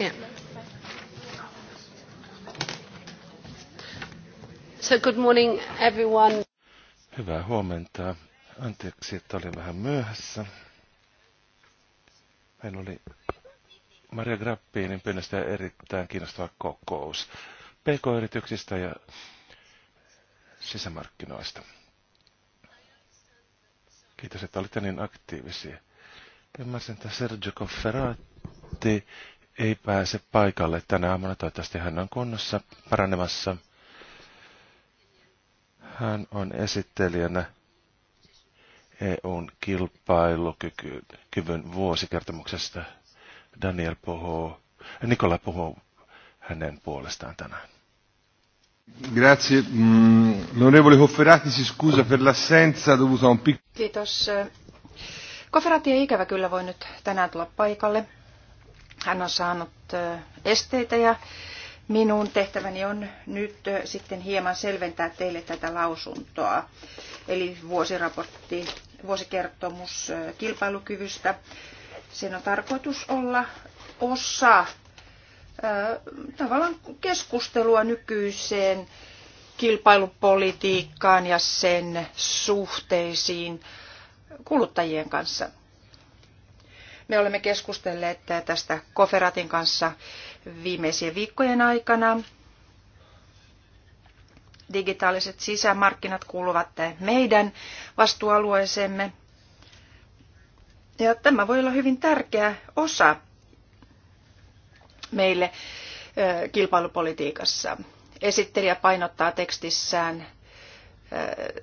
Yeah. So good morning everyone. Hyvää huomenta. Anteeksi, että olin vähän myöhässä. Meillä oli Maria Grappinin pyynnöstä erittäin kiinnostava kokous PK-yrityksistä ja sisämarkkinoista. Kiitos, että olitte niin aktiivisia. Ymmärsin, että Sergio Cofferati ei pääse paikalle tänä aamuna. Toivottavasti hän on kunnossa paranemassa. Hän on esittelijänä EUn kilpailukyvyn vuosikertomuksesta. Daniel puhuu, Nikola puhuu hänen puolestaan tänään. Grazie. Mm, l'onorevole Cofferati si scusa per l'assenza dovuta a un Kiitos. Koferati ei ikävä kyllä voi nyt tänään tulla paikalle. Hän on saanut esteitä ja minun tehtäväni on nyt sitten hieman selventää teille tätä lausuntoa. Eli vuosiraportti, vuosikertomus kilpailukyvystä. Sen on tarkoitus olla osa tavallaan keskustelua nykyiseen kilpailupolitiikkaan ja sen suhteisiin kuluttajien kanssa. Me olemme keskustelleet tästä Koferatin kanssa viimeisien viikkojen aikana. Digitaaliset sisämarkkinat kuuluvat meidän vastuualueeseemme. Ja tämä voi olla hyvin tärkeä osa meille kilpailupolitiikassa. Esittelijä painottaa tekstissään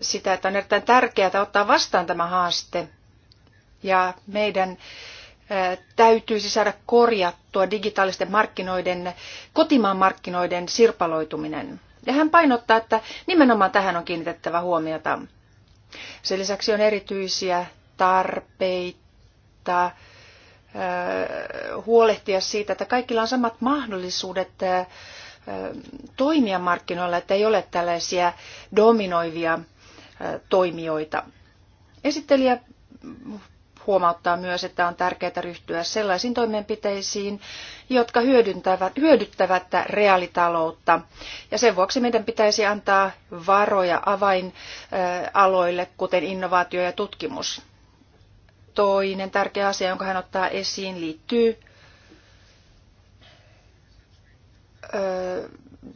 sitä, että on erittäin tärkeää ottaa vastaan tämä haaste. Ja meidän täytyisi saada korjattua digitaalisten markkinoiden, kotimaan markkinoiden sirpaloituminen. Ja hän painottaa, että nimenomaan tähän on kiinnitettävä huomiota. Sen lisäksi on erityisiä tarpeita huolehtia siitä, että kaikilla on samat mahdollisuudet toimia markkinoilla, että ei ole tällaisia dominoivia toimijoita. Esittelijä huomauttaa myös, että on tärkeää ryhtyä sellaisiin toimenpiteisiin, jotka hyödyntävät, hyödyttävät reaalitaloutta. Ja sen vuoksi meidän pitäisi antaa varoja avainaloille, kuten innovaatio ja tutkimus. Toinen tärkeä asia, jonka hän ottaa esiin, liittyy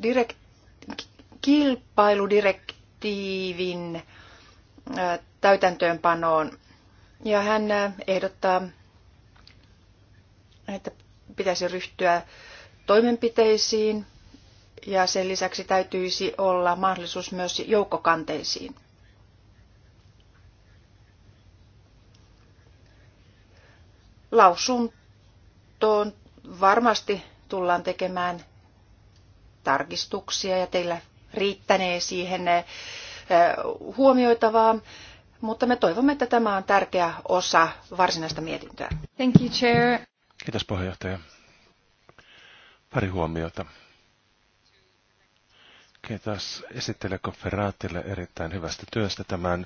direkt, kilpailudirektiivin täytäntöönpanoon. Ja hän äh, ehdottaa, että pitäisi ryhtyä toimenpiteisiin ja sen lisäksi täytyisi olla mahdollisuus myös joukkokanteisiin. Lausuntoon varmasti tullaan tekemään tarkistuksia ja teillä riittänee siihen äh, huomioitavaa mutta me toivomme, että tämä on tärkeä osa varsinaista mietintöä. Thank you, Chair. Kiitos puheenjohtaja. Pari huomiota. Kiitos esittelijä Konferaatille erittäin hyvästä työstä tämän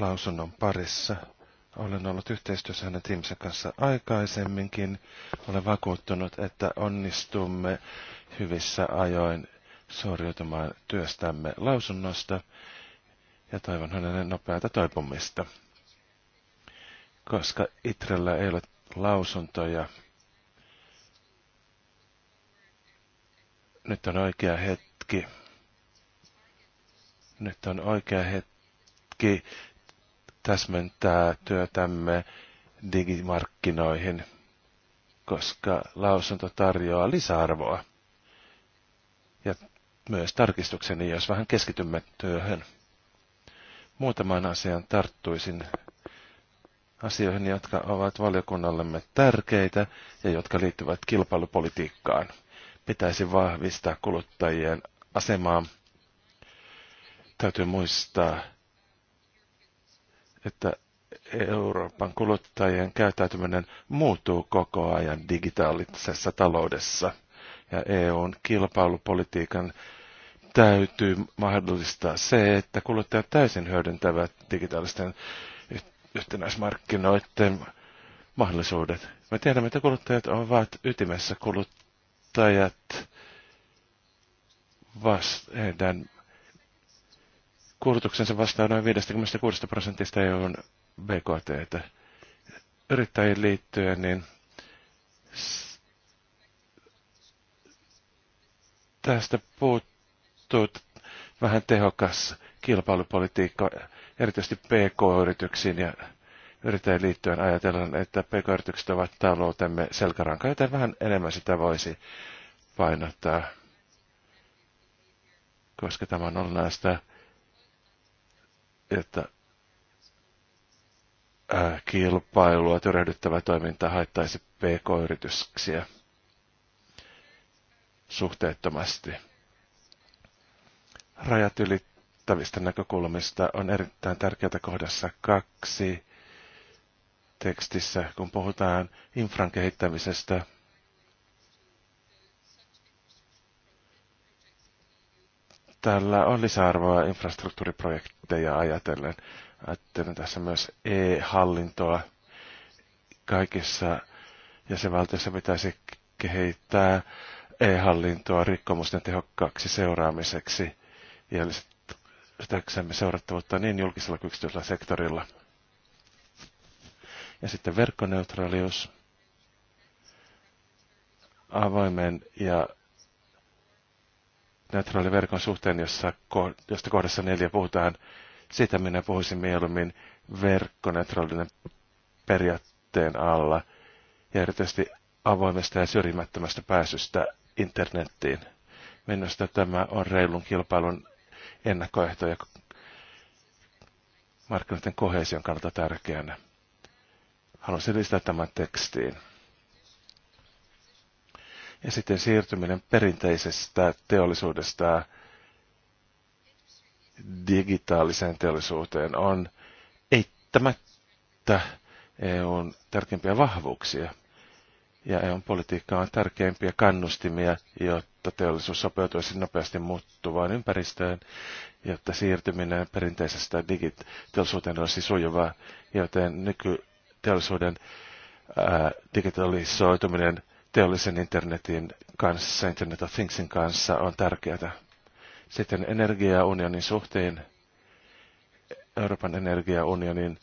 lausunnon parissa. Olen ollut yhteistyössä hänen tiimisen kanssa aikaisemminkin. Olen vakuuttunut, että onnistumme hyvissä ajoin suoriutumaan työstämme lausunnosta ja toivon hänelle nopeata toipumista. Koska Itrellä ei ole lausuntoja, nyt on oikea hetki. Nyt on oikea hetki täsmentää työtämme digimarkkinoihin, koska lausunto tarjoaa lisäarvoa. Ja myös tarkistukseni, jos vähän keskitymme työhön muutamaan asiaan tarttuisin asioihin, jotka ovat valiokunnallemme tärkeitä ja jotka liittyvät kilpailupolitiikkaan. Pitäisi vahvistaa kuluttajien asemaa. Täytyy muistaa, että Euroopan kuluttajien käyttäytyminen muuttuu koko ajan digitaalisessa taloudessa ja EUn kilpailupolitiikan täytyy mahdollistaa se, että kuluttajat täysin hyödyntävät digitaalisten yhtenäismarkkinoiden mahdollisuudet. Me tiedämme, että kuluttajat ovat ytimessä kuluttajat vastaan, heidän kulutuksensa vastaa noin 56 prosentista EUn BKT. Yrittäjiin liittyen, niin tästä puut tuut vähän tehokas kilpailupolitiikka, erityisesti PK-yrityksiin ja yrittäjien liittyen ajatellaan, että PK-yritykset ovat taloutemme selkäranka, joten vähän enemmän sitä voisi painottaa, koska tämä on olennaista, että kilpailua tyrehdyttävä toiminta haittaisi PK-yrityksiä suhteettomasti rajat ylittävistä näkökulmista on erittäin tärkeää kohdassa kaksi tekstissä, kun puhutaan infran kehittämisestä. Tällä on lisäarvoa infrastruktuuriprojekteja ajatellen. Ajattelen tässä myös e-hallintoa. Kaikissa jäsenvaltioissa pitäisi kehittää e-hallintoa rikkomusten tehokkaaksi seuraamiseksi – ja lisätäksemme seurattavuutta niin julkisella kuin yksityisellä sektorilla. Ja sitten verkkoneutraalius avoimen ja neutraalin verkon suhteen, jossa, josta kohdassa neljä puhutaan. Sitä minä puhuisin mieluummin verkkoneutraalinen periaatteen alla ja erityisesti avoimesta ja syrjimättömästä pääsystä internettiin. Minusta tämä on reilun kilpailun ennakkoehtoja markkinoiden kohesion kannalta tärkeänä. Haluaisin lisätä tämän tekstiin. Ja sitten siirtyminen perinteisestä teollisuudesta digitaaliseen teollisuuteen on eittämättä EUn tärkeimpiä vahvuuksia ja EUn politiikka on tärkeimpiä kannustimia, jotta teollisuus sopeutuisi nopeasti muuttuvaan ympäristöön, jotta siirtyminen perinteisestä digiteollisuuteen olisi sujuvaa, joten nykyteollisuuden ää, digitalisoituminen teollisen internetin kanssa, Internet of Thingsin kanssa on tärkeää. Sitten energiaunionin suhteen, Euroopan energiaunionin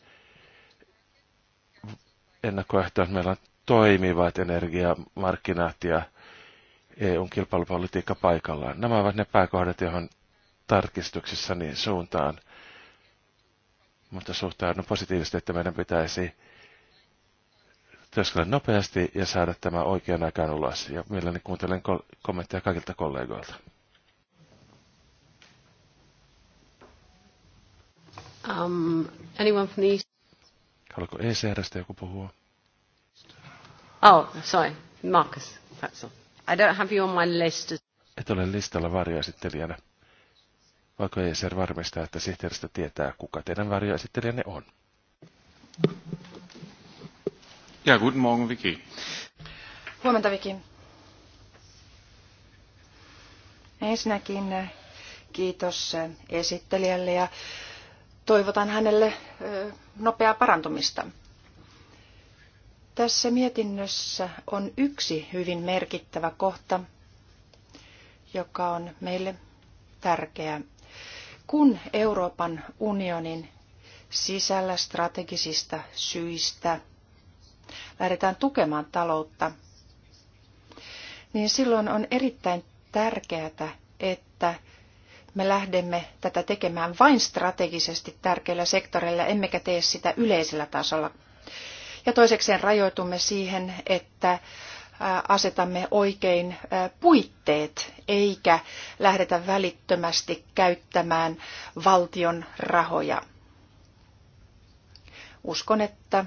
ennakkoehto, että meillä on toimivat energiamarkkinat ja EUn kilpailupolitiikka paikallaan. Nämä ovat ne pääkohdat, johon niin suuntaan, mutta suhtaudun positiivisesti, että meidän pitäisi työskennellä nopeasti ja saada tämä oikean aikaan ulos. Ja mielelläni kuuntelen kol- kommentteja kaikilta kollegoilta. Um, anyone from the... Haluatko ECRstä joku puhua? Oh, sorry. Marcus, that's all. I don't have you on my list. Et ole listalla varjoesittelijänä. Voiko se varmistaa, että sihteeristä tietää, kuka teidän varjoesittelijänne on? Ja, guten Morgen, Vicky. Huomenta, Vicky. Ensinnäkin eh, kiitos eh, esittelijälle ja toivotan hänelle eh, nopeaa parantumista. Tässä mietinnössä on yksi hyvin merkittävä kohta, joka on meille tärkeä. Kun Euroopan unionin sisällä strategisista syistä lähdetään tukemaan taloutta, niin silloin on erittäin tärkeää, että me lähdemme tätä tekemään vain strategisesti tärkeillä sektoreilla, emmekä tee sitä yleisellä tasolla, ja toisekseen rajoitumme siihen, että asetamme oikein puitteet, eikä lähdetä välittömästi käyttämään valtion rahoja. Uskon, että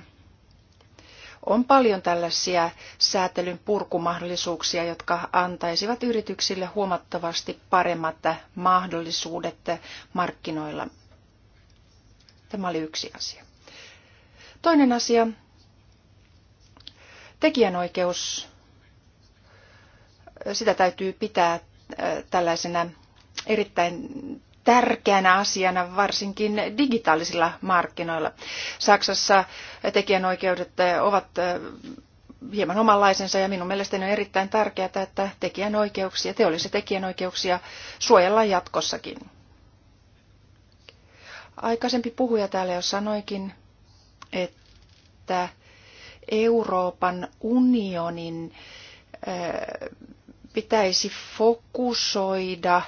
on paljon tällaisia säätelyn purkumahdollisuuksia, jotka antaisivat yrityksille huomattavasti paremmat mahdollisuudet markkinoilla. Tämä oli yksi asia. Toinen asia tekijänoikeus, sitä täytyy pitää äh, tällaisena erittäin tärkeänä asiana, varsinkin digitaalisilla markkinoilla. Saksassa tekijänoikeudet äh, ovat äh, hieman omanlaisensa ja minun mielestäni on erittäin tärkeää, että tekijänoikeuksia, teollisia tekijänoikeuksia suojellaan jatkossakin. Aikaisempi puhuja täällä jo sanoikin, että Euroopan unionin pitäisi fokusoida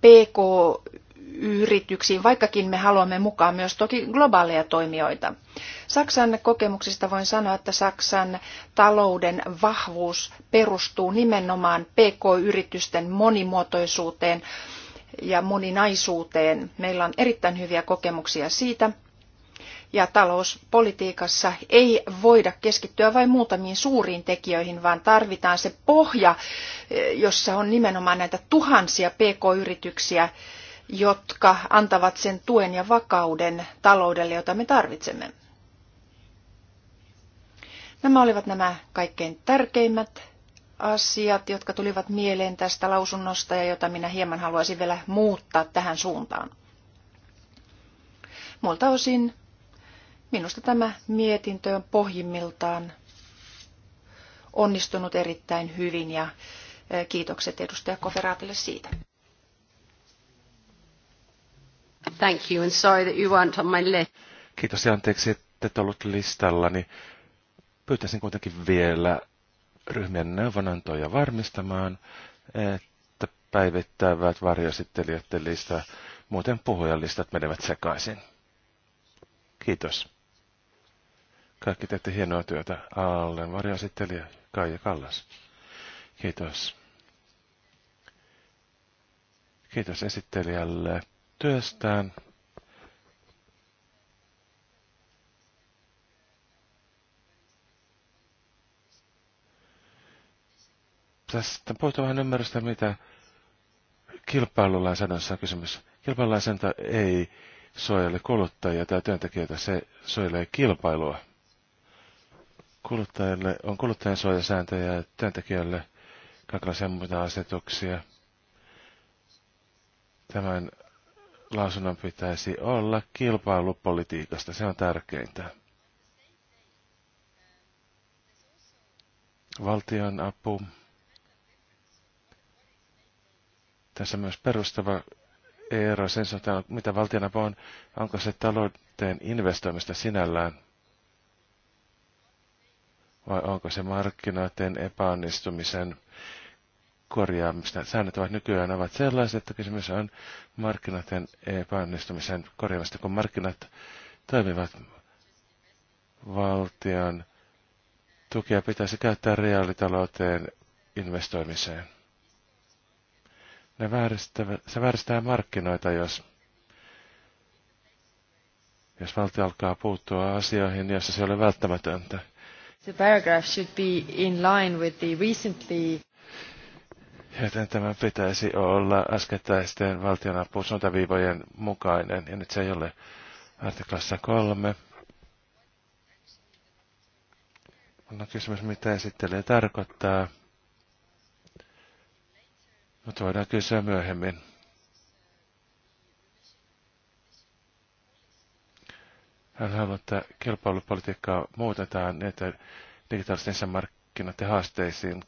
PK-yrityksiin, vaikkakin me haluamme mukaan myös toki globaaleja toimijoita. Saksan kokemuksista voin sanoa, että Saksan talouden vahvuus perustuu nimenomaan PK-yritysten monimuotoisuuteen ja moninaisuuteen. Meillä on erittäin hyviä kokemuksia siitä ja talouspolitiikassa ei voida keskittyä vain muutamiin suuriin tekijöihin, vaan tarvitaan se pohja, eh, jossa on nimenomaan näitä tuhansia pk-yrityksiä, jotka antavat sen tuen ja vakauden taloudelle, jota me tarvitsemme. Nämä olivat nämä kaikkein tärkeimmät asiat, jotka tulivat mieleen tästä lausunnosta ja jota minä hieman haluaisin vielä muuttaa tähän suuntaan. Muilta osin Minusta tämä mietintö on pohjimmiltaan onnistunut erittäin hyvin ja e, kiitokset edustaja Koferaatille siitä. Thank you and sorry that you weren't on my list. Kiitos ja anteeksi, että et ollut listallani. Pyytäisin kuitenkin vielä ryhmien neuvonantoja varmistamaan, että päivittävät varjoesittelijöiden lista, muuten puhujalistat menevät sekaisin. Kiitos. Kaikki teette hienoa työtä. Allen varjaesittelijä Kaija Kallas. Kiitos. Kiitos esittelijälle työstään. Tästä puhutaan vähän ymmärrystä, mitä kilpailulainsäädännössä on kysymys. Kilpailulainsäädäntö ei suojele kuluttajia tai työntekijöitä, se suojelee kilpailua kuluttajille on kuluttajansuojasääntöjä, työntekijöille kaikenlaisia muita asetuksia. Tämän lausunnon pitäisi olla kilpailupolitiikasta, se on tärkeintä. Valtion apu. Tässä myös perustava ero sen suhteen, mitä valtionapu on, onko se talouteen investoimista sinällään – vai onko se markkinoiden epäonnistumisen korjaamista. Säännöt ovat nykyään ovat sellaiset, että kysymys on markkinoiden epäonnistumisen korjaamista, kun markkinat toimivat valtion tukea pitäisi käyttää reaalitalouteen investoimiseen. Ne se vääristää markkinoita, jos, jos valtio alkaa puuttua asioihin, joissa se ei ole välttämätöntä. The paragraph should be in line with the recently joten tämän pitäisi olla äskettäisten valtionapuun suuntaviivojen mukainen, ja nyt se ei ole artiklassa kolme. On kysymys, mitä esittelee tarkoittaa, mutta voidaan kysyä myöhemmin. Hän haluaa, että kilpailupolitiikkaa muutetaan niin, että digitaalisten sisämarkkinoiden haasteisiin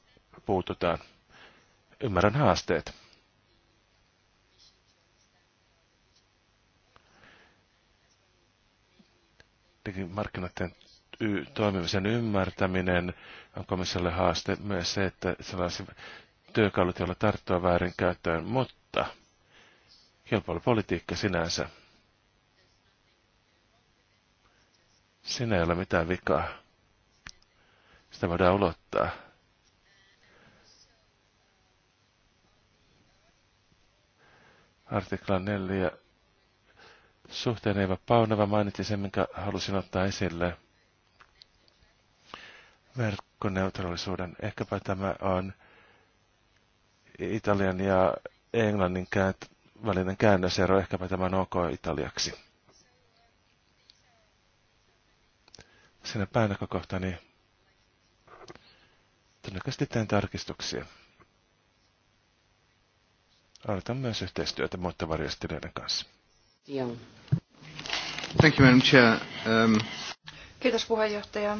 puututaan. Ymmärrän haasteet. Digimarkkinoiden toimimisen ymmärtäminen on komissiolle haaste. Myös se, että sellaisia työkalut, joilla tarttua väärinkäyttöön, mutta kilpailupolitiikka sinänsä – Sinä ei ole mitään vikaa. Sitä voidaan ulottaa. Artikla 4. Suhteen Eeva Paunava mainitsi sen, minkä halusin ottaa esille. Verkkoneutraalisuuden. Ehkäpä tämä on Italian ja Englannin käänt- välinen käännösero. Ehkäpä tämä on OK italiaksi. siinä päänäkökohta, niin todennäköisesti teen tarkistuksia. Aloitan myös yhteistyötä muiden varjostelijoiden kanssa. Joo. Thank you, Madam Chair. Um... Kiitos puheenjohtaja.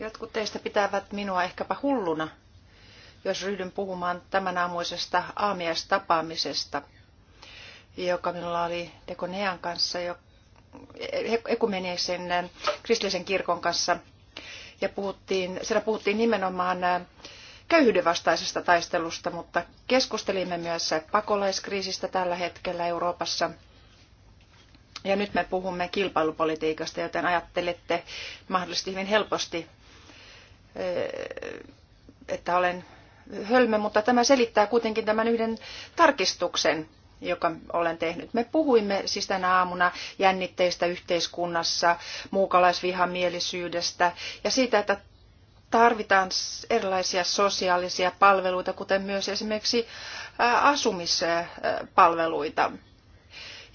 Jotkut teistä pitävät minua ehkäpä hulluna, jos ryhdyn puhumaan tämän aamuisesta aamiaistapaamisesta, joka minulla oli Dekonean kanssa, joka ekumenisen äh, kristillisen kirkon kanssa ja puhuttiin, siellä puhuttiin nimenomaan äh, köyhyyden vastaisesta taistelusta, mutta keskustelimme myös pakolaiskriisistä tällä hetkellä Euroopassa. Ja nyt me puhumme kilpailupolitiikasta, joten ajattelette mahdollisesti hyvin helposti, äh, että olen hölmö, mutta tämä selittää kuitenkin tämän yhden tarkistuksen, joka olen tehnyt. Me puhuimme siis tänä aamuna jännitteistä yhteiskunnassa, muukalaisvihamielisyydestä ja siitä, että tarvitaan erilaisia sosiaalisia palveluita, kuten myös esimerkiksi asumispalveluita.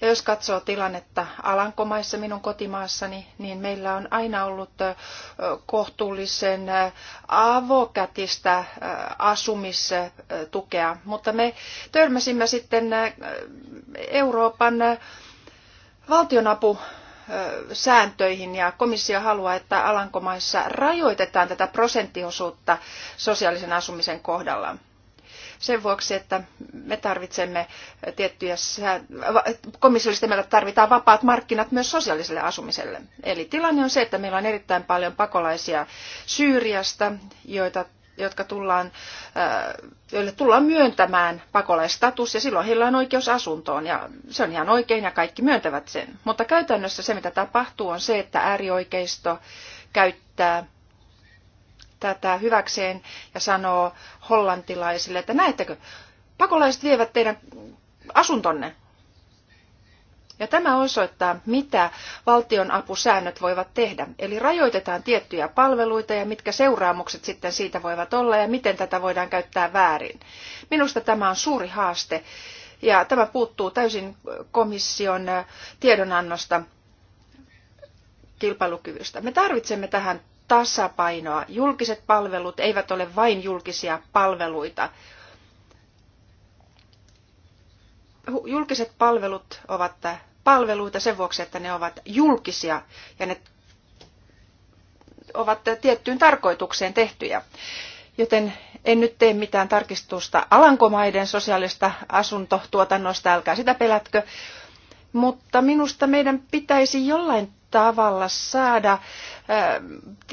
Ja jos katsoo tilannetta Alankomaissa, minun kotimaassani, niin meillä on aina ollut kohtuullisen avokätistä asumistukea, mutta me törmäsimme sitten Euroopan valtionapu sääntöihin ja komissio haluaa, että Alankomaissa rajoitetaan tätä prosenttiosuutta sosiaalisen asumisen kohdalla sen vuoksi, että me tarvitsemme tiettyjä, komissiollisesti meillä tarvitaan vapaat markkinat myös sosiaaliselle asumiselle. Eli tilanne on se, että meillä on erittäin paljon pakolaisia Syyriasta, joita jotka tullaan, äh, joille tullaan myöntämään pakolaistatus ja silloin heillä on oikeus asuntoon ja se on ihan oikein ja kaikki myöntävät sen. Mutta käytännössä se mitä tapahtuu on se, että äärioikeisto käyttää tätä hyväkseen ja sanoo hollantilaisille, että näettekö, pakolaiset vievät teidän asuntonne. Ja tämä osoittaa, mitä valtion apusäännöt voivat tehdä. Eli rajoitetaan tiettyjä palveluita ja mitkä seuraamukset sitten siitä voivat olla ja miten tätä voidaan käyttää väärin. Minusta tämä on suuri haaste ja tämä puuttuu täysin komission tiedonannosta kilpailukyvystä. Me tarvitsemme tähän tasapainoa. Julkiset palvelut eivät ole vain julkisia palveluita. Julkiset palvelut ovat palveluita sen vuoksi, että ne ovat julkisia ja ne ovat tiettyyn tarkoitukseen tehtyjä. Joten en nyt tee mitään tarkistusta Alankomaiden sosiaalista asuntotuotannosta, älkää sitä pelätkö. Mutta minusta meidän pitäisi jollain tavalla saada äh,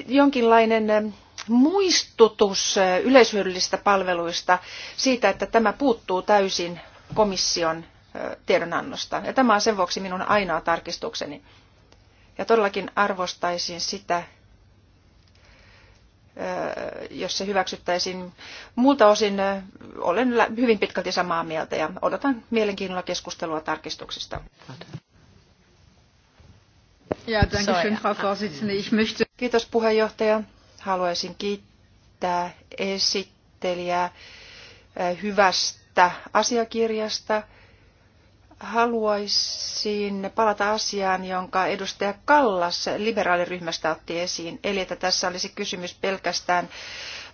jonkinlainen äh, muistutus äh, yleishyödyllisistä palveluista siitä, että tämä puuttuu täysin komission tiedonannosta. Ja tämä on sen vuoksi minun ainoa tarkistukseni. Ja todellakin arvostaisin sitä, jos se hyväksyttäisiin. Muulta osin olen hyvin pitkälti samaa mieltä ja odotan mielenkiinnolla keskustelua tarkistuksista. Kiitos puheenjohtaja. Haluaisin kiittää esittelijää äh, hyvästä asiakirjasta. Haluaisin palata asiaan, jonka edustaja Kallas liberaaliryhmästä otti esiin, eli että tässä olisi kysymys pelkästään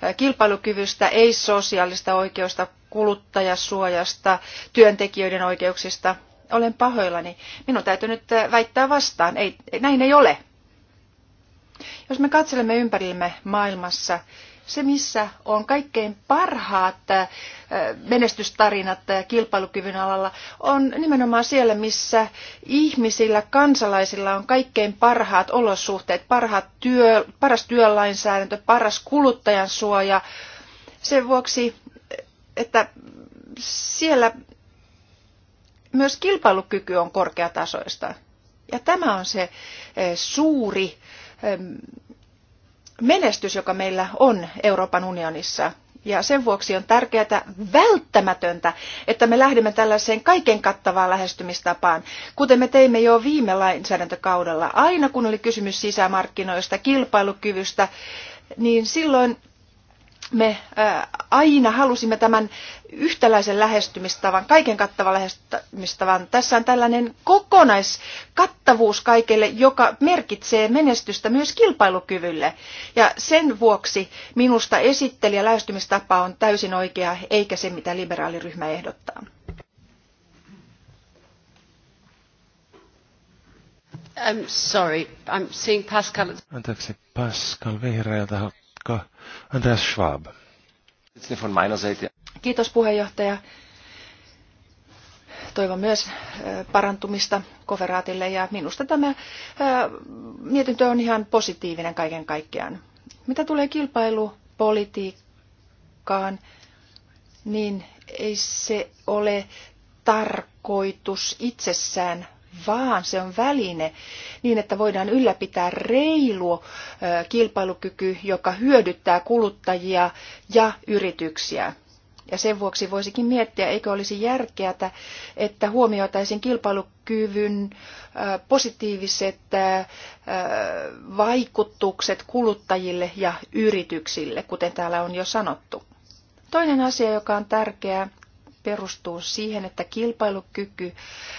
äh, kilpailukyvystä, ei sosiaalista oikeusta, kuluttajasuojasta, työntekijöiden oikeuksista, olen pahoillani. Minun täytyy nyt eh, väittää vastaan. Ei, näin ei ole. Jos me katselemme ympärillemme maailmassa, se missä on kaikkein parhaat eh, menestystarinat eh, kilpailukyvyn alalla, on nimenomaan siellä, missä ihmisillä, kansalaisilla on kaikkein parhaat olosuhteet, parhaat työ, paras työlainsäädäntö, paras kuluttajansuoja. Sen vuoksi, että siellä myös kilpailukyky on korkeatasoista. Ja tämä on se eh, suuri menestys, joka meillä on Euroopan unionissa. Ja sen vuoksi on tärkeää, välttämätöntä, että me lähdemme tällaiseen kaiken kattavaan lähestymistapaan, kuten me teimme jo viime lainsäädäntökaudella. Aina kun oli kysymys sisämarkkinoista, kilpailukyvystä, niin silloin me aina halusimme tämän yhtäläisen lähestymistavan, kaiken kattavan lähestymistavan. Tässä on tällainen kokonaiskattavuus kaikille, joka merkitsee menestystä myös kilpailukyvylle. Ja sen vuoksi minusta esittelijä lähestymistapa on täysin oikea, eikä se mitä liberaaliryhmä ehdottaa. I'm sorry, I'm seeing Pascal. Anteeksi, Pascal vihreältä jatka Andreas Schwab. Kiitos puheenjohtaja. Toivon myös parantumista koferaatille ja minusta tämä mietintö on ihan positiivinen kaiken kaikkiaan. Mitä tulee kilpailupolitiikkaan, niin ei se ole tarkoitus itsessään vaan se on väline niin, että voidaan ylläpitää reilu kilpailukyky, joka hyödyttää kuluttajia ja yrityksiä. Ja sen vuoksi voisikin miettiä, eikö olisi järkeää, että huomioitaisiin kilpailukyvyn positiiviset vaikutukset kuluttajille ja yrityksille, kuten täällä on jo sanottu. Toinen asia, joka on tärkeää, perustuu siihen, että kilpailukyky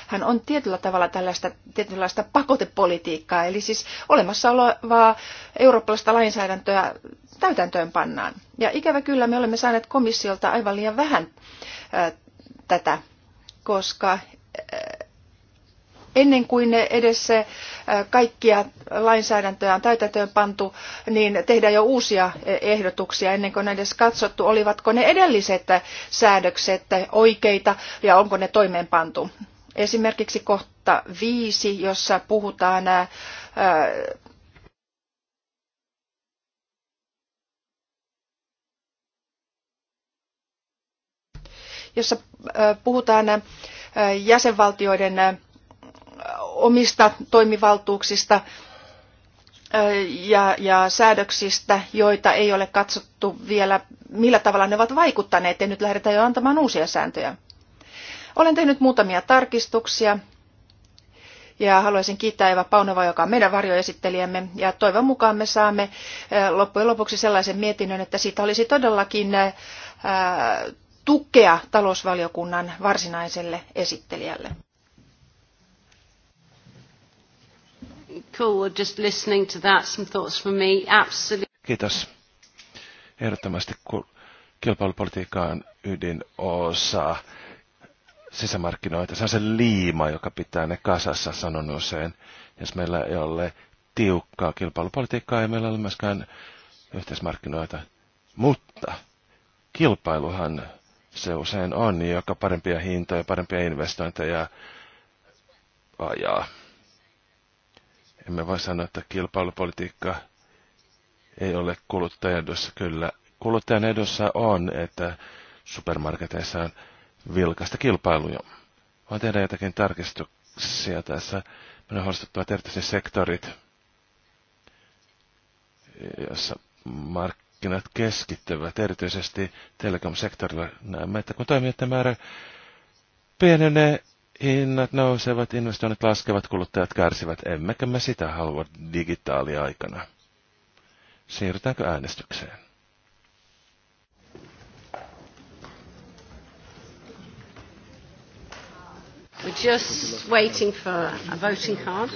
hän on tietyllä tavalla tällaista tietynlaista pakotepolitiikkaa, eli siis olemassa olevaa eurooppalaista lainsäädäntöä täytäntöön pannaan. Ja ikävä kyllä me olemme saaneet komissiolta aivan liian vähän ää, tätä, koska ennen kuin edes eh, kaikkia lainsäädäntöä on täytäntöön pantu, niin tehdään jo uusia eh, ehdotuksia ennen kuin on edes katsottu, olivatko ne edelliset eh, säädökset oikeita ja onko ne toimeenpantu. Esimerkiksi kohta viisi, jossa puhutaan jossa puhutaan jäsenvaltioiden omista toimivaltuuksista ja, ja säädöksistä, joita ei ole katsottu vielä, millä tavalla ne ovat vaikuttaneet, ja nyt lähdetään jo antamaan uusia sääntöjä. Olen tehnyt muutamia tarkistuksia, ja haluaisin kiittää Eva Paunova, joka on meidän varjoesittelijämme, ja toivon mukaan me saamme loppujen lopuksi sellaisen mietinnön, että siitä olisi todellakin tukea talousvaliokunnan varsinaiselle esittelijälle. cool just listening to that. Some thoughts from me. Absolutely. Kiitos. Ehdottomasti kilpailupolitiikkaan ydin osa sisämarkkinoita. Se on se liima, joka pitää ne kasassa, sanon usein. Jos meillä ei ole tiukkaa kilpailupolitiikkaa, ei meillä ole myöskään yhteismarkkinoita. Mutta kilpailuhan se usein on, joka parempia hintoja, parempia investointeja ajaa. Emme voi sanoa, että kilpailupolitiikka ei ole kuluttajan edussa. Kyllä, kuluttajan edussa on, että supermarketeissa on vilkasta kilpailuja. Voin tehdä jotakin tarkistuksia tässä. Minä huolestuttavat erityisesti sektorit, jossa markkinat keskittyvät. Erityisesti telekom-sektorilla näemme, että kun toimijoiden määrä pienenee, Hinnat nousevat, investoinnit laskevat, kuluttajat kärsivät. Emmekä me sitä halua digitaaliaikana. Siirrytäänkö äänestykseen? We're just waiting for a voting card.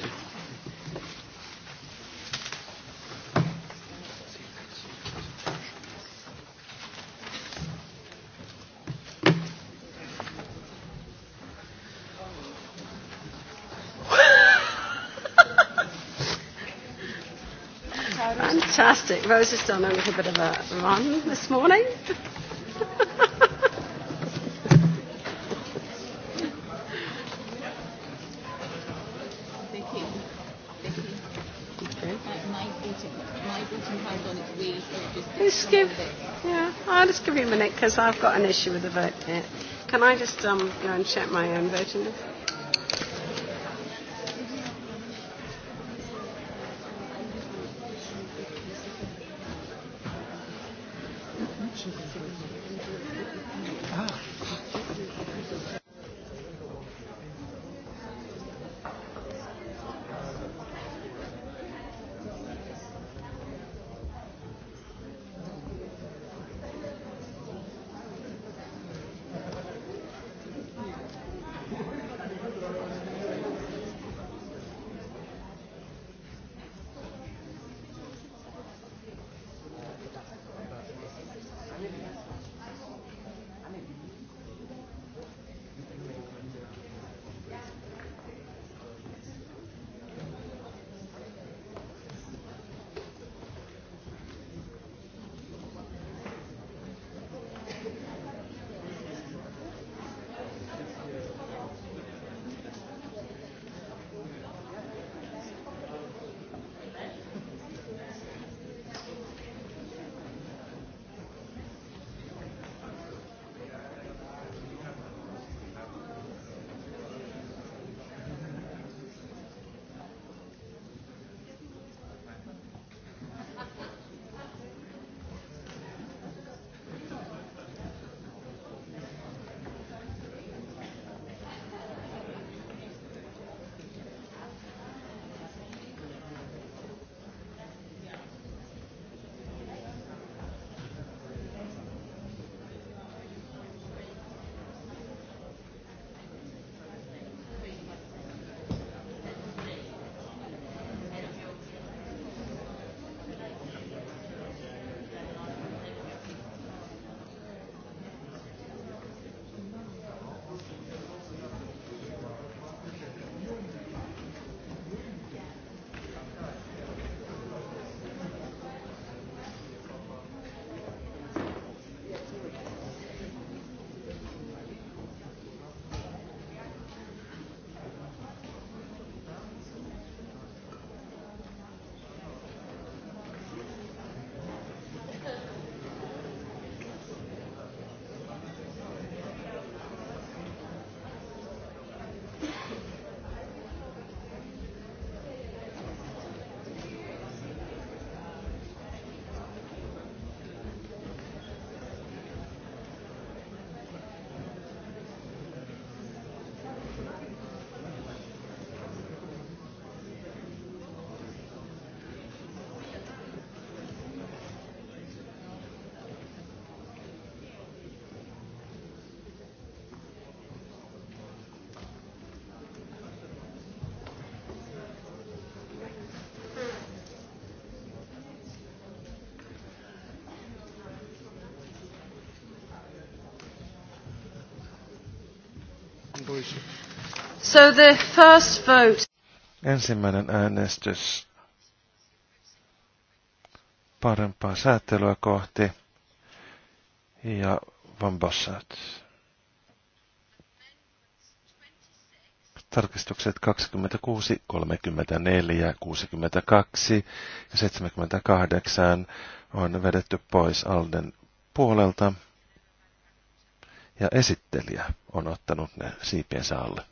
Fantastic. Rose has done a little bit of a run this morning. Just give, yeah, I'll just give you a minute because I've got an issue with the vote. Here. Can I just um, go and check my own voting list? So the first vote. Ensimmäinen äänestys parempaa säätelyä kohti ja Van Bossat. Tarkistukset 26, 34, 62 ja 78 on vedetty pois Alden puolelta ja esittelijä on ottanut ne siipiensä alle.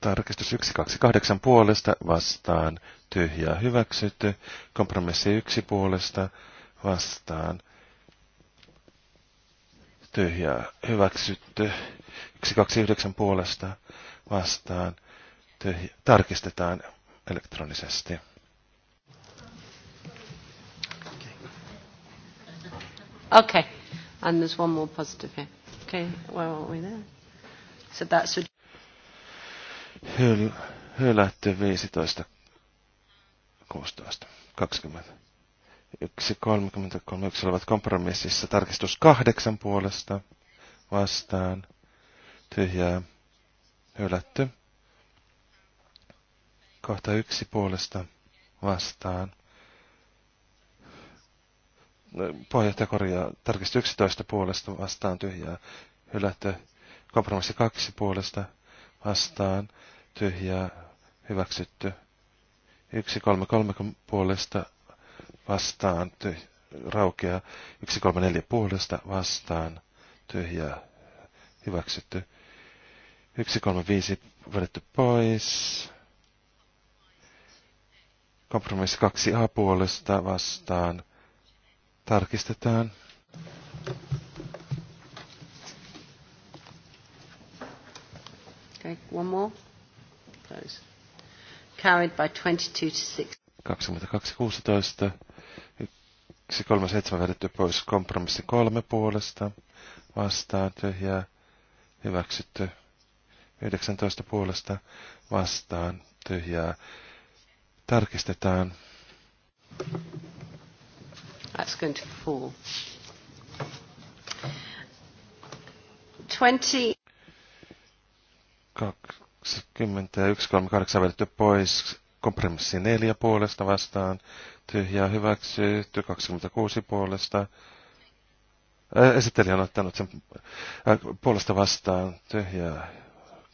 Tarkistus 128 puolesta vastaan tyhjää hyväksytty. Kompromissi 1 puolesta vastaan tyhjää hyväksytty. 129 puolesta vastaan tyhjää. Tarkistetaan elektronisesti. Okay. And there's one more positive here. Okay, where are we there? So that's a... Hyl, hylätty 15, 16, 20. Yksi 33, 1 olevat kompromississa. Tarkistus kahdeksan puolesta vastaan. Tyhjää. Hylätty. Kohta yksi puolesta vastaan. Puheenjohtaja korjaa tarkistus 11 puolesta vastaan tyhjää. Hylätty. Kompromissi 2 puolesta vastaan tyhjää. Hyväksytty. 133 puolesta vastaan tyhjää. Raukea 134 puolesta vastaan tyhjää. Hyväksytty. 135 vedetty pois. Kompromissi 2a puolesta vastaan Tarkistetaan. Okay, one more. Close. Carried by 22 to 6. 22.16. 1.37 vedetty pois kompromissi kolme puolesta. Vastaan tyhjää. Hyväksytty. 19 puolesta vastaan tyhjää. Tarkistetaan. That's going to fall. 20. 21.38 vedetty pois. Kompromissi 4 puolesta vastaan. Tyhjää hyväksytty. 26 puolesta. Esittelijä on ottanut sen puolesta vastaan. Tyhjää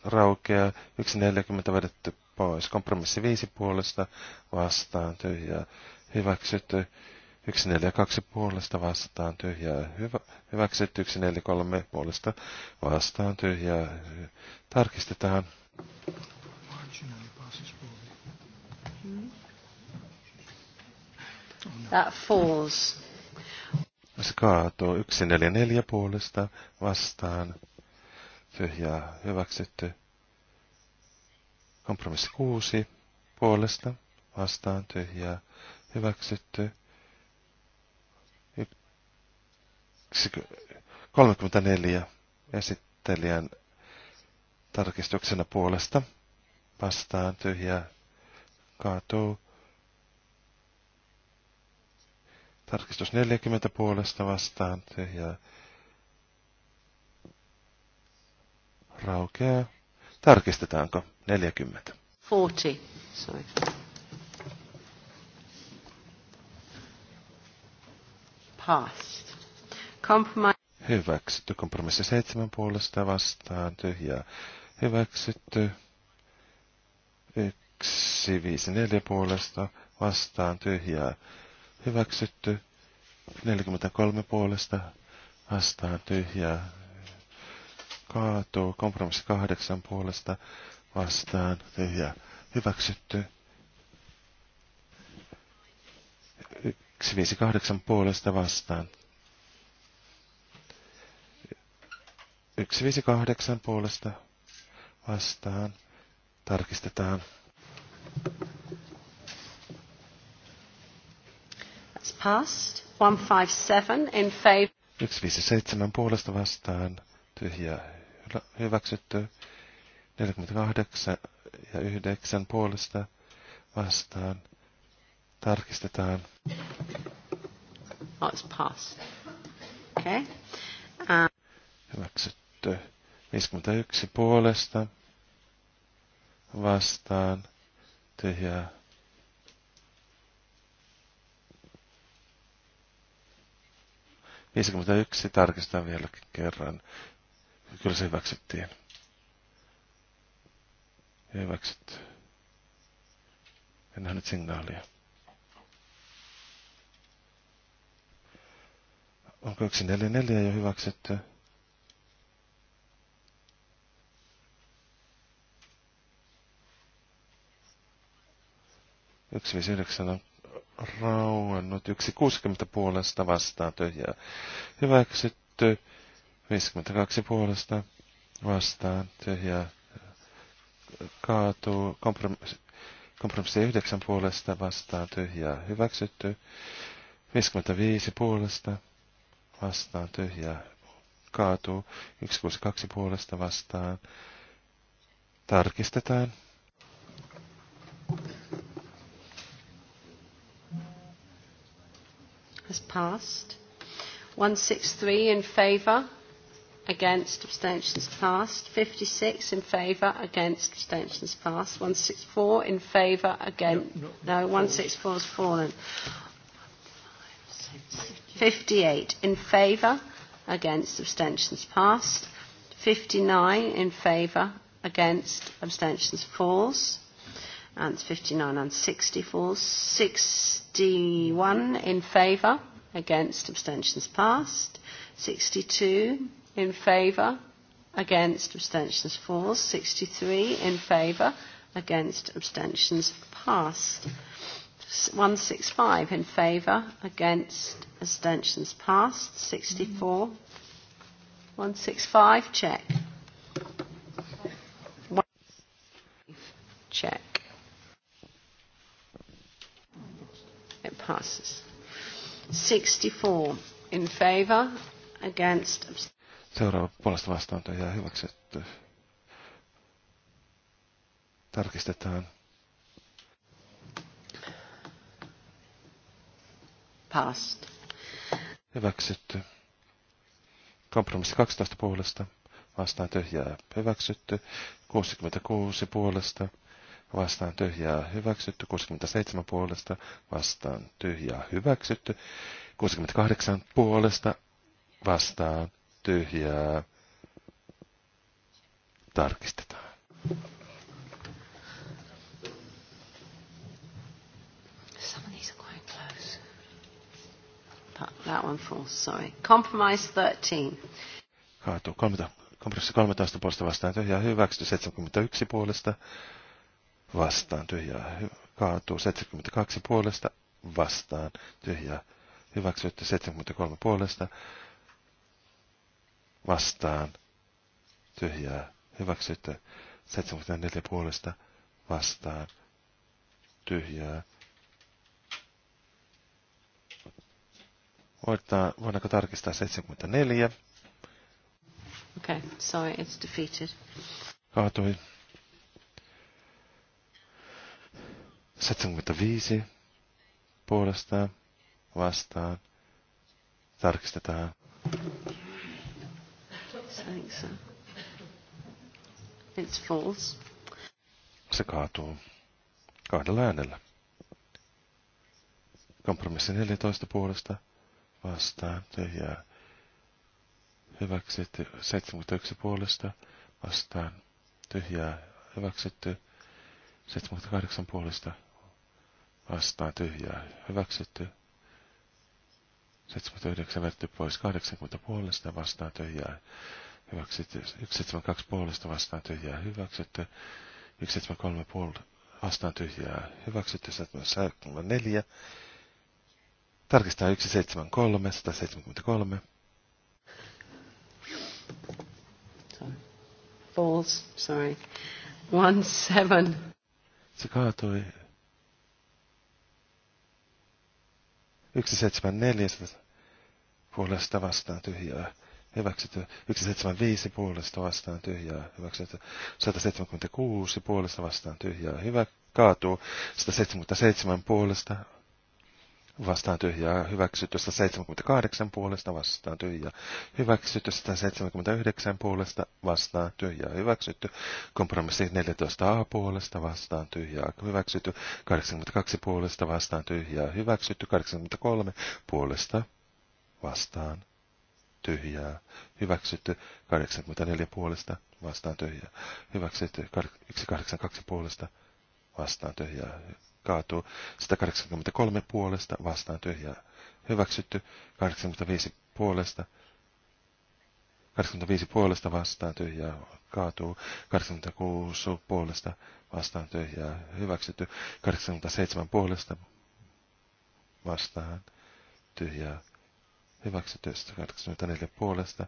raukea. 1.40 vedetty pois. Kompromissi 5 puolesta vastaan. Tyhjää hyväksytty. 142 puolesta vastaan tyhjää hyvä, hyväksytty, 143 puolesta vastaan tyhjää tarkistetaan. That falls. Se kaatuu 144 puolesta vastaan. Tyhjää hyväksytty. Kompromissi 6 puolesta vastaan tyhjää hyväksytty. 34 esittelijän tarkistuksena puolesta vastaan tyhjä kaatuu. Tarkistus 40 puolesta vastaan tyhjä raukeaa. Tarkistetaanko 40? 40, sorry. Pass. Hyväksytty. Kompromissi seitsemän puolesta vastaan. Tyhjää. Hyväksytty. Yksi, viisi, neljä puolesta vastaan. Tyhjää. Hyväksytty. 43 puolesta vastaan. Tyhjää. Kaatuu. Kompromissi kahdeksan puolesta vastaan. Tyhjää. Hyväksytty. 158 puolesta vastaan 158 puolesta vastaan. Tarkistetaan. That's passed. 157 in favor. puolesta vastaan. Tyhjä hyväksytty. 48 ja 9 puolesta vastaan. Tarkistetaan. Oh, it's passed. Okay. Um. Hyväksytty tyttö 51 puolesta vastaan tyhjää. yksi tarkistaa vielä kerran. Kyllä se hyväksyttiin. Hyväksytty. En nähnyt signaalia. Onko yksi neljä neljä jo hyväksytty? 159 on rauennut. 160 puolesta vastaan tyhjää. Hyväksytty. 52 puolesta vastaan tyhjää. Kaatuu. Kompromissi, kompromissi 9 puolesta vastaan tyhjää. Hyväksytty. 55 puolesta vastaan tyhjää. Kaatuu. 162 puolesta vastaan. Tarkistetaan. has passed. 163 in favour, against abstentions passed 56 in favour against abstentions passed 164 in favour against no, no, no 164 no, has fallen 58 in favour against abstentions passed 59 in favour against abstentions falls and 59 and 60 falls 60 61 in favour, against abstentions passed. 62 in favour, against abstentions falls. 63 in favour, against abstentions passed. 165 in favour, against abstentions passed. 64. 165 check. 64 in favor, against. Seuraava puolesta vastaan tyhjää hyväksytty. Tarkistetaan. Past. Hyväksytty. Kompromissi 12 puolesta vastaan tyhjää hyväksytty. 66 puolesta vastaan tyhjää hyväksytty, 67 puolesta vastaan tyhjää hyväksytty, 68 puolesta vastaan tyhjää tarkistetaan. That, one falls, sorry. Compromise 13. Kaatuu 13. Kompromissi 13 puolesta vastaan tyhjää hyväksytty, 71 puolesta vastaan tyhjää kaatuu 72 puolesta vastaan tyhjää hyväksytty 73 puolesta vastaan tyhjää hyväksytty 74 puolesta vastaan tyhjää. Voidaan, voidaanko tarkistaa 74? Okay, sorry, it's defeated. Kaatui. 75 puolestaan vastaan. Tarkistetaan. It's false. Se kaatuu kahdella äänellä. Kompromissi 14 puolesta vastaan tyhjää. Hyväksytty 71 puolesta vastaan tyhjää. Hyväksytty 78 puolesta vastaan tyhjää hyväksytty. 79 vertti pois 80 puolesta vastaan tyhjää hyväksytty. 172 puolesta vastaan tyhjää hyväksytty. 173 puolesta vastaan tyhjää hyväksytty. 174. Tarkistaa 173, 173. Falls, sorry. One seven. Se kaatui 174 puolesta vastaan tyhjää hyväksytty. 175 puolesta vastaan tyhjää hyväksytty. 176 puolesta vastaan tyhjää hyvä kaatuu. 177 puolesta vastaan tyhjää hyväksytty 78 puolesta vastaan tyhjää hyväksytty 79 puolesta vastaan tyhjää hyväksytty kompromissi 14a puolesta vastaan tyhjää hyväksytty 82 puolesta vastaan tyhjää hyväksytty 83 puolesta vastaan tyhjää hyväksytty 84 puolesta vastaan tyhjää hyväksytty 182 puolesta vastaan tyhjää kaatuu. 183 puolesta vastaan tyhjää hyväksytty. 85 puolesta 85 puolesta vastaan tyhjää kaatuu, 86 puolesta vastaan tyhjää hyväksytty, 87 puolesta vastaan tyhjää hyväksytty, 84 puolesta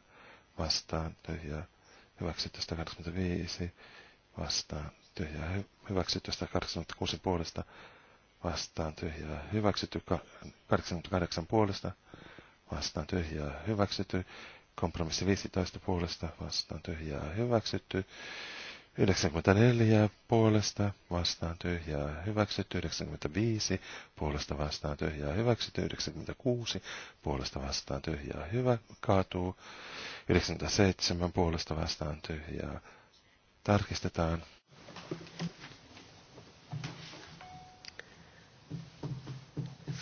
vastaan tyhjää hyväksytty, 185 vastaan tyhjää hyväksytty 186 puolesta vastaan tyhjää hyväksytty 88 puolesta vastaan tyhjää hyväksytty kompromissi 15 puolesta vastaan tyhjää hyväksytty 94 puolesta vastaan tyhjää hyväksytty, 95 puolesta vastaan tyhjää hyväksytty, 96 puolesta vastaan tyhjää hyvä kaatuu, 97 puolesta vastaan tyhjää tarkistetaan.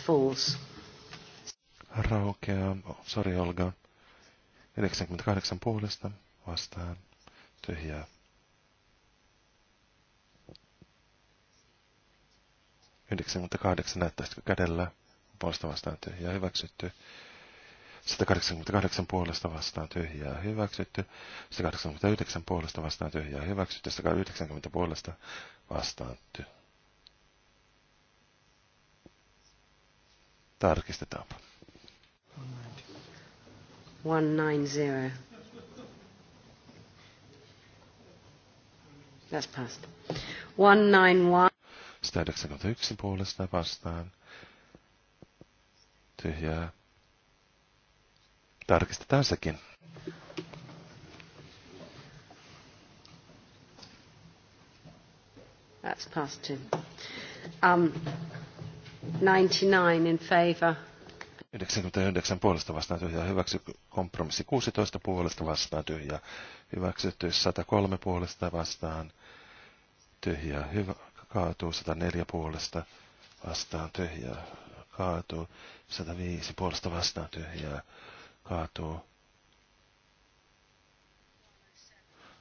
Fools. Raukeaa. sorry Olga. 98 puolesta vastaan. Tyhjää. kahdeksan näyttäisikö kädellä puolesta vastaan tyhjää hyväksytty. 188 puolesta vastaan tyhjää hyväksytty, 189 puolesta vastaan tyhjää hyväksytty, 190 puolesta vastaan ty. Tarkistetaanpa. 190. That's passed. 191. 191 puolesta vastaan. Tyhjää Tarkistetaan sekin. That's past two. Um, 99 in favor. 99 puolesta vastaan tyhjää hyväksy, kompromissi 16 puolesta vastaan tyhjää hyväksytty, 103 puolesta vastaan tyhjää hyvä, kaatuu, 104 puolesta vastaan tyhjää kaatuu, 105 puolesta vastaan tyhjää kaatuu.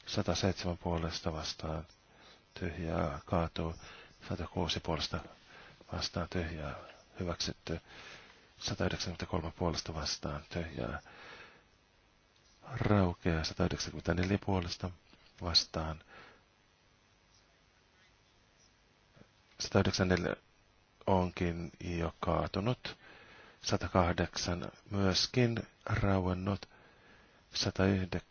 107 puolesta vastaan tyhjää kaatuu. 106 puolesta vastaan tyhjää hyväksytty. 193 puolesta vastaan tyhjää raukeaa. 194 puolesta vastaan 194 onkin jo kaatunut. 108 myöskin rauennut 109.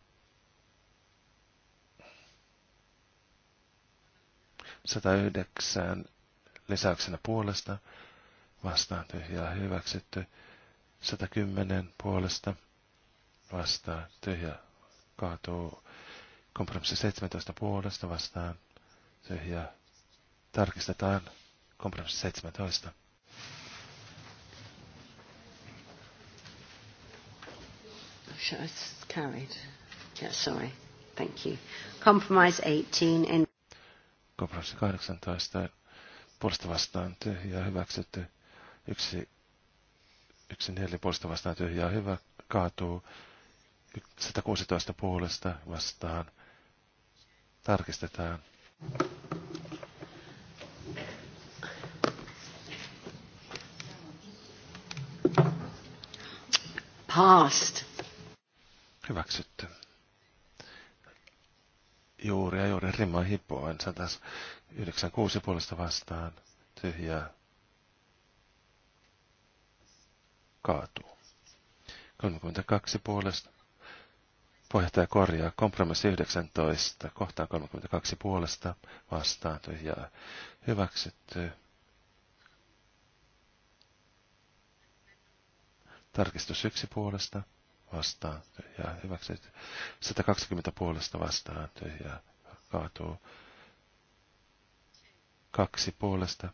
109 lisäyksenä puolesta vastaan tyhjää hyväksytty. 110 puolesta vastaan tyhjä kaatuu. Kompromissi 17 puolesta vastaan tyhjä Tarkistetaan kompromissi 17. I Just carried. Yeah, sorry. Thank you. Compromise 18 in... Kompromissi 18 puolesta vastaan tyhjää hyväksytty. Yksi, yksi neljä puolesta vastaan tyhjää hyvä kaatuu. 116 puolesta vastaan. Tarkistetaan. Past. Hyväksytty. Juuri ja juuri rima hipoen. 196 puolesta vastaan. Tyhjää. Kaatuu. 32 puolesta. Puheenjohtaja korjaa kompromissi 19, kohtaan 32 puolesta, vastaan tyhjää, hyväksytty. Tarkistus yksi puolesta, vastaan ja hyväksyt 120 puolesta vastaan tyhjää kaatuu. Kaksi puolesta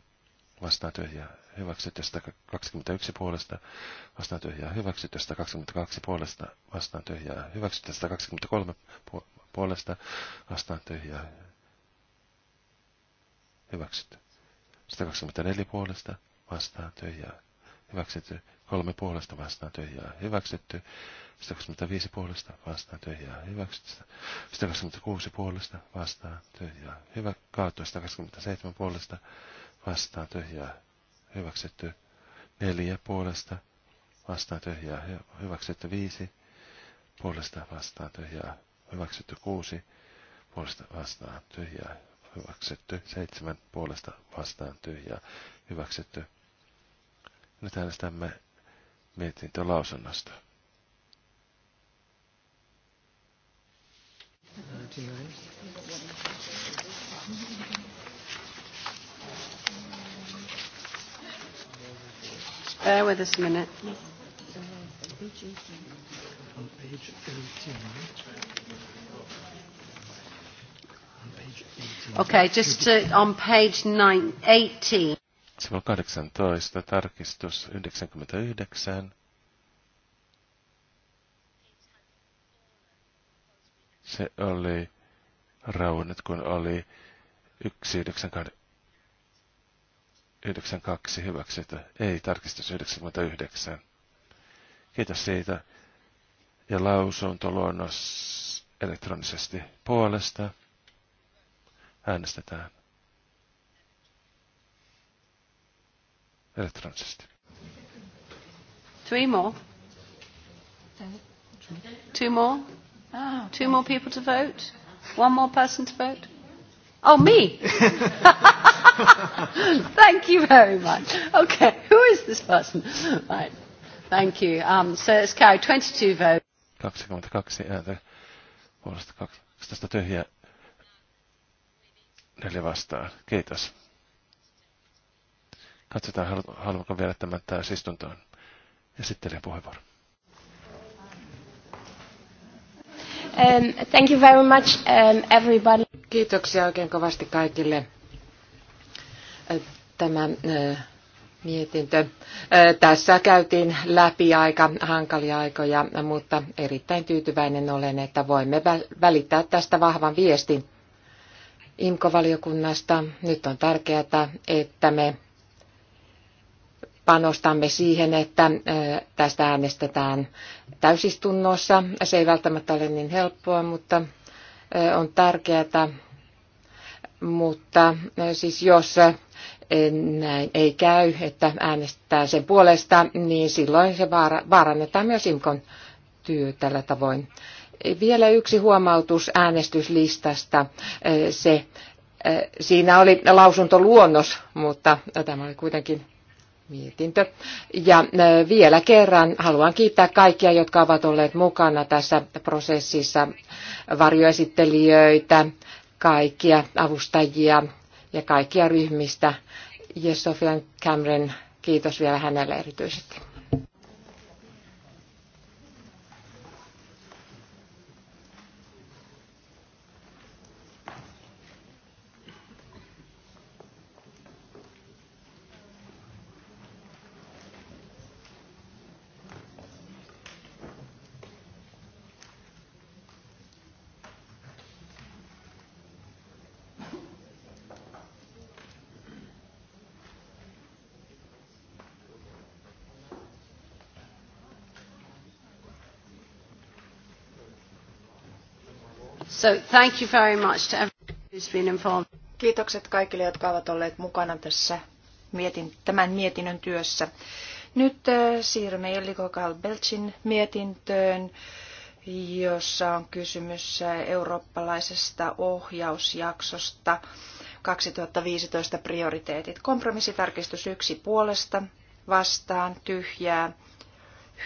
vastaan tyhjää hyväksytty. 121 puolesta vastaan tyhjää hyväksytty. 122 puolesta vastaan tyhjää hyväksytty. 123 puolesta vastaan tyhjää Hyväksyt 124 puolesta vastaan tyhjää hyväksyt Kolme puolesta vastaan tyhjää hyväksytty. 125 puolesta vastaan tyhjää hyväksytty. 126 puolesta vastaan tyhjää hyvä. 127 puolesta vastaan tyhjää hyväksytty. Neljä puolesta vastaan tyhjää hyväksytty. Viisi puolesta vastaan tyhjää hyväksytty. Kuusi puolesta vastaan tyhjää hyväksytty. Seitsemän puolesta vastaan tyhjää hyväksytty. Nyt äänestämme mietintölausunnosta. Bear with us a minute. On page 18. Okay, just to, on page nine, 18. Sivu 18, tarkistus 99. Se oli raunat, kun oli 192 hyväksytty. Ei, tarkistus 99. Kiitos siitä. Ja lausunto luonnos elektronisesti puolesta. Äänestetään. elektronisesti. Three more. Two more. Oh, Two more people to vote. One more person to vote. Oh, me. Thank you very much. Okay, who is this person? Right. Thank you. Um, so it's carried 22 votes. 22 ääntä puolesta 12 tyhjää. Neljä vastaan. Kiitos. Katsotaan, haluanko vielä tämän istuntoon Esittelijän puheenvuoron. Um, thank you very much, um, everybody. Kiitoksia oikein kovasti kaikille. Tämä mietintö. Tässä käytiin läpi aika hankalia aikoja, mutta erittäin tyytyväinen olen, että voimme välittää tästä vahvan viestin IMKO-valiokunnasta. Nyt on tärkeää, että me panostamme siihen, että tästä äänestetään täysistunnossa. Se ei välttämättä ole niin helppoa, mutta on tärkeää. Mutta siis jos näin ei käy, että äänestetään sen puolesta, niin silloin se vaara, vaarannetaan myös IMKon työ tällä tavoin. Vielä yksi huomautus äänestyslistasta. Se, siinä oli lausuntoluonnos, mutta tämä oli kuitenkin mietintö. Ja vielä kerran haluan kiittää kaikkia, jotka ovat olleet mukana tässä prosessissa, varjoesittelijöitä, kaikkia avustajia ja kaikkia ryhmistä. Ja Sofian Cameron, kiitos vielä hänelle erityisesti. So thank you very much to everyone who's been involved. Kiitokset kaikille, jotka ovat olleet mukana tässä mietin, tämän mietinnön työssä. Nyt äh, siirrymme Eliko Kalbelchin mietintöön, jossa on kysymys äh, eurooppalaisesta ohjausjaksosta 2015 prioriteetit. Kompromissitarkistus yksi puolesta, vastaan, tyhjää,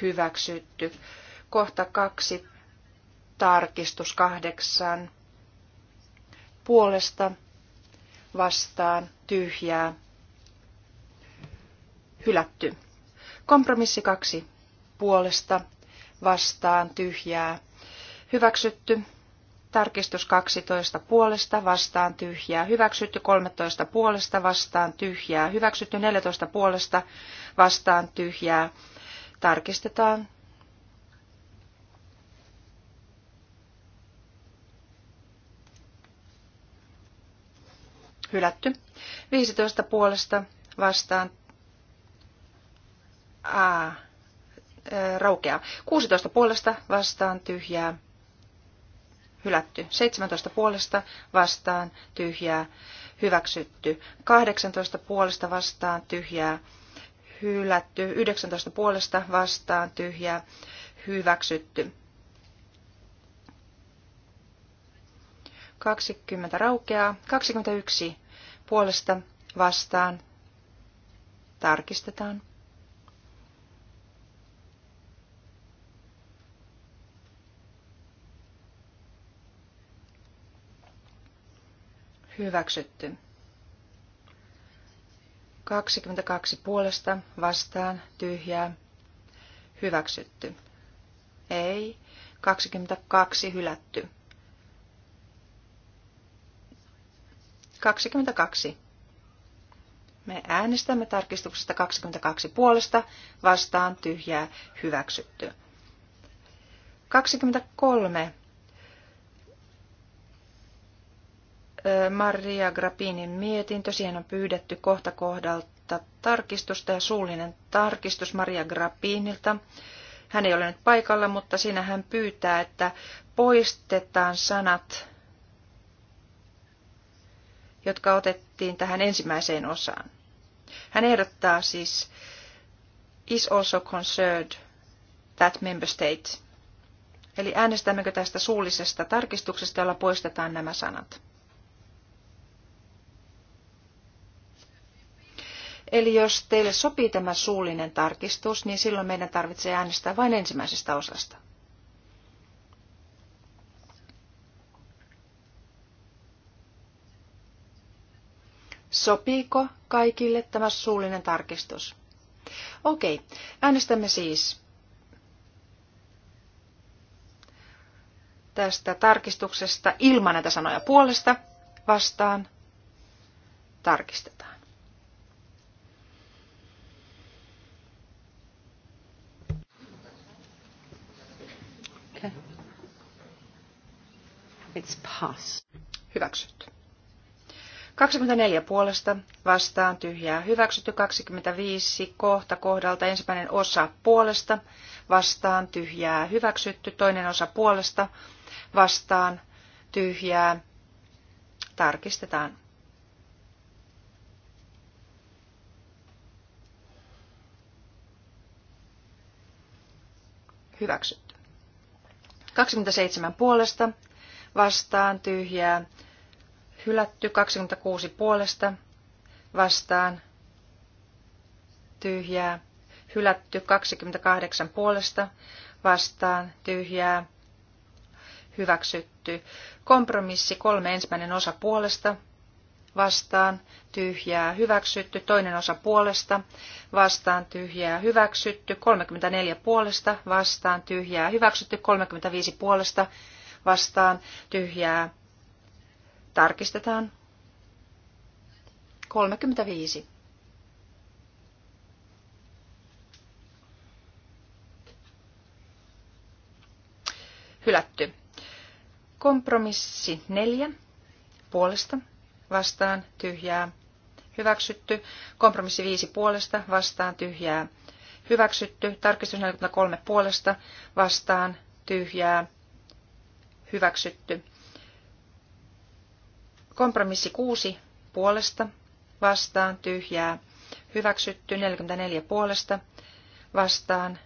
hyväksytty. Kohta kaksi tarkistus kahdeksan puolesta vastaan tyhjää hylätty. Kompromissi kaksi puolesta vastaan tyhjää hyväksytty. Tarkistus 12 puolesta vastaan tyhjää hyväksytty, 13 puolesta vastaan tyhjää hyväksytty, 14 puolesta vastaan tyhjää tarkistetaan hylätty. 15 puolesta vastaan A ää, raukeaa. 16 puolesta vastaan tyhjää hylätty. 17 puolesta vastaan tyhjää hyväksytty. 18 puolesta vastaan tyhjää hylätty. 19 puolesta vastaan tyhjää hyväksytty. 20 raukeaa. 21 puolesta vastaan tarkistetaan. Hyväksytty. 22 puolesta vastaan tyhjää. Hyväksytty. Ei. 22 hylätty. 22. Me äänestämme tarkistuksesta 22 puolesta vastaan tyhjää hyväksytty. 23. Maria Grappinin mietintö. Siihen on pyydetty kohta kohdalta tarkistusta ja suullinen tarkistus Maria Grappinilta. Hän ei ole nyt paikalla, mutta siinä hän pyytää, että poistetaan sanat jotka otettiin tähän ensimmäiseen osaan. Hän ehdottaa siis is also concerned that member state. Eli äänestämmekö tästä suullisesta tarkistuksesta, jolla poistetaan nämä sanat. Eli jos teille sopii tämä suullinen tarkistus, niin silloin meidän tarvitsee äänestää vain ensimmäisestä osasta. Sopiiko kaikille tämä suullinen tarkistus? Okei, äänestämme siis tästä tarkistuksesta ilman näitä sanoja puolesta vastaan tarkistetaan. Okay. It's pass. Hyväksytty. 24 puolesta vastaan tyhjää hyväksytty 25 kohta kohdalta ensimmäinen osa puolesta vastaan tyhjää hyväksytty toinen osa puolesta vastaan tyhjää tarkistetaan. Hyväksytty. 27 puolesta vastaan tyhjää Hylätty 26 puolesta vastaan tyhjää. Hylätty 28 puolesta vastaan tyhjää. Hyväksytty. Kompromissi kolme ensimmäinen osa puolesta vastaan tyhjää hyväksytty, toinen osa puolesta, vastaan tyhjää hyväksytty, 34 puolesta, vastaan tyhjää hyväksytty, 35 puolesta, vastaan tyhjää Tarkistetaan. 35. Hylätty. Kompromissi 4. Puolesta. Vastaan. Tyhjää. Hyväksytty. Kompromissi 5. Puolesta. Vastaan. Tyhjää. Hyväksytty. Tarkistus 43. Puolesta. Vastaan. Tyhjää. Hyväksytty. Kompromissi 6 puolesta, vastaan, tyhjää, hyväksytty 44 puolesta, vastaan,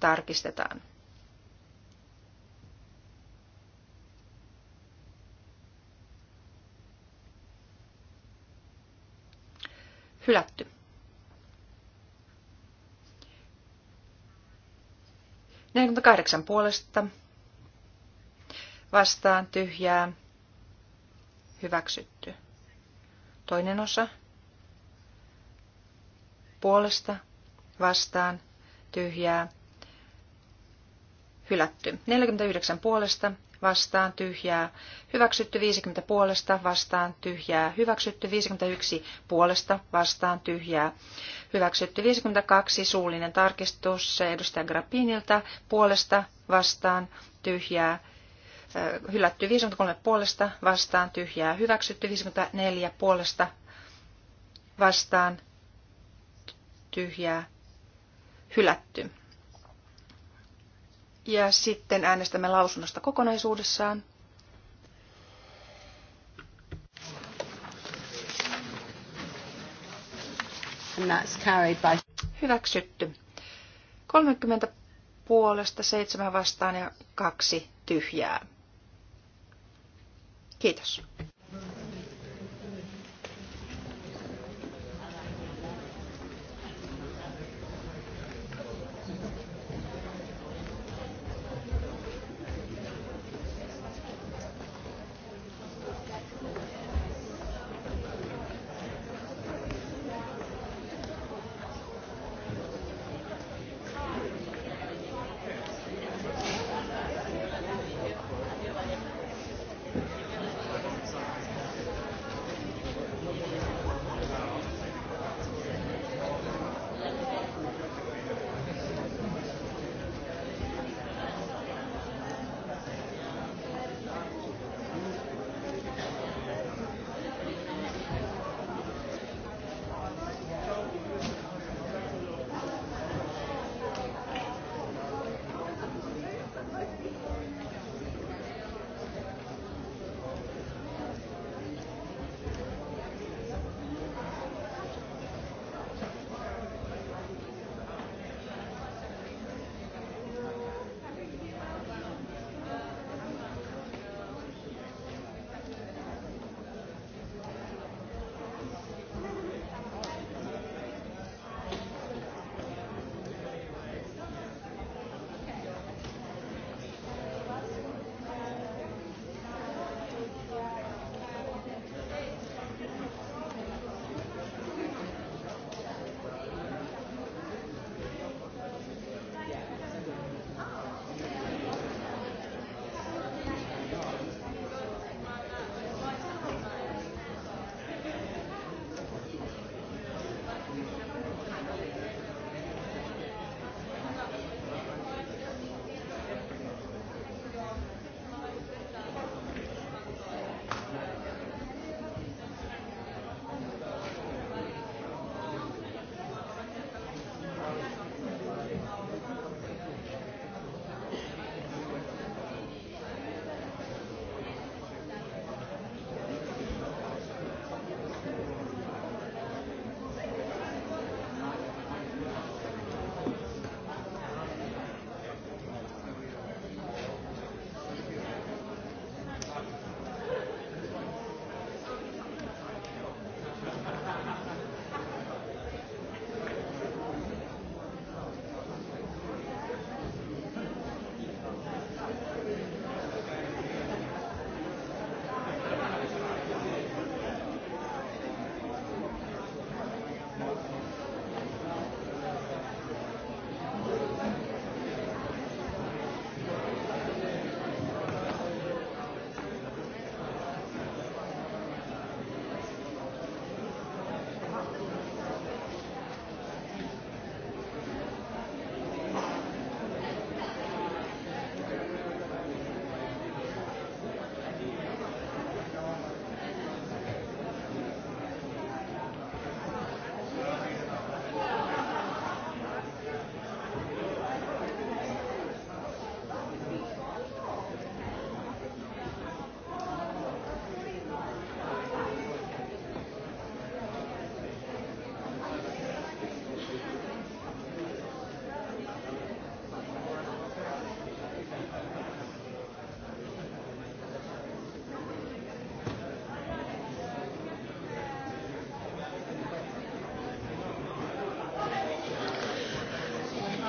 tarkistetaan. Hylätty. Neljäkymmentäkahdeksan puolesta vastaan tyhjää Hyväksytty. Toinen osa. Puolesta, vastaan, tyhjää, hylätty. 49 puolesta, vastaan, tyhjää, hyväksytty 50 puolesta, vastaan, tyhjää, hyväksytty 51 puolesta, vastaan, tyhjää, hyväksytty 52 suullinen tarkistus edustaja Grappinilta puolesta, vastaan, tyhjää, hylätty 53 puolesta vastaan tyhjää hyväksytty 54 puolesta vastaan tyhjää hylätty. Ja sitten äänestämme lausunnosta kokonaisuudessaan. And that's carried by... Hyväksytty. 30 puolesta, 7 vastaan ja 2 tyhjää. Kiitos.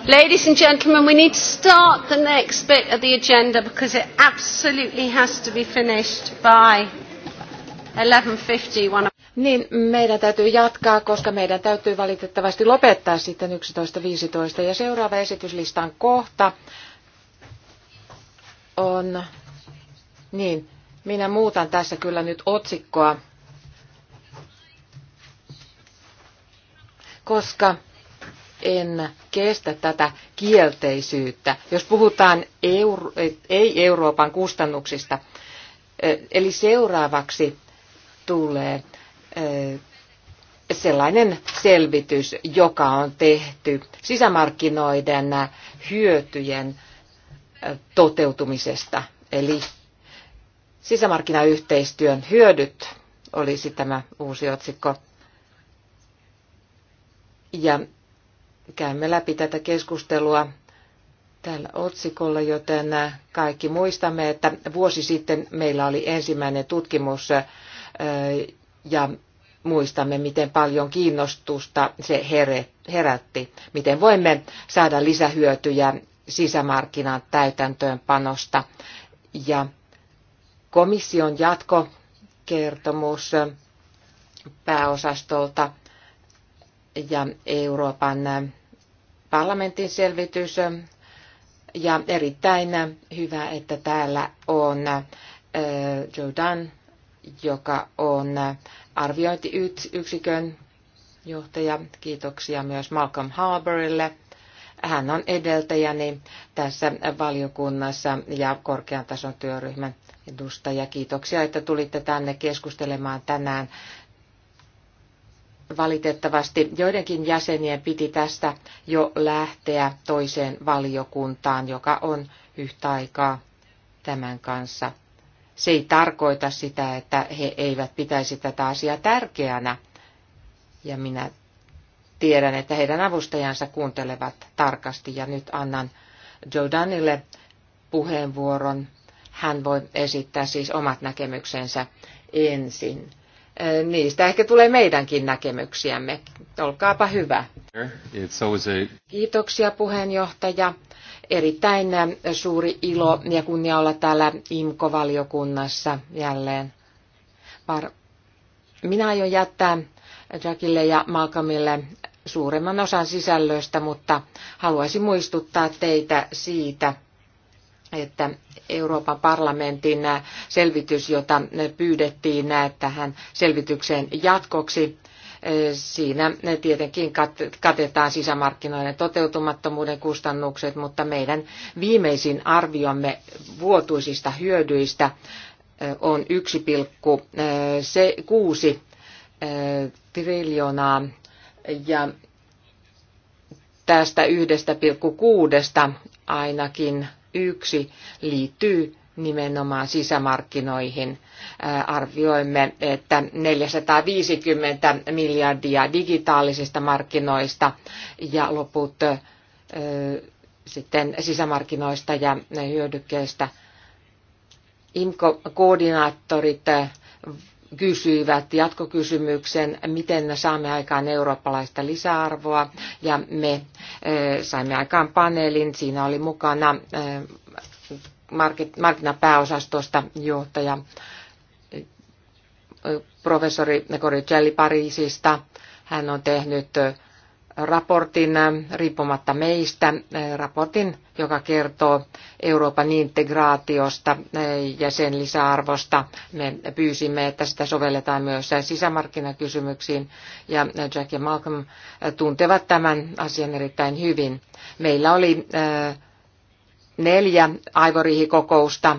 Ladies and gentlemen, we need to start the next bit of the agenda because it absolutely has to be finished by 11.50. Niin, meidän täytyy jatkaa, koska meidän täytyy valitettavasti lopettaa sitten 11.15. Ja seuraava esityslistan kohta on, niin, minä muutan tässä kyllä nyt otsikkoa, koska en kestä tätä kielteisyyttä. Jos puhutaan euro, ei Euroopan kustannuksista, eli seuraavaksi tulee sellainen selvitys, joka on tehty sisämarkkinoiden hyötyjen toteutumisesta. Eli sisämarkkinayhteistyön hyödyt olisi tämä uusi otsikko. Ja käymme läpi tätä keskustelua tällä otsikolla, joten äh, kaikki muistamme, että vuosi sitten meillä oli ensimmäinen tutkimus äh, ja muistamme, miten paljon kiinnostusta se herätti, miten voimme saada lisähyötyjä sisämarkkinan täytäntöönpanosta. Ja komission jatkokertomus äh, pääosastolta ja Euroopan parlamentin selvitys ja erittäin hyvä, että täällä on äh, Jordan, joka on arviointiyksikön johtaja. Kiitoksia myös Malcolm Harbourille. Hän on edeltäjäni tässä valiokunnassa ja korkean tason työryhmän edustaja. Kiitoksia, että tulitte tänne keskustelemaan tänään Valitettavasti joidenkin jäsenien piti tästä jo lähteä toiseen valiokuntaan, joka on yhtä aikaa tämän kanssa. Se ei tarkoita sitä, että he eivät pitäisi tätä asiaa tärkeänä. Ja minä tiedän, että heidän avustajansa kuuntelevat tarkasti. Ja nyt annan Jodanille puheenvuoron. Hän voi esittää siis omat näkemyksensä ensin niistä ehkä tulee meidänkin näkemyksiämme. Olkaapa hyvä. Kiitoksia puheenjohtaja. Erittäin äh, suuri ilo ja kunnia olla täällä IMKO-valiokunnassa jälleen. Minä aion jättää Jackille ja Malcolmille suuremman osan sisällöstä, mutta haluaisin muistuttaa teitä siitä, että Euroopan parlamentin selvitys, jota pyydettiin tähän selvitykseen jatkoksi, Siinä tietenkin katetaan sisämarkkinoiden toteutumattomuuden kustannukset, mutta meidän viimeisin arviomme vuotuisista hyödyistä on 1,6 triljoonaa ja tästä 1,6 ainakin yksi liittyy nimenomaan sisämarkkinoihin. Äh, arvioimme, että 450 miljardia digitaalisista markkinoista ja loput äh, sitten sisämarkkinoista ja hyödykkeistä. IMCO-koordinaattorit kysyivät jatkokysymyksen, miten me saamme aikaan eurooppalaista lisäarvoa. Ja me saimme aikaan paneelin, siinä oli mukana markkinapääosastosta johtaja professori Cori Pariisista. Hän on tehnyt raportin äh, riippumatta meistä, äh, raportin, joka kertoo Euroopan integraatiosta äh, ja sen lisäarvosta. Me pyysimme, että sitä sovelletaan myös sisämarkkinakysymyksiin ja Jack ja Malcolm tuntevat tämän asian erittäin hyvin. Meillä oli neljä aivorihikokousta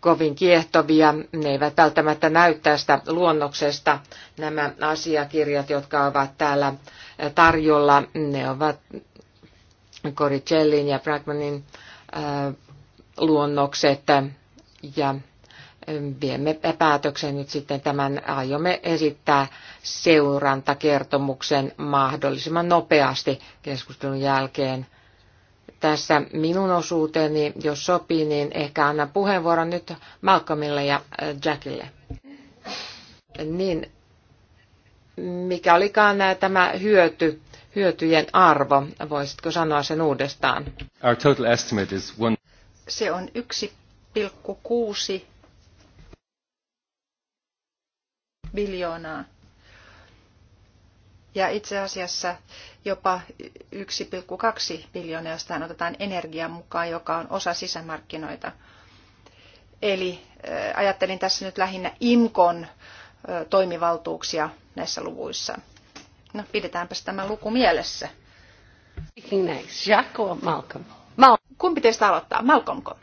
kovin kiehtovia. Ne eivät välttämättä näy tästä luonnoksesta nämä asiakirjat, jotka ovat täällä tarjolla. Ne ovat Coricellin ja Fragmanin äh, luonnokset ja ähm, viemme päätöksen nyt sitten tämän, aiomme esittää seurantakertomuksen mahdollisimman nopeasti keskustelun jälkeen. Tässä minun osuuteni, jos sopii, niin ehkä annan puheenvuoron nyt Malcolmille ja äh, Jackille. Niin, mikä olikaan tämä hyöty, hyötyjen arvo? Voisitko sanoa sen uudestaan? Our total estimate is one... Se on 1,6 biljoonaa. Ja itse asiassa jopa 1,2 biljoonaa, josta otetaan energia mukaan, joka on osa sisämarkkinoita. Eli ajattelin tässä nyt lähinnä IMKON toimivaltuuksia näissä luvuissa. No, pidetäänpäs tämä luku mielessä. Malcolm? Kumpi teistä aloittaa? Malcolmko?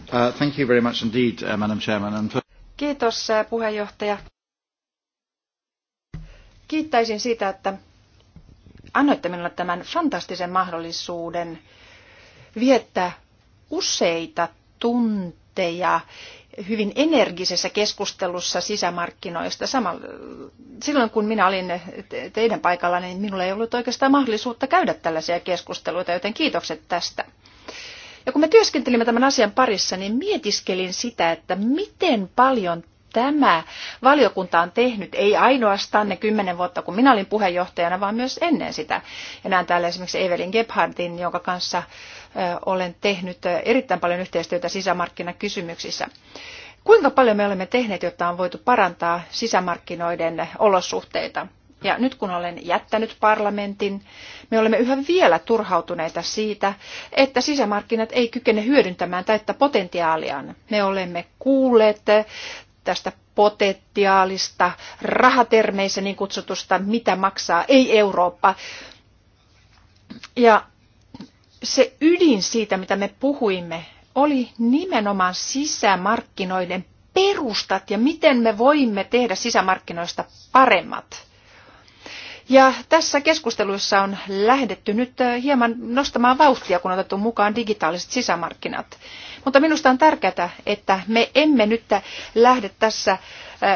Uh, thank you very much indeed, uh, Madam Chairman. And for... Kiitos uh, puheenjohtaja. Kiittäisin siitä, että annoitte minulle tämän fantastisen mahdollisuuden viettää useita tunteja hyvin energisessä keskustelussa sisämarkkinoista. Samalla, silloin kun minä olin teidän paikalla, niin minulla ei ollut oikeastaan mahdollisuutta käydä tällaisia keskusteluita, joten kiitokset tästä. Ja kun me työskentelimme tämän asian parissa, niin mietiskelin sitä, että miten paljon tämä valiokunta on tehnyt, ei ainoastaan ne kymmenen vuotta, kun minä olin puheenjohtajana, vaan myös ennen sitä. Ja näen täällä esimerkiksi Evelin Gebhardin, jonka kanssa olen tehnyt erittäin paljon yhteistyötä sisämarkkinakysymyksissä. Kuinka paljon me olemme tehneet, jotta on voitu parantaa sisämarkkinoiden olosuhteita? Ja nyt kun olen jättänyt parlamentin, me olemme yhä vielä turhautuneita siitä, että sisämarkkinat ei kykene hyödyntämään täyttä potentiaaliaan. Me olemme kuulleet tästä potentiaalista rahatermeissä niin kutsutusta, mitä maksaa ei Eurooppa. Ja se ydin siitä, mitä me puhuimme, oli nimenomaan sisämarkkinoiden perustat ja miten me voimme tehdä sisämarkkinoista paremmat. Ja tässä keskusteluissa on lähdetty nyt hieman nostamaan vauhtia, kun on otettu mukaan digitaaliset sisämarkkinat. Mutta minusta on tärkeää, että me emme nyt lähde tässä äh,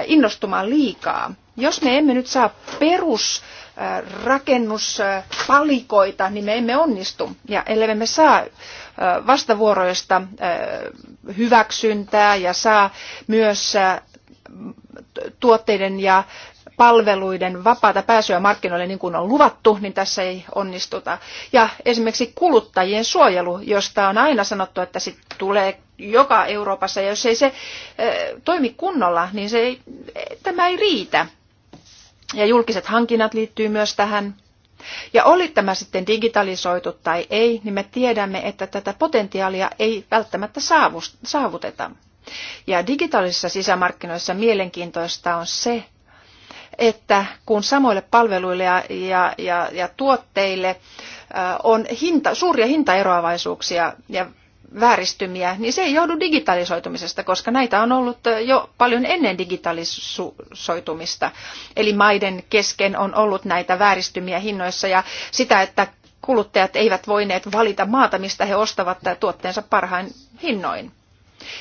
innostumaan liikaa. Jos me emme nyt saa perusrakennuspalikoita, äh, niin me emme onnistu. Ja ellei me saa äh, vastavuoroista hyväksyntää ja saa myös tuotteiden ja palveluiden vapaata pääsyä markkinoille niin kuin on luvattu, niin tässä ei onnistuta. Ja esimerkiksi kuluttajien suojelu, josta on aina sanottu, että se tulee joka Euroopassa, ja jos ei se toimi kunnolla, niin se ei, tämä ei riitä. Ja julkiset hankinnat liittyy myös tähän. Ja oli tämä sitten digitalisoitu tai ei, niin me tiedämme, että tätä potentiaalia ei välttämättä saavuteta. Ja digitaalisissa sisämarkkinoissa mielenkiintoista on se, että kun samoille palveluille ja, ja, ja, ja tuotteille on hinta, suuria hintaeroavaisuuksia ja vääristymiä, niin se ei joudu digitalisoitumisesta, koska näitä on ollut jo paljon ennen digitalisoitumista. Eli maiden kesken on ollut näitä vääristymiä hinnoissa ja sitä, että kuluttajat eivät voineet valita maata, mistä he ostavat tuotteensa parhain hinnoin.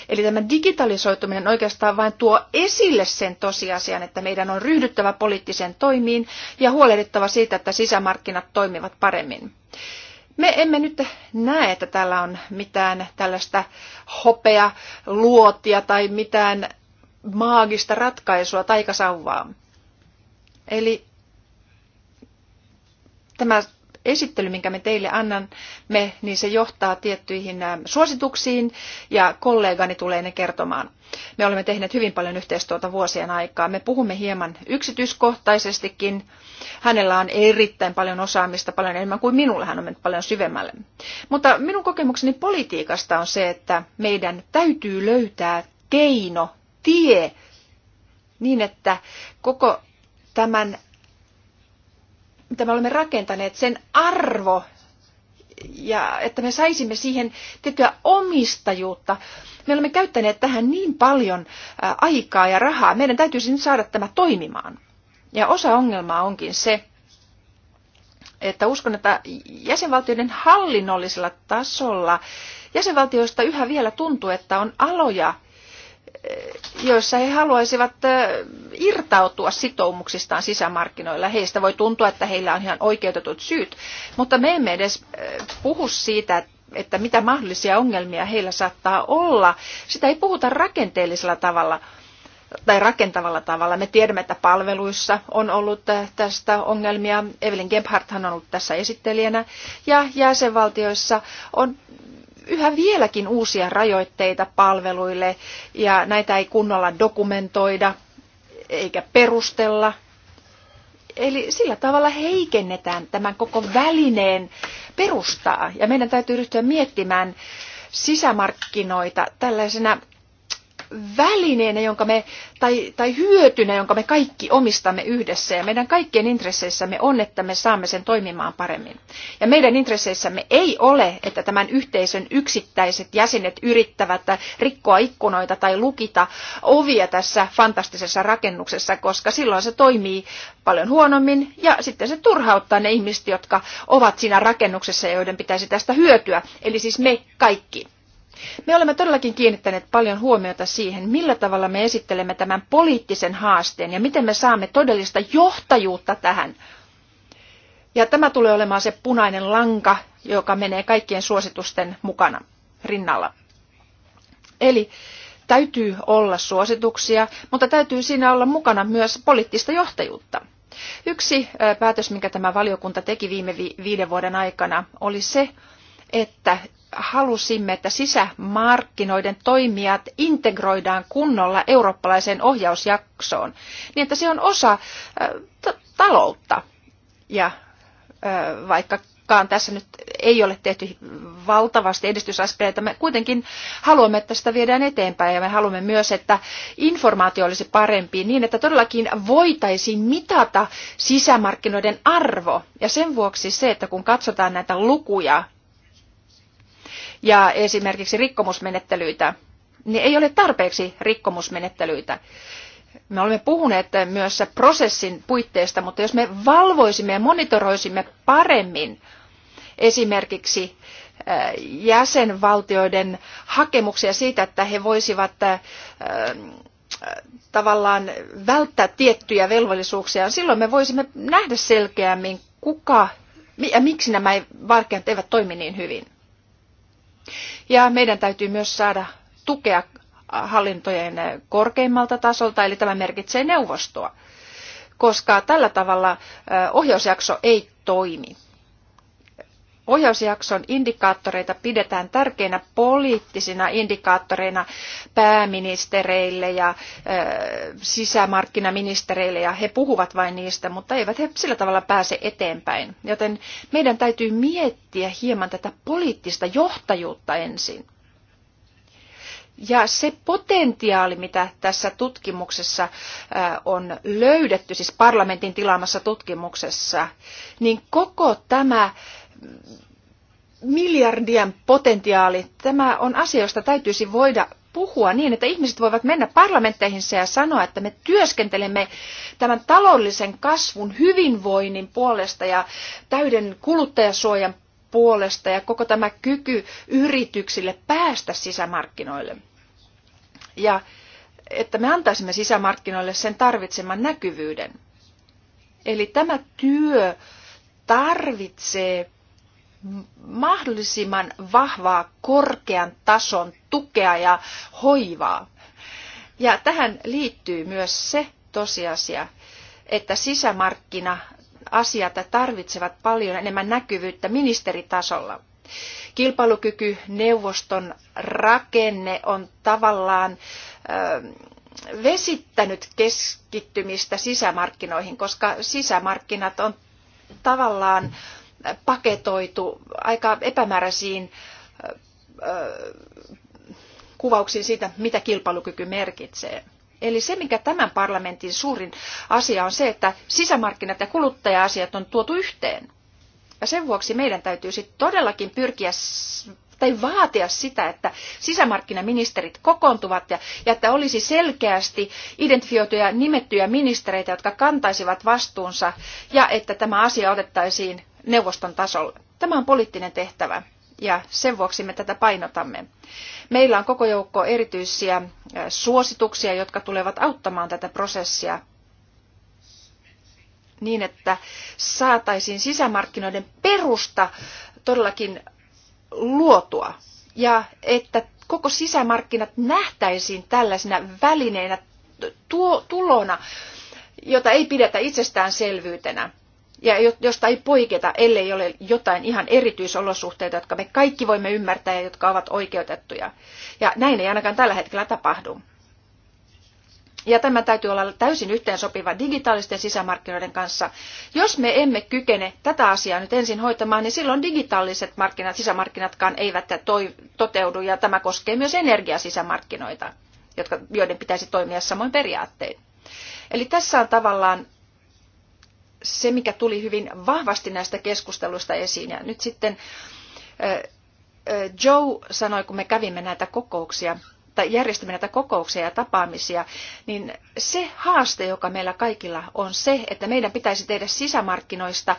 Eli tämä digitalisoituminen oikeastaan vain tuo esille sen tosiasian, että meidän on ryhdyttävä poliittiseen toimiin ja huolehdittava siitä, että sisämarkkinat toimivat paremmin. Me emme nyt näe, että täällä on mitään tällaista hopea luotia tai mitään maagista ratkaisua taikasauvaa. Eli tämä esittely, minkä me teille annamme, niin se johtaa tiettyihin suosituksiin ja kollegani tulee ne kertomaan. Me olemme tehneet hyvin paljon yhteistyötä vuosien aikaa. Me puhumme hieman yksityiskohtaisestikin. Hänellä on erittäin paljon osaamista, paljon enemmän kuin minulla. Hän on mennyt paljon syvemmälle. Mutta minun kokemukseni politiikasta on se, että meidän täytyy löytää keino, tie, niin että koko tämän mitä me olemme rakentaneet, sen arvo ja että me saisimme siihen tiettyä omistajuutta. Me olemme käyttäneet tähän niin paljon aikaa ja rahaa. Meidän täytyisi nyt saada tämä toimimaan. Ja osa ongelmaa onkin se, että uskon, että jäsenvaltioiden hallinnollisella tasolla jäsenvaltioista yhä vielä tuntuu, että on aloja, joissa he haluaisivat irtautua sitoumuksistaan sisämarkkinoilla. Heistä voi tuntua, että heillä on ihan oikeutetut syyt, mutta me emme edes puhu siitä, että mitä mahdollisia ongelmia heillä saattaa olla. Sitä ei puhuta rakenteellisella tavalla tai rakentavalla tavalla. Me tiedämme, että palveluissa on ollut tästä ongelmia. Evelyn Gebhardt on ollut tässä esittelijänä ja jäsenvaltioissa on yhä vieläkin uusia rajoitteita palveluille ja näitä ei kunnolla dokumentoida eikä perustella. Eli sillä tavalla heikennetään tämän koko välineen perustaa ja meidän täytyy ryhtyä miettimään sisämarkkinoita tällaisena välineenä, jonka me, tai, tai hyötynä, jonka me kaikki omistamme yhdessä. Ja meidän kaikkien intresseissämme on, että me saamme sen toimimaan paremmin. Ja meidän intresseissämme ei ole, että tämän yhteisön yksittäiset jäsenet yrittävät rikkoa ikkunoita tai lukita ovia tässä fantastisessa rakennuksessa, koska silloin se toimii paljon huonommin ja sitten se turhauttaa ne ihmiset, jotka ovat siinä rakennuksessa ja joiden pitäisi tästä hyötyä. Eli siis me kaikki. Me olemme todellakin kiinnittäneet paljon huomiota siihen, millä tavalla me esittelemme tämän poliittisen haasteen ja miten me saamme todellista johtajuutta tähän. Ja tämä tulee olemaan se punainen lanka, joka menee kaikkien suositusten mukana rinnalla. Eli täytyy olla suosituksia, mutta täytyy siinä olla mukana myös poliittista johtajuutta. Yksi päätös, minkä tämä valiokunta teki viime viiden vuoden aikana, oli se, että halusimme, että sisämarkkinoiden toimijat integroidaan kunnolla eurooppalaiseen ohjausjaksoon, niin että se on osa äh, taloutta. Ja äh, vaikkakaan tässä nyt ei ole tehty valtavasti edistysaskeleita, me kuitenkin haluamme, että sitä viedään eteenpäin ja me haluamme myös, että informaatio olisi parempi niin, että todellakin voitaisiin mitata sisämarkkinoiden arvo. Ja sen vuoksi se, että kun katsotaan näitä lukuja, ja esimerkiksi rikkomusmenettelyitä, niin ei ole tarpeeksi rikkomusmenettelyitä. Me olemme puhuneet myös prosessin puitteista, mutta jos me valvoisimme ja monitoroisimme paremmin esimerkiksi äh, jäsenvaltioiden hakemuksia siitä, että he voisivat äh, tavallaan välttää tiettyjä velvollisuuksia, silloin me voisimme nähdä selkeämmin, kuka ja miksi nämä vaikeat eivät toimi niin hyvin. Ja meidän täytyy myös saada tukea hallintojen korkeimmalta tasolta, eli tämä merkitsee neuvostoa, koska tällä tavalla ohjausjakso ei toimi. Ohjausjakson indikaattoreita pidetään tärkeinä poliittisina indikaattoreina pääministereille ja sisämarkkinaministereille ja he puhuvat vain niistä, mutta eivät he sillä tavalla pääse eteenpäin. Joten meidän täytyy miettiä hieman tätä poliittista johtajuutta ensin. Ja se potentiaali, mitä tässä tutkimuksessa on löydetty, siis parlamentin tilaamassa tutkimuksessa, niin koko tämä miljardien potentiaali. Tämä on asia, josta täytyisi voida puhua niin, että ihmiset voivat mennä parlamentteihinsa ja sanoa, että me työskentelemme tämän taloudellisen kasvun hyvinvoinnin puolesta ja täyden kuluttajasuojan puolesta ja koko tämä kyky yrityksille päästä sisämarkkinoille. Ja että me antaisimme sisämarkkinoille sen tarvitseman näkyvyyden. Eli tämä työ tarvitsee mahdollisimman vahvaa korkean tason tukea ja hoivaa. Ja tähän liittyy myös se tosiasia, että sisämarkkina-asiat tarvitsevat paljon enemmän näkyvyyttä ministeritasolla. Kilpailukykyneuvoston rakenne on tavallaan ö, ähm, vesittänyt keskittymistä sisämarkkinoihin, koska sisämarkkinat on tavallaan ö, paketoitu aika epämääräisiin kuvauksiin siitä, mitä kilpailukyky merkitsee. Eli se, mikä tämän parlamentin suurin asia on se, että sisämarkkinat ja kuluttaja-asiat on tuotu yhteen. Ja sen vuoksi meidän täytyy sitten todellakin pyrkiä tai vaatia sitä, että sisämarkkinaministerit kokoontuvat ja, ja että olisi selkeästi identifioituja nimettyjä ministereitä, jotka kantaisivat vastuunsa ja että tämä asia otettaisiin neuvoston tasolla. Tämä on poliittinen tehtävä ja sen vuoksi me tätä painotamme. Meillä on koko joukko erityisiä suosituksia, jotka tulevat auttamaan tätä prosessia niin, että saataisiin sisämarkkinoiden perusta todellakin luotua ja että koko sisämarkkinat nähtäisiin tällaisena välineenä tulona, jota ei pidetä itsestäänselvyytenä ja josta ei poiketa, ellei ole jotain ihan erityisolosuhteita, jotka me kaikki voimme ymmärtää ja jotka ovat oikeutettuja. Ja näin ei ainakaan tällä hetkellä tapahdu. Ja tämä täytyy olla täysin yhteensopiva digitaalisten sisämarkkinoiden kanssa. Jos me emme kykene tätä asiaa nyt ensin hoitamaan, niin silloin digitaaliset markkinat, sisämarkkinatkaan eivät toteudu, ja tämä koskee myös energiasisämarkkinoita, jotka, joiden pitäisi toimia samoin periaattein. Eli tässä on tavallaan se, mikä tuli hyvin vahvasti näistä keskusteluista esiin. Ja nyt sitten Joe sanoi, kun me kävimme näitä kokouksia, tai järjestämme näitä kokouksia ja tapaamisia, niin se haaste, joka meillä kaikilla on se, että meidän pitäisi tehdä sisämarkkinoista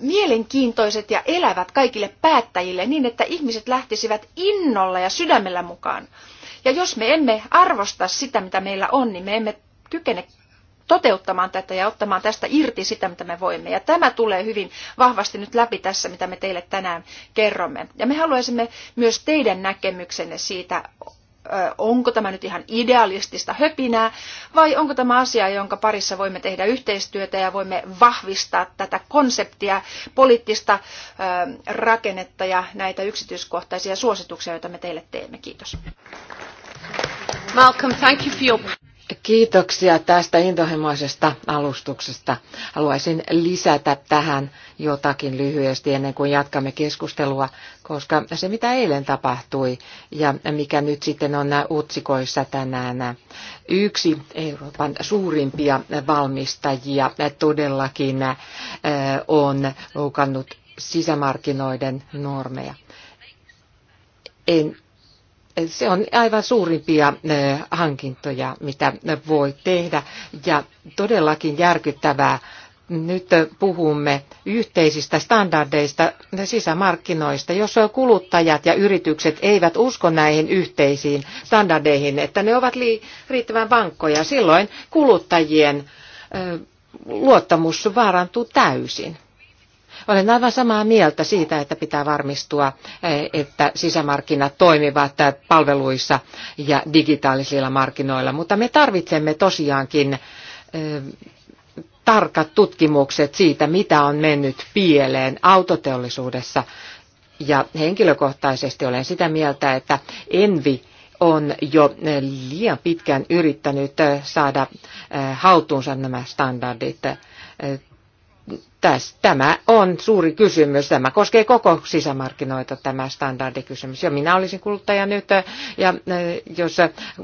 mielenkiintoiset ja elävät kaikille päättäjille niin, että ihmiset lähtisivät innolla ja sydämellä mukaan. Ja jos me emme arvosta sitä, mitä meillä on, niin me emme kykene toteuttamaan tätä ja ottamaan tästä irti sitä, mitä me voimme. Ja tämä tulee hyvin vahvasti nyt läpi tässä, mitä me teille tänään kerromme. Ja me haluaisimme myös teidän näkemyksenne siitä, onko tämä nyt ihan idealistista höpinää vai onko tämä asia, jonka parissa voimme tehdä yhteistyötä ja voimme vahvistaa tätä konseptia, poliittista rakennetta ja näitä yksityiskohtaisia suosituksia, joita me teille teemme. Kiitos. Malcolm, thank you for your... Kiitoksia tästä intohimoisesta alustuksesta. Haluaisin lisätä tähän jotakin lyhyesti ennen kuin jatkamme keskustelua, koska se mitä eilen tapahtui ja mikä nyt sitten on otsikoissa tänään, yksi Euroopan suurimpia valmistajia todellakin on loukannut sisämarkkinoiden normeja. En se on aivan suurimpia eh, hankintoja, mitä voi tehdä ja todellakin järkyttävää. Nyt puhumme yhteisistä standardeista sisämarkkinoista. Jos kuluttajat ja yritykset eivät usko näihin yhteisiin standardeihin, että ne ovat riittävän vankkoja, silloin kuluttajien eh, luottamus vaarantuu täysin. Olen aivan samaa mieltä siitä, että pitää varmistua, eh, että sisämarkkinat toimivat eh, palveluissa ja digitaalisilla markkinoilla, mutta me tarvitsemme tosiaankin eh, tarkat tutkimukset siitä, mitä on mennyt pieleen autoteollisuudessa. Ja henkilökohtaisesti olen sitä mieltä, että Envi on jo liian pitkään yrittänyt saada haltuunsa nämä standardit tämä on suuri kysymys. Tämä koskee koko sisämarkkinoita, tämä standardikysymys. Ja minä olisin kuluttaja nyt, ja jos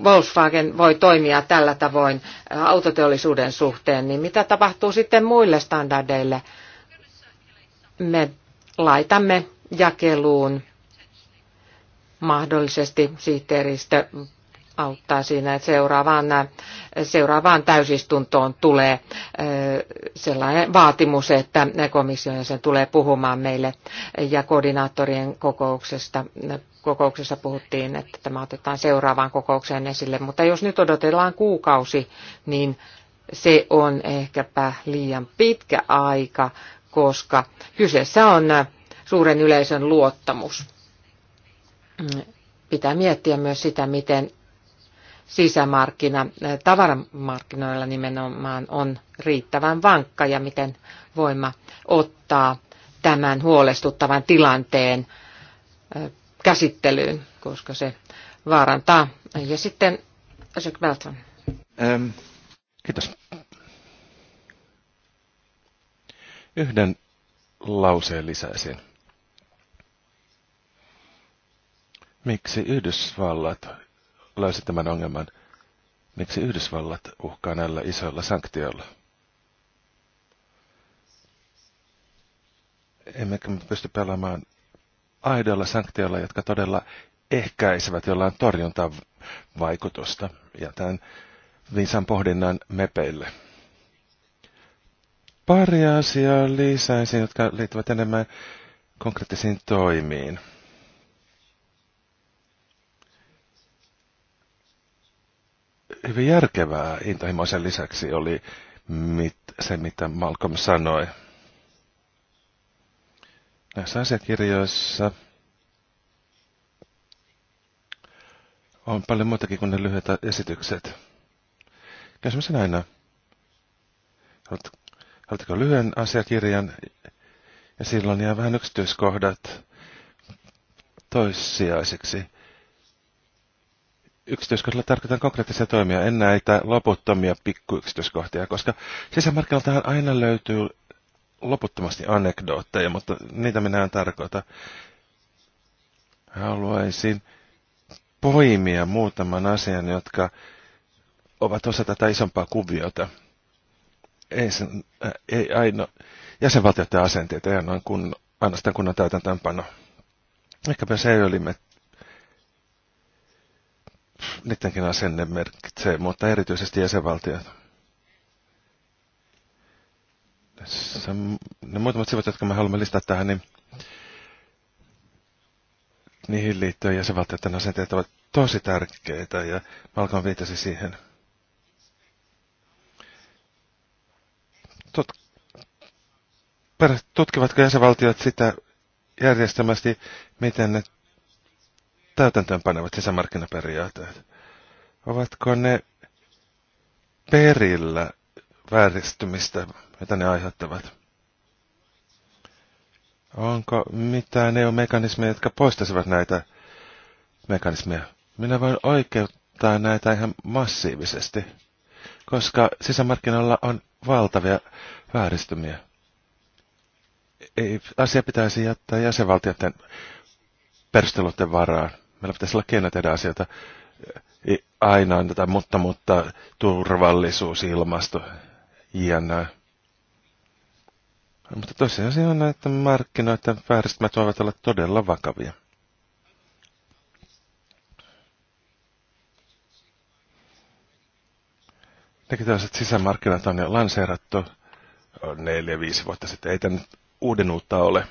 Volkswagen voi toimia tällä tavoin äh, autoteollisuuden suhteen, niin mitä tapahtuu sitten muille standardeille? Me laitamme jakeluun mahdollisesti sihteeristö auttaa siinä, että seuraavaan, seuraavaan täysistuntoon tulee sellainen vaatimus, että komission sen tulee puhumaan meille ja koordinaattorien kokouksesta kokouksessa puhuttiin, että tämä otetaan seuraavaan kokoukseen esille, mutta jos nyt odotellaan kuukausi, niin se on ehkäpä liian pitkä aika, koska kyseessä on suuren yleisön luottamus. Pitää miettiä myös sitä, miten sisämarkkina eh, tavaramarkkinoilla nimenomaan on riittävän vankka ja miten voima ottaa tämän huolestuttavan tilanteen eh, käsittelyyn, koska se vaarantaa. Ja sitten Jack Belton. Ähm, kiitos. Yhden lauseen lisäisin. Miksi Yhdysvallat löysi tämän ongelman, miksi Yhdysvallat uhkaa näillä isoilla sanktioilla? Emmekä me pysty pelaamaan aidoilla sanktioilla, jotka todella ehkäisevät jollain torjuntaa vaikutusta. Ja tämän viisan pohdinnan mepeille. Pari asiaa lisäisin, jotka liittyvät enemmän konkreettisiin toimiin. hyvin järkevää intohimoisen lisäksi oli mit, se, mitä Malcolm sanoi. Näissä asiakirjoissa on paljon muutakin kuin ne lyhyet esitykset. Kysymys aina, haluatteko lyhyen asiakirjan ja silloin jää vähän yksityiskohdat toissijaisiksi yksityiskohdalla tarkoitan konkreettisia toimia, en näitä loputtomia pikkuyksityiskohtia, koska sisämarkkinoiltahan aina löytyy loputtomasti anekdootteja, mutta niitä minä en tarkoita. Haluaisin poimia muutaman asian, jotka ovat osa tätä isompaa kuviota. Ei, sen, äh, ei aino, jäsenvaltioiden asenteita ei ainoa kun, ainoastaan kunnan täytäntöönpano. Ehkäpä se ei ole niidenkin asenne merkitsee, mutta erityisesti jäsenvaltiot. Tässä ne muutamat sivut, jotka me haluamme listata tähän, niin niihin liittyen jäsenvaltioiden asenteet ovat tosi tärkeitä ja malkan viitasi siihen. Tut, tutkivatko jäsenvaltiot sitä järjestelmästi, miten ne täytäntöönpanevat sisämarkkinaperiaatteet? Ovatko ne perillä vääristymistä, mitä ne aiheuttavat? Onko mitään EU-mekanismeja, jotka poistaisivat näitä mekanismeja? Minä voin oikeuttaa näitä ihan massiivisesti, koska sisämarkkinoilla on valtavia vääristymiä. Ei, asia pitäisi jättää jäsenvaltioiden perusteluiden varaan. Meillä pitäisi olla keino tehdä asioita. Aina on tätä mutta, mutta turvallisuus, ilmasto, jne. Mutta se on, että markkinoiden vääristymät voivat olla todella vakavia. tällaiset sisämarkkinat on jo lanseerattu neljä, viisi vuotta sitten. Ei tämä nyt uutta ole.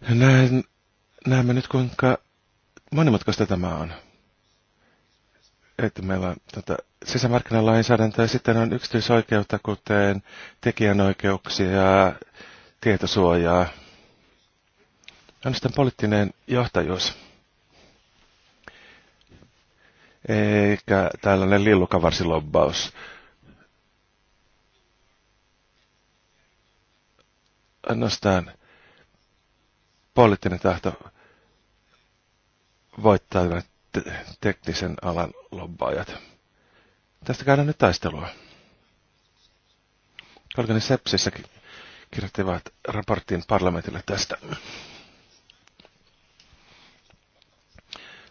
Näin näemme nyt, kuinka monimutkaista tämä on. Että meillä on tota, sisämarkkinalainsäädäntö ja sitten on yksityisoikeutta, kuten tekijänoikeuksia, tietosuojaa. On sitten poliittinen johtajuus. Eikä tällainen lillukavarsilobbaus. Ainoastaan poliittinen tahto voittaa te- teknisen alan lobbaajat. Tästä käydään nyt taistelua. Kalkani Sepsissä kirjoittivat raportin parlamentille tästä.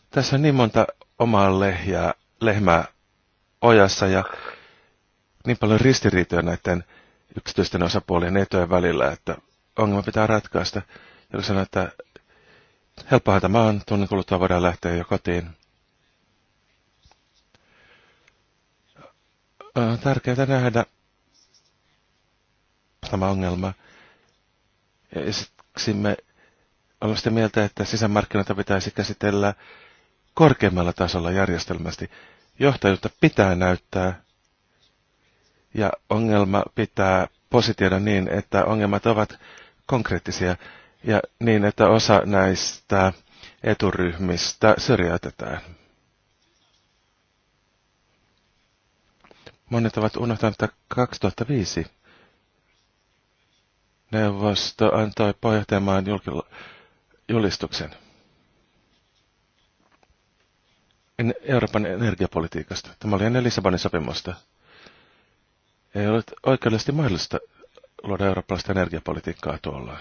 Tässä on niin monta omaa lehjää, lehmää ojassa ja niin paljon ristiriitoja näiden yksityisten osapuolien etujen välillä, että ongelma pitää ratkaista joka sanoi, että helppohan tämä on, tunnin kuluttua voidaan lähteä jo kotiin. On tärkeää nähdä tämä ongelma. siksi me olemme sitä mieltä, että sisämarkkinoita pitäisi käsitellä korkeammalla tasolla järjestelmästi. Johtajuutta pitää näyttää ja ongelma pitää positioida niin, että ongelmat ovat konkreettisia ja niin, että osa näistä eturyhmistä syrjäytetään. Monet ovat unohtaneet, että 2005 neuvosto antoi pohjohtajamaan julistuksen Euroopan energiapolitiikasta. Tämä oli ennen Lissabonin sopimusta. Ei ole oikeudellisesti mahdollista luoda eurooppalaista energiapolitiikkaa tuolla.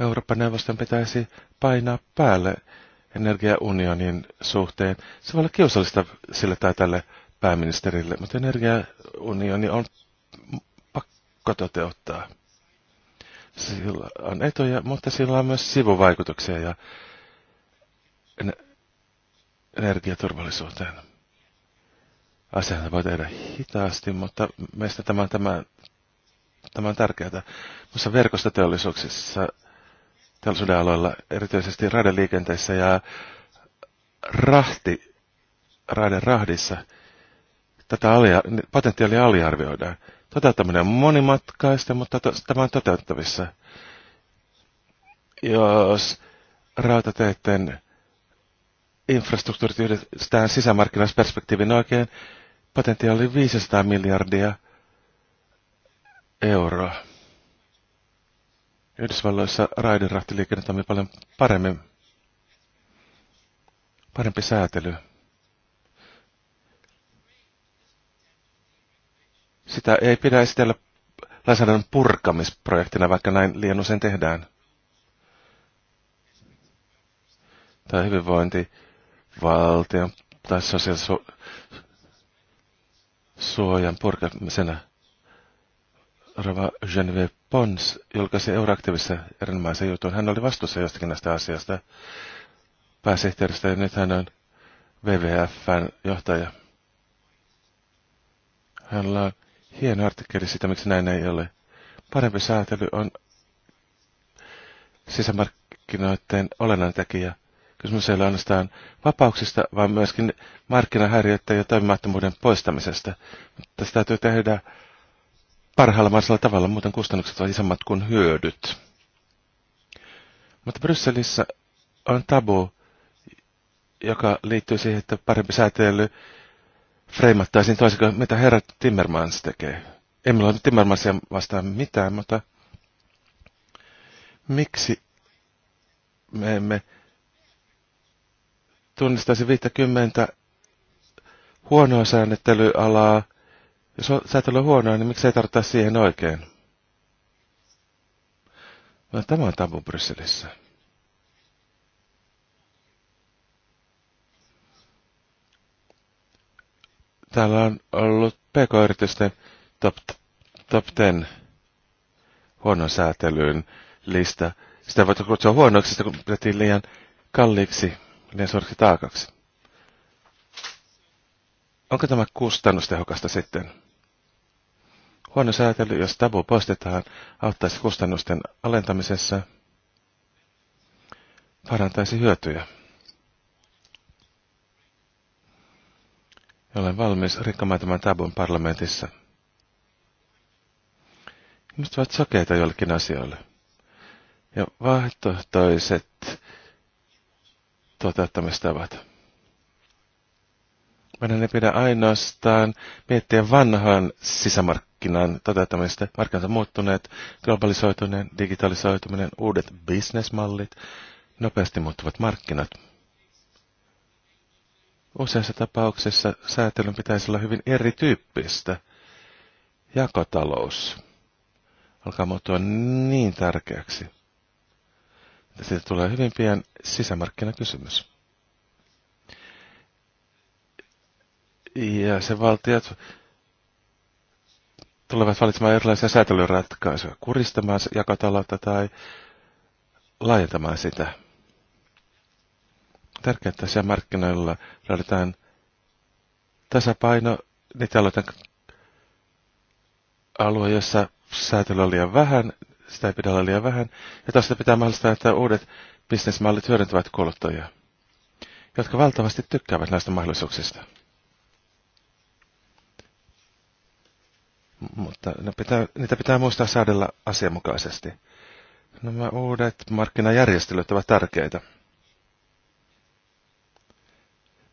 Euroopan neuvoston pitäisi painaa päälle energiaunionin suhteen. Se voi olla kiusallista sille tai tälle pääministerille, mutta energiaunioni on pakko toteuttaa. Sillä on etuja, mutta sillä on myös sivuvaikutuksia ja energiaturvallisuuteen. Asiat voi tehdä hitaasti, mutta meistä tämä, tämä, tämä on tärkeää. Mutta verkostoteollisuuksissa teollisuuden aloilla, erityisesti raideliikenteessä ja rahti, raiden rahdissa, tätä alia, potentiaalia aliarvioidaan. Toteuttaminen on monimatkaista, mutta to, tämä on toteuttavissa. Jos rautateiden infrastruktuurit yhdistetään sisämarkkinaisperspektiivin oikein, potentiaali 500 miljardia euroa. Yhdysvalloissa raiderahtiliikenne on paljon paremmin. Parempi säätely. Sitä ei pidä esitellä lainsäädännön purkamisprojektina, vaikka näin liian usein tehdään. Tai hyvinvointivaltion tai sosiaalisuojan purkamisena. Rava Genevieve Pons julkaisi Euraktivissa erinomaisen jutun. Hän oli vastuussa jostakin näistä asiasta pääsihteeristä ja nyt hän on WWFn johtaja. Hän on hieno artikkeli siitä, miksi näin ei ole. Parempi säätely on sisämarkkinoiden olennainen tekijä. Kysymys ei ole ainoastaan vapauksista, vaan myöskin markkinahäiriöiden ja toimimattomuuden poistamisesta. Tästä täytyy tehdä parhaalla mahdollisella tavalla, muuten kustannukset ovat isommat kuin hyödyt. Mutta Brysselissä on tabu, joka liittyy siihen, että parempi säätely freimattaisiin toisin kuin mitä herra Timmermans tekee. En meillä ole Timmermansia vastaan mitään, mutta miksi me emme tunnistaisi 50 huonoa säännettelyalaa, jos et on huonoa, niin miksei tarvita siihen oikein? No, tämä on tabu Brysselissä. Täällä on ollut pk-yritysten top, top 10 huonon säätelyyn lista. Sitä voit kutsua huonoiksi, kun pidettiin liian kalliiksi, liian suoriksi taakaksi. Onko tämä kustannustehokasta sitten? Huono säätely, jos tabu poistetaan, auttaisi kustannusten alentamisessa, parantaisi hyötyjä. Olen valmis rikkomaan tämän tabun parlamentissa. Ihmiset ovat sokeita jollekin asioille. Ja vaihtoehtoiset toteuttamistavat. Meidän ei pidä ainoastaan miettiä vanhan sisämarkkinoita markkinan toteuttamista. Markkinat on muuttuneet, globalisoituneen, digitalisoituminen, uudet bisnesmallit, nopeasti muuttuvat markkinat. Useissa tapauksissa säätelyn pitäisi olla hyvin erityyppistä. Jakotalous alkaa muuttua niin tärkeäksi, että siitä tulee hyvin pian sisämarkkinakysymys. Ja se valtiot tulevat valitsemaan erilaisia säätelyratkaisuja, kuristamaan jakotaloutta tai laajentamaan sitä. Tärkeää, että siellä markkinoilla löydetään tasapaino niitä aloitan alue, jossa säätely on liian vähän, sitä ei pidä olla liian vähän, ja tästä pitää mahdollistaa, että uudet bisnesmallit hyödyntävät kuluttajia, jotka valtavasti tykkäävät näistä mahdollisuuksista. mutta ne pitää, niitä pitää muistaa säädellä asianmukaisesti. Nämä uudet markkinajärjestelyt ovat tärkeitä.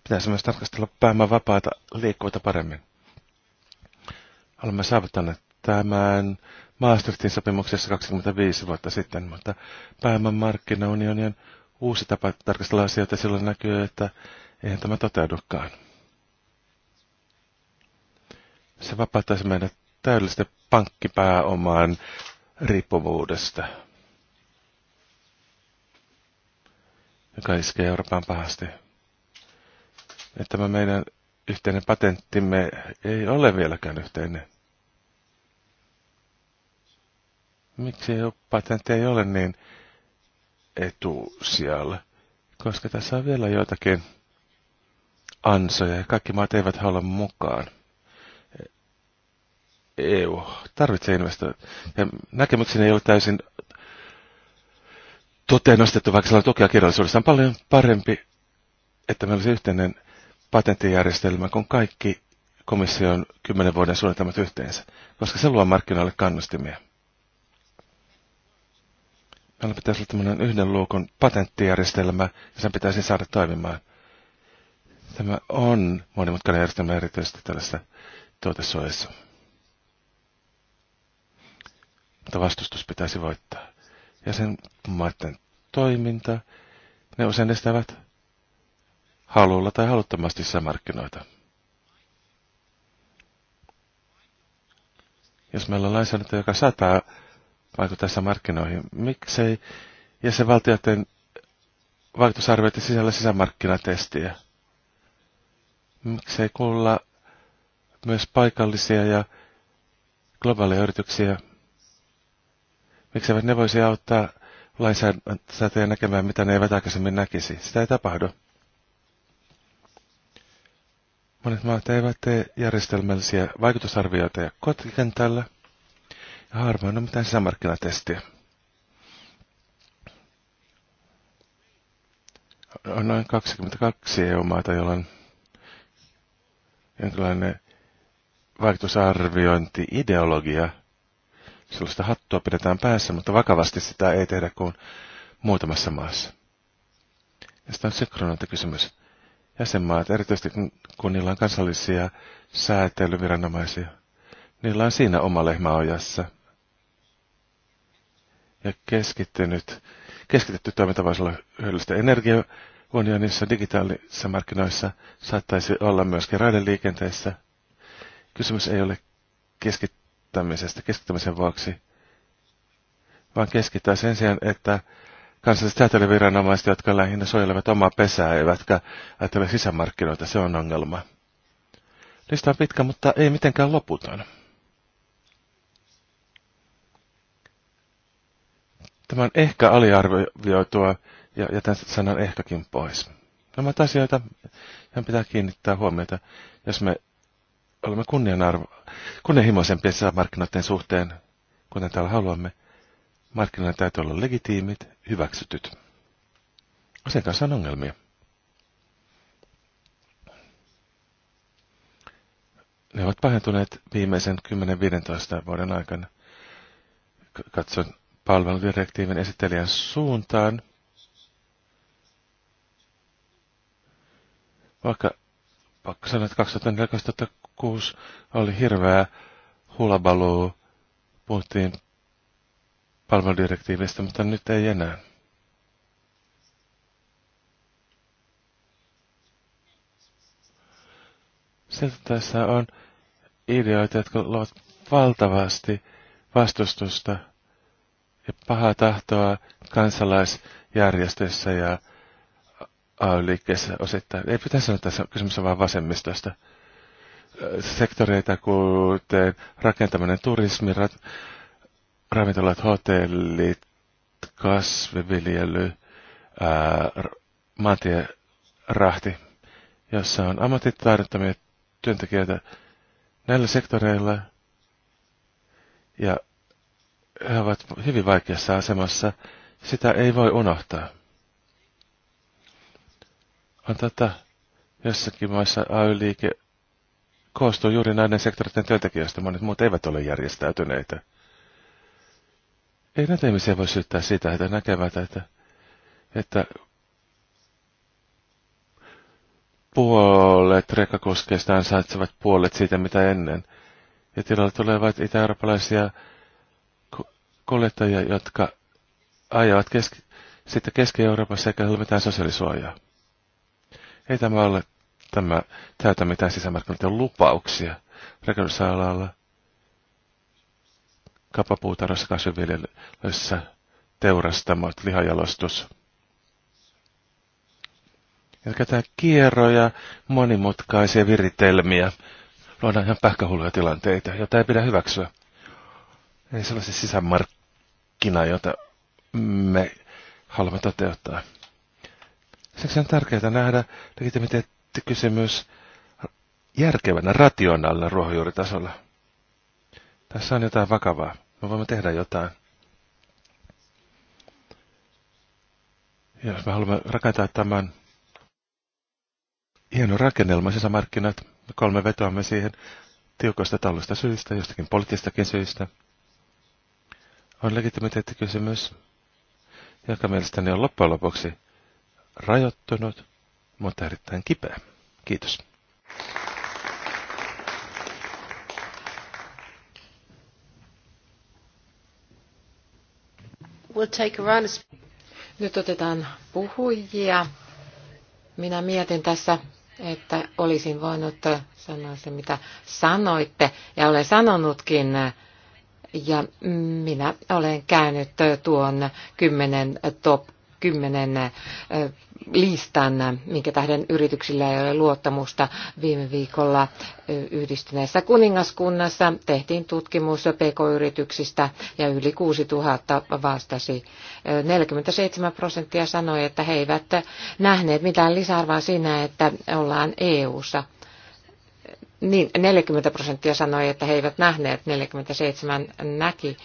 Pitäisi myös tarkastella päämään vapaata liikkuvuutta paremmin. Olemme saavuttaneet tämän Maastrichtin sopimuksessa 25 vuotta sitten, mutta pääoman markkinaunionien uusi tapa tarkastella asioita, silloin näkyy, että eihän tämä toteudukaan. Se vapauttaisi meidät täydellistä pankkipääomaan riippuvuudesta, joka iskee Euroopan pahasti. Ja tämä meidän yhteinen patenttimme ei ole vieläkään yhteinen. Miksi patentti ei ole niin etusijalle? Koska tässä on vielä joitakin ansoja ja kaikki maat eivät halua mukaan. EU tarvitsee investointeja. Näkemykseni ei ole täysin toteen nostettu, vaikka sellainen tukea kirjallisuudessa on paljon parempi, että meillä olisi yhteinen patenttijärjestelmä kuin kaikki komission kymmenen vuoden suunnitelmat yhteensä, koska se luo markkinoille kannustimia. Meillä pitäisi olla tämmöinen yhden luukun patenttijärjestelmä, ja sen pitäisi saada toimimaan. Tämä on monimutkainen järjestelmä erityisesti tällaisessa tuotesuojassa mutta vastustus pitäisi voittaa. ja sen maiden toiminta, ne usein estävät halulla tai haluttomasti sisämarkkinoita. Jos meillä on lainsäädäntö, joka saattaa vaikuttaa sisämarkkinoihin, miksei jäsenvaltioiden vaikutusarvioiden sisällä sisämarkkinatestiä? Miksei kuulla myös paikallisia ja globaaleja yrityksiä Mikseivät ne voisi auttaa lainsäätäjä näkemään, mitä ne eivät aikaisemmin näkisi? Sitä ei tapahdu. Monet maat eivät tee järjestelmällisiä vaikutusarvioita ja kotikentällä, ja harvoin on mitään sisämarkkinatestiä. On noin 22 EU-maata, joilla on jonkinlainen vaikutusarviointi-ideologia – Sellaista hattua pidetään päässä, mutta vakavasti sitä ei tehdä kuin muutamassa maassa. Ja sitä on synkronointikysymys. Jäsenmaat, erityisesti kun niillä on kansallisia säätelyviranomaisia, niillä on siinä oma lehmä ojassa. Ja keskittynyt, keskitetty toiminta voisi olla hyödyllistä energiaunionissa, digitaalisissa markkinoissa, saattaisi olla myöskin raideliikenteessä. Kysymys ei ole keskittynyt keskittämisestä keskittämisen vuoksi, vaan keskittää sen sijaan, että kansalliset säätelyviranomaiset, jotka lähinnä suojelevat omaa pesää, eivätkä ajattele sisämarkkinoita, se on ongelma. Lista on pitkä, mutta ei mitenkään loputon. Tämä on ehkä aliarvioitua, ja jätän sanan ehkäkin pois. Nämä asioita, joihin pitää kiinnittää huomiota, jos me olemme kunnianarvo, kunnianhimoisempia sisämarkkinoiden suhteen, kuten täällä haluamme. Markkinoiden täytyy olla legitiimit, hyväksytyt. Sen kanssa on ongelmia. Ne ovat pahentuneet viimeisen 10-15 vuoden aikana. Katson palveludirektiivin esittelijän suuntaan. Vaikka pakko sanoa, että 2004-2006 oli hirveä hulabaloo. Puhuttiin palveludirektiivistä, mutta nyt ei enää. Sieltä tässä on ideoita, jotka luovat valtavasti vastustusta ja pahaa tahtoa kansalaisjärjestöissä ja AY-liikkeessä osittain. Ei pitäisi sanoa, että kysymys on vain vasemmistosta. Sektoreita kuten rakentaminen, turismi, rat, ravintolat, hotellit, kasviviljely, ää, rahti, jossa on ammattitaidottomia työntekijöitä näillä sektoreilla. Ja he ovat hyvin vaikeassa asemassa. Sitä ei voi unohtaa on tätä jossakin maissa AY-liike koostuu juuri näiden sektoreiden työntekijöistä, monet muut eivät ole järjestäytyneitä. Ei näitä ihmisiä voi syyttää sitä, että näkevät, että, että puolet rekkakuskeista ansaitsevat puolet siitä, mitä ennen. Ja tilalle tulevat itä-eurooppalaisia kuljettajia, jotka ajavat keski, sitten Keski-Euroopassa eikä ole mitään sosiaalisuojaa. Ei tämä ole tämä täytä mitään sisämarkkinoiden lupauksia rakennusalalla, kapapuutarhassa, kasviviljelyssä, teurastamot, lihajalostus. Ja käytetään kierroja, monimutkaisia viritelmiä. Luodaan ihan pähkähulluja tilanteita, joita ei pidä hyväksyä. Ei sellaisia sisämarkkina, jota me haluamme toteuttaa. Siksi on tärkeää nähdä legitimiteettikysymys järkevänä, rationaalina ruohonjuuritasolla. Tässä on jotain vakavaa. Me voimme tehdä jotain. Ja jos me haluamme rakentaa tämän hienon rakennelman sisämarkkinat, me kolme vetoamme siihen tiukoista taloudellisista syistä, jostakin poliittistakin syistä, on legitimiteettikysymys, joka mielestäni on loppujen lopuksi rajoittunut, mutta erittäin kipeä. Kiitos. We'll take a run. Nyt otetaan puhujia. Minä mietin tässä, että olisin voinut sanoa se, mitä sanoitte, ja olen sanonutkin, ja minä olen käynyt tuon kymmenen top kymmenen listan, minkä tähden yrityksillä ei ole luottamusta. Viime viikolla yhdistyneessä kuningaskunnassa tehtiin tutkimus pk-yrityksistä ja yli 6000 vastasi. 47 prosenttia sanoi, että he eivät nähneet mitään lisäarvoa siinä, että ollaan EU-ssa niin 40 prosenttia sanoi, että he eivät nähneet, 47 näki.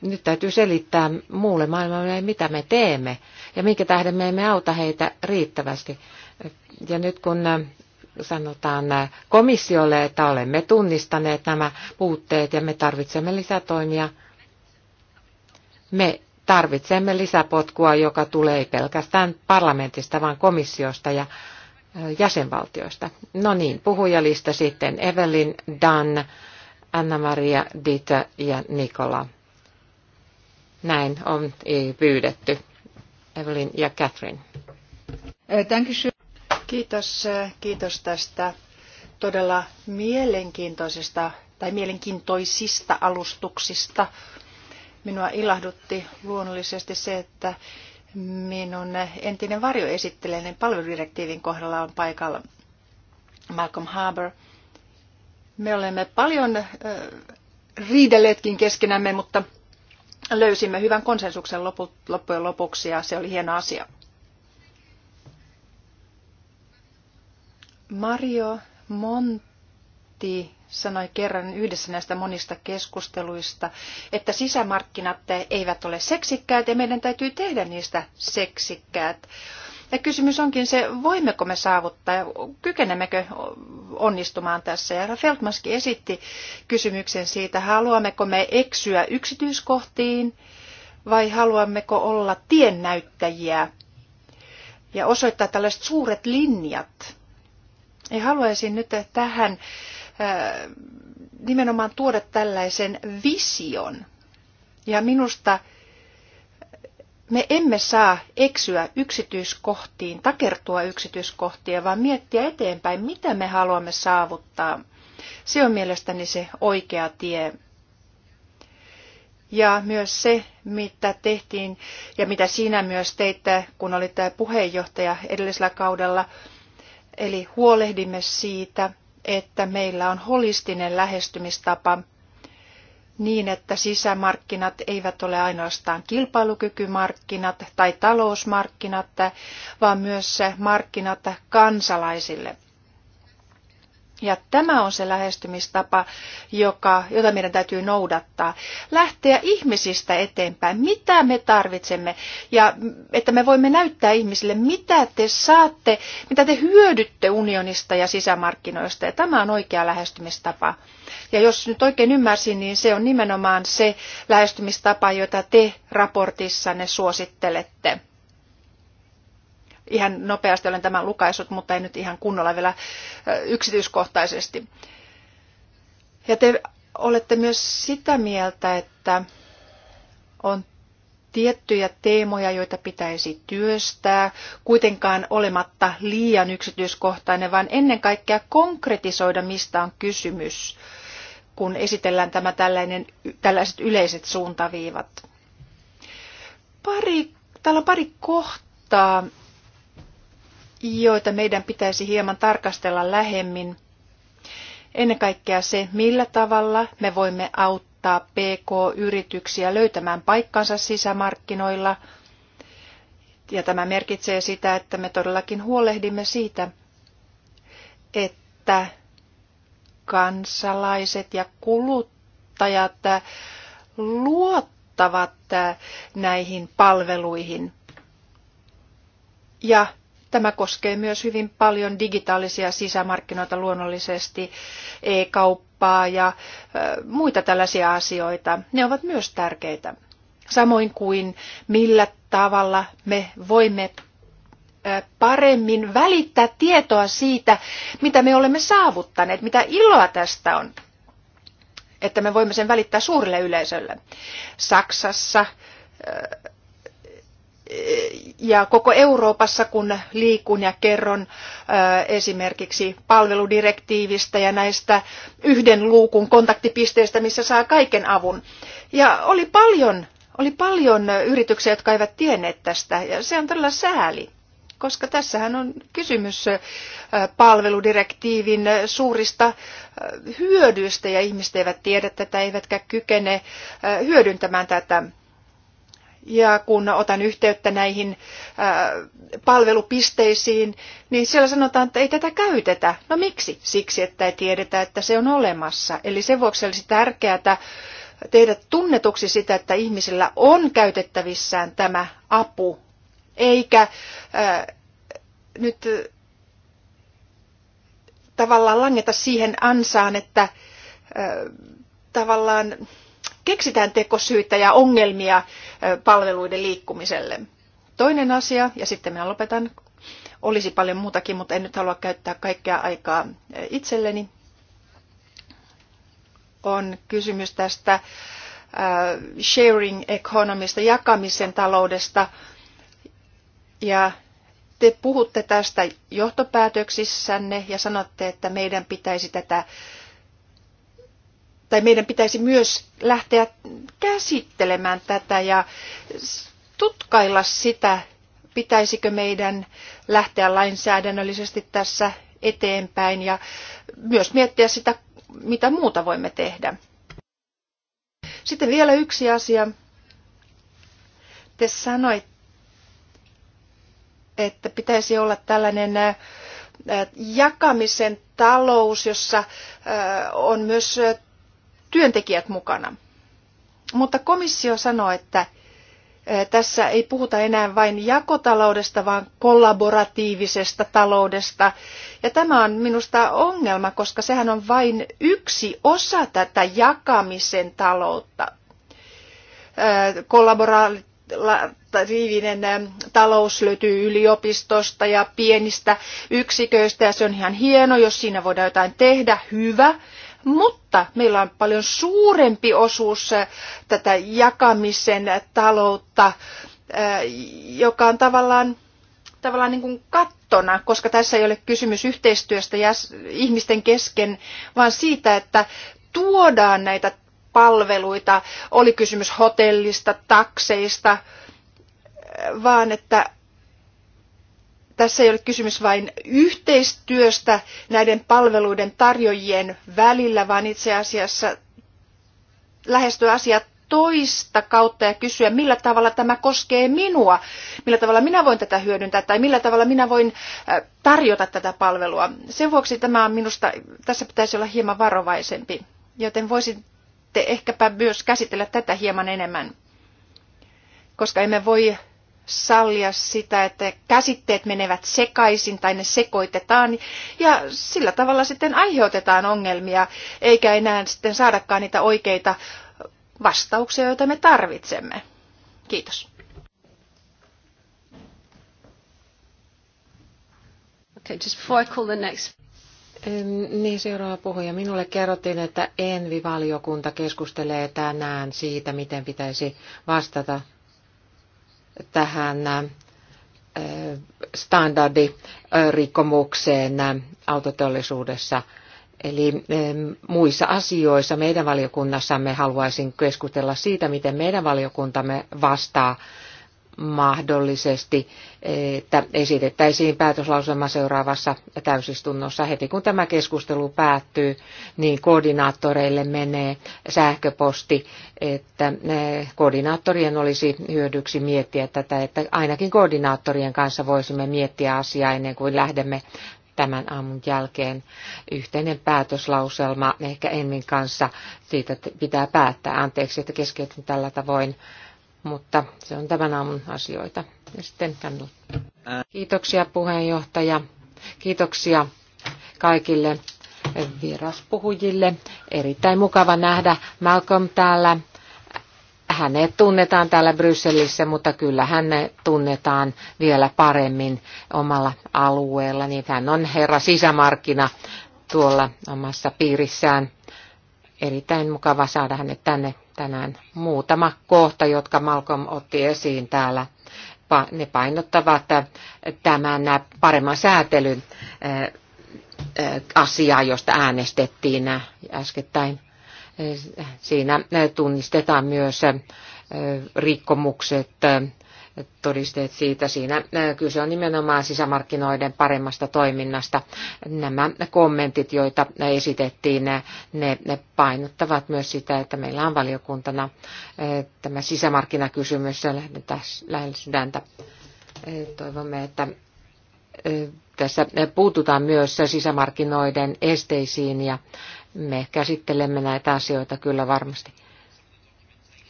Nyt täytyy selittää muulle maailmalle, mitä me teemme ja minkä tähden me emme auta heitä riittävästi. Ja nyt kun äh, sanotaan äh, komissiolle, että olemme tunnistaneet nämä puutteet ja me tarvitsemme lisätoimia, me tarvitsemme lisäpotkua, joka tulee ei pelkästään parlamentista, vaan komissiosta ja äh, jäsenvaltioista. No niin, puhujalista sitten Evelyn, Dan, Anna-Maria, Dita ja Nikola. Näin on pyydetty. Evelyn ja Catherine. Äh, kiitos, äh, kiitos tästä todella mielenkiintoisesta tai mielenkiintoisista alustuksista. Minua ilahdutti luonnollisesti se, että minun entinen varjoesittelijäni palveludirektiivin kohdalla on paikalla Malcolm Harbour. Me olemme paljon äh, riidelleetkin keskenämme, mutta löysimme hyvän konsensuksen loppujen lopuksi ja se oli hieno asia. Mario Monti sanoi kerran yhdessä näistä monista keskusteluista, että sisämarkkinat eivät ole seksikkäät ja meidän täytyy tehdä niistä seksikkäät. Ja kysymys onkin se, voimmeko me saavuttaa ja kykenemmekö onnistumaan tässä. Ja Feldmaski esitti kysymyksen siitä, haluammeko me eksyä yksityiskohtiin vai haluammeko olla tiennäyttäjiä ja osoittaa tällaiset suuret linjat. Ja haluaisin nyt tähän äh, nimenomaan tuoda tällaisen vision. Ja minusta me emme saa eksyä yksityiskohtiin, takertua yksityiskohtia, vaan miettiä eteenpäin, mitä me haluamme saavuttaa. Se on mielestäni se oikea tie. Ja myös se, mitä tehtiin ja mitä sinä myös teitte, kun olit tämä puheenjohtaja edellisellä kaudella, eli huolehdimme siitä, että meillä on holistinen lähestymistapa niin, että sisämarkkinat eivät ole ainoastaan kilpailukykymarkkinat tai talousmarkkinat, vaan myös markkinat kansalaisille – ja tämä on se lähestymistapa, joka, jota meidän täytyy noudattaa. Lähteä ihmisistä eteenpäin, mitä me tarvitsemme ja että me voimme näyttää ihmisille, mitä te saatte, mitä te hyödytte unionista ja sisämarkkinoista. Ja tämä on oikea lähestymistapa. Ja jos nyt oikein ymmärsin, niin se on nimenomaan se lähestymistapa, jota te raportissanne suosittelette ihan nopeasti olen tämän lukaisut, mutta ei nyt ihan kunnolla vielä yksityiskohtaisesti. Ja te olette myös sitä mieltä, että on tiettyjä teemoja, joita pitäisi työstää, kuitenkaan olematta liian yksityiskohtainen, vaan ennen kaikkea konkretisoida, mistä on kysymys, kun esitellään tämä tällainen, tällaiset yleiset suuntaviivat. Pari, täällä on pari kohtaa, kohtaa, joita meidän pitäisi hieman tarkastella lähemmin. Ennen kaikkea se, millä tavalla me voimme auttaa PK-yrityksiä löytämään paikkansa sisämarkkinoilla. Ja tämä merkitsee sitä, että me todellakin huolehdimme siitä, että kansalaiset ja kuluttajat luottavat näihin palveluihin ja Tämä koskee myös hyvin paljon digitaalisia sisämarkkinoita luonnollisesti, e-kauppaa ja muita tällaisia asioita. Ne ovat myös tärkeitä. Samoin kuin millä tavalla me voimme paremmin välittää tietoa siitä, mitä me olemme saavuttaneet, mitä iloa tästä on, että me voimme sen välittää suurille yleisölle. Saksassa ja koko Euroopassa, kun liikun ja kerron esimerkiksi palveludirektiivistä ja näistä yhden luukun kontaktipisteistä, missä saa kaiken avun. Ja oli paljon, oli paljon yrityksiä, jotka eivät tienneet tästä, ja se on todella sääli koska tässähän on kysymys palveludirektiivin suurista hyödyistä ja ihmiset eivät tiedä tätä eivätkä kykene hyödyntämään tätä ja kun otan yhteyttä näihin palvelupisteisiin, niin siellä sanotaan, että ei tätä käytetä. No miksi? Siksi, että ei tiedetä, että se on olemassa. Eli sen vuoksi olisi tärkeää tehdä tunnetuksi sitä, että ihmisillä on käytettävissään tämä apu, eikä ää, nyt tavallaan langeta siihen ansaan, että ää, tavallaan keksitään tekosyitä ja ongelmia palveluiden liikkumiselle. Toinen asia, ja sitten minä lopetan, olisi paljon muutakin, mutta en nyt halua käyttää kaikkea aikaa itselleni, on kysymys tästä sharing economista, jakamisen taloudesta. Ja te puhutte tästä johtopäätöksissänne ja sanotte, että meidän pitäisi tätä tai meidän pitäisi myös lähteä käsittelemään tätä ja tutkailla sitä, pitäisikö meidän lähteä lainsäädännöllisesti tässä eteenpäin ja myös miettiä sitä, mitä muuta voimme tehdä. Sitten vielä yksi asia. Te sanoitte, että pitäisi olla tällainen äh, jakamisen talous, jossa äh, on myös työntekijät mukana. Mutta komissio sanoi, että tässä ei puhuta enää vain jakotaloudesta, vaan kollaboratiivisesta taloudesta. Ja tämä on minusta ongelma, koska sehän on vain yksi osa tätä jakamisen taloutta. Kollaboratiivinen talous löytyy yliopistosta ja pienistä yksiköistä ja se on ihan hieno, jos siinä voidaan jotain tehdä, hyvä – mutta meillä on paljon suurempi osuus äh, tätä jakamisen taloutta, äh, joka on tavallaan tavallaan niin kuin kattona, koska tässä ei ole kysymys yhteistyöstä ihmisten kesken, vaan siitä, että tuodaan näitä palveluita, oli kysymys hotellista, takseista, äh, vaan että tässä ei ole kysymys vain yhteistyöstä näiden palveluiden tarjoajien välillä, vaan itse asiassa lähestyä asiaa toista kautta ja kysyä, millä tavalla tämä koskee minua, millä tavalla minä voin tätä hyödyntää tai millä tavalla minä voin tarjota tätä palvelua. Sen vuoksi tämä on minusta, tässä pitäisi olla hieman varovaisempi, joten voisitte ehkäpä myös käsitellä tätä hieman enemmän, koska emme voi sallia sitä, että käsitteet menevät sekaisin tai ne sekoitetaan ja sillä tavalla sitten aiheutetaan ongelmia eikä enää sitten saadakaan niitä oikeita vastauksia, joita me tarvitsemme. Kiitos. Okay, just before I call the next... Niin, seuraava puhuja. Minulle kerrottiin, että Envi-valiokunta keskustelee tänään siitä, miten pitäisi vastata tähän äh, standardirikkomukseen äh, autoteollisuudessa. Eli ähm, muissa asioissa meidän valiokunnassamme haluaisin keskustella siitä, miten meidän valiokuntamme vastaa mahdollisesti, että esitettäisiin päätöslauselma seuraavassa täysistunnossa. Heti kun tämä keskustelu päättyy, niin koordinaattoreille menee sähköposti, että eh, koordinaattorien olisi hyödyksi miettiä tätä, että ainakin koordinaattorien kanssa voisimme miettiä asiaa ennen kuin lähdemme tämän aamun jälkeen yhteinen päätöslauselma ehkä Enmin kanssa. Siitä pitää päättää. Anteeksi, että keskeytin tällä tavoin mutta se on tämän aamun asioita. Ja sitten Kannu. Kiitoksia puheenjohtaja. Kiitoksia kaikille vieraspuhujille. Erittäin mukava nähdä Malcolm täällä. Hänet tunnetaan täällä Brysselissä, mutta kyllä hän tunnetaan vielä paremmin omalla alueella. Niin hän on herra sisämarkkina tuolla omassa piirissään. Erittäin mukava saada hänet tänne tänään muutama kohta, jotka Malcolm otti esiin täällä. Ne painottavat tämän paremman säätelyn eh, eh, asiaa, josta äänestettiin äskettäin. Eh, siinä tunnistetaan myös rikkomukset todisteet siitä. Siinä kyse on nimenomaan sisämarkkinoiden paremmasta toiminnasta. Nämä kommentit, joita esitettiin, ne, ne painottavat myös sitä, että meillä on valiokuntana tämä sisämarkkinakysymys lähellä sydäntä. Toivomme, että tässä puututaan myös sisämarkkinoiden esteisiin ja me käsittelemme näitä asioita kyllä varmasti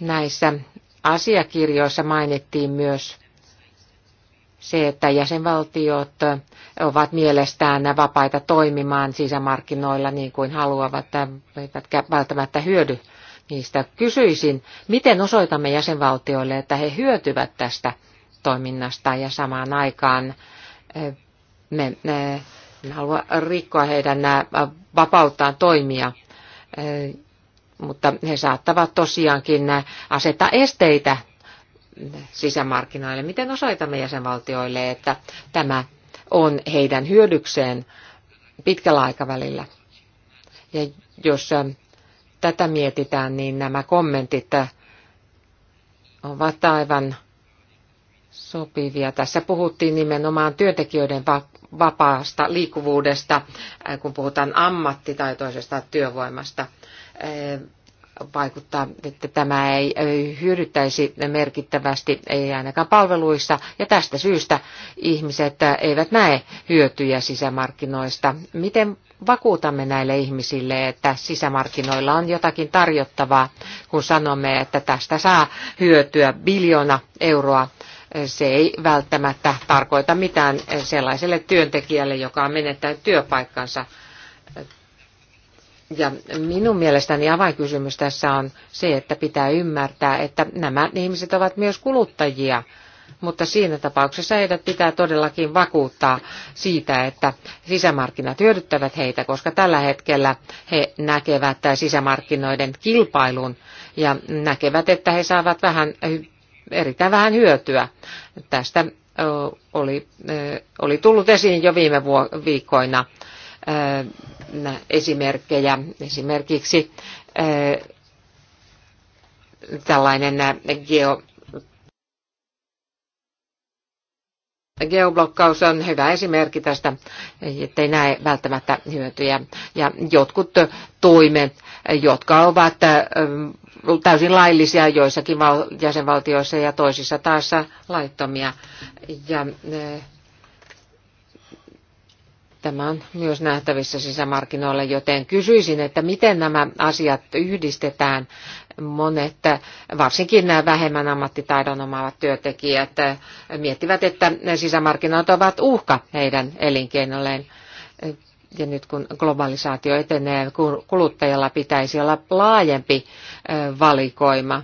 näissä asiakirjoissa mainittiin myös se, että jäsenvaltiot ovat mielestään vapaita toimimaan sisämarkkinoilla niin kuin haluavat, eivätkä välttämättä hyödy niistä. Kysyisin, miten osoitamme jäsenvaltioille, että he hyötyvät tästä toiminnasta ja samaan aikaan eh, me, me eh, me haluamme rikkoa heidän eh, vapauttaan toimia mutta he saattavat tosiaankin asettaa esteitä sisämarkkinoille. Miten osoitamme jäsenvaltioille, että tämä on heidän hyödykseen pitkällä aikavälillä? Ja jos tätä mietitään, niin nämä kommentit ovat aivan sopivia. Tässä puhuttiin nimenomaan työntekijöiden vapaasta liikkuvuudesta, kun puhutaan ammattitaitoisesta työvoimasta vaikuttaa, että tämä ei hyödyttäisi merkittävästi, ei ainakaan palveluissa, ja tästä syystä ihmiset eivät näe hyötyjä sisämarkkinoista. Miten vakuutamme näille ihmisille, että sisämarkkinoilla on jotakin tarjottavaa, kun sanomme, että tästä saa hyötyä biljoona euroa se ei välttämättä tarkoita mitään sellaiselle työntekijälle, joka on menettänyt työpaikkansa ja minun mielestäni avainkysymys tässä on se, että pitää ymmärtää, että nämä ihmiset ovat myös kuluttajia, mutta siinä tapauksessa heidät pitää todellakin vakuuttaa siitä, että sisämarkkinat hyödyttävät heitä, koska tällä hetkellä he näkevät sisämarkkinoiden kilpailun ja näkevät, että he saavat vähän, erittäin vähän hyötyä. Tästä oli, oli tullut esiin jo viime viikkoina esimerkkejä. Esimerkiksi tällainen geo, Geoblokkaus on hyvä esimerkki tästä, ettei näe välttämättä hyötyjä. Ja jotkut toimet, jotka ovat täysin laillisia joissakin jäsenvaltioissa ja toisissa taas laittomia. Ja Tämä on myös nähtävissä sisämarkkinoilla, joten kysyisin, että miten nämä asiat yhdistetään. Monet, varsinkin nämä vähemmän ammattitaidon omaavat työntekijät, miettivät, että sisämarkkinat ovat uhka heidän elinkeinolleen. Ja nyt kun globalisaatio etenee, kuluttajalla pitäisi olla laajempi valikoima,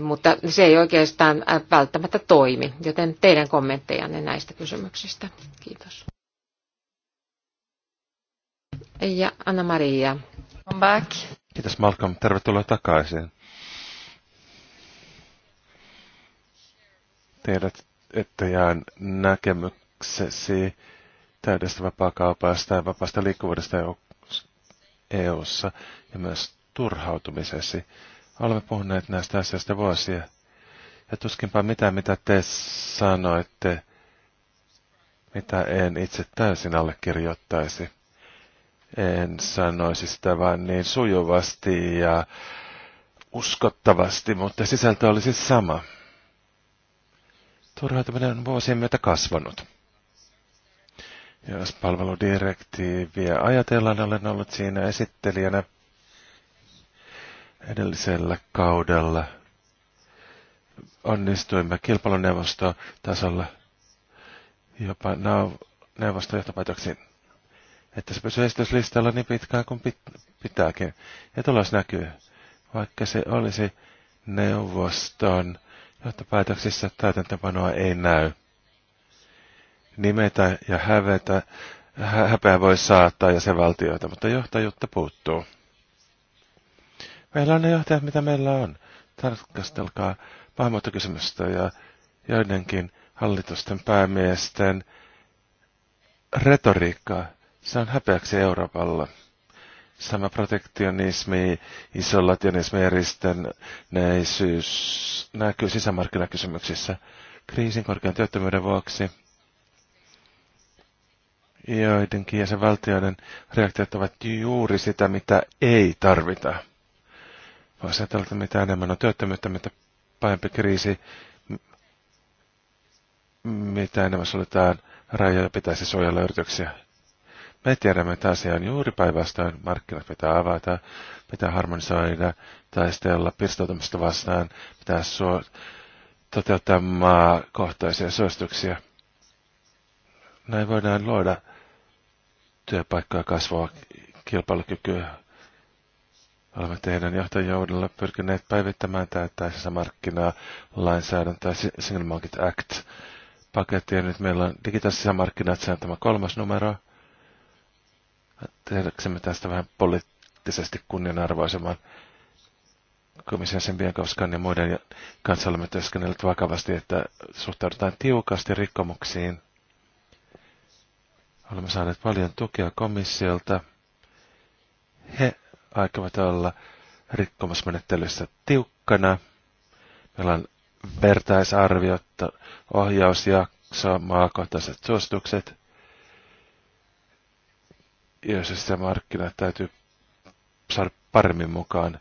mutta se ei oikeastaan välttämättä toimi. Joten teidän kommenttejanne näistä kysymyksistä. Kiitos ja Anna-Maria. I'm back. Kiitos Malcolm, tervetuloa takaisin. Tiedät, että jään näkemyksesi täydestä vapaa-kaupasta ja vapaasta liikkuvuudesta EU-ssa e ja myös turhautumisesi. Olemme puhuneet näistä asioista vuosia. Ja tuskinpa mitä, mitä te sanoitte, mitä en itse täysin allekirjoittaisi en sanoisi sitä vaan niin sujuvasti ja uskottavasti, mutta sisältö oli siis sama. Turhautuminen on vuosien myötä kasvanut. Ja jos palveludirektiiviä ajatellaan, olen ollut siinä esittelijänä edellisellä kaudella. Onnistuimme kilpailuneuvostotasolla jopa neuvostojohtopäätöksiin että se pysyy esityslistalla niin pitkään kuin pit- pitääkin. Ja tulos näkyy, vaikka se olisi neuvoston johtopäätöksissä täytäntöpanoa ei näy. Nimetä ja hävetä, hä- häpeä voi saattaa ja se valtioita, mutta johtajuutta puuttuu. Meillä on ne johtajat, mitä meillä on. Tarkastelkaa maahanmuuttokysymystä ja joidenkin hallitusten päämiesten retoriikkaa. Se on häpeäksi Euroopalla. Sama protektionismi, isolationismi, eristäneisyys näkyy sisämarkkinakysymyksissä kriisin korkean työttömyyden vuoksi. Joidenkin jäsenvaltioiden reaktiot ovat juuri sitä, mitä ei tarvita. Voisi ajatella, että mitä enemmän on työttömyyttä, mitä pahempi kriisi, mitä enemmän suljetaan rajoja, pitäisi suojella yrityksiä. Me tiedämme, että asia on juuri päinvastoin. Markkinat pitää avata, pitää harmonisoida, taistella pirstoutumista vastaan, pitää suo- toteuttaa maakohtaisia suosituksia. Näin voidaan luoda työpaikkaa, kasvua, kilpailukykyä. Olemme teidän johtajoudella pyrkineet päivittämään täyttäisessä markkinaa lainsäädäntöä Single Market Act pakettia. Nyt meillä on digitaalisessa markkinat, se on tämä kolmas numero – tehdäksemme tästä vähän poliittisesti kunnianarvoisemman komission sen Bienkovskan ja muiden kanssa olemme työskennelleet vakavasti, että suhtaudutaan tiukasti rikkomuksiin. Olemme saaneet paljon tukea komissiolta. He aikovat olla rikkomusmenettelyssä tiukkana. Meillä on vertaisarviot, ohjausjakso, maakohtaiset suositukset jos siis sitä markkinat täytyy saada paremmin mukaan.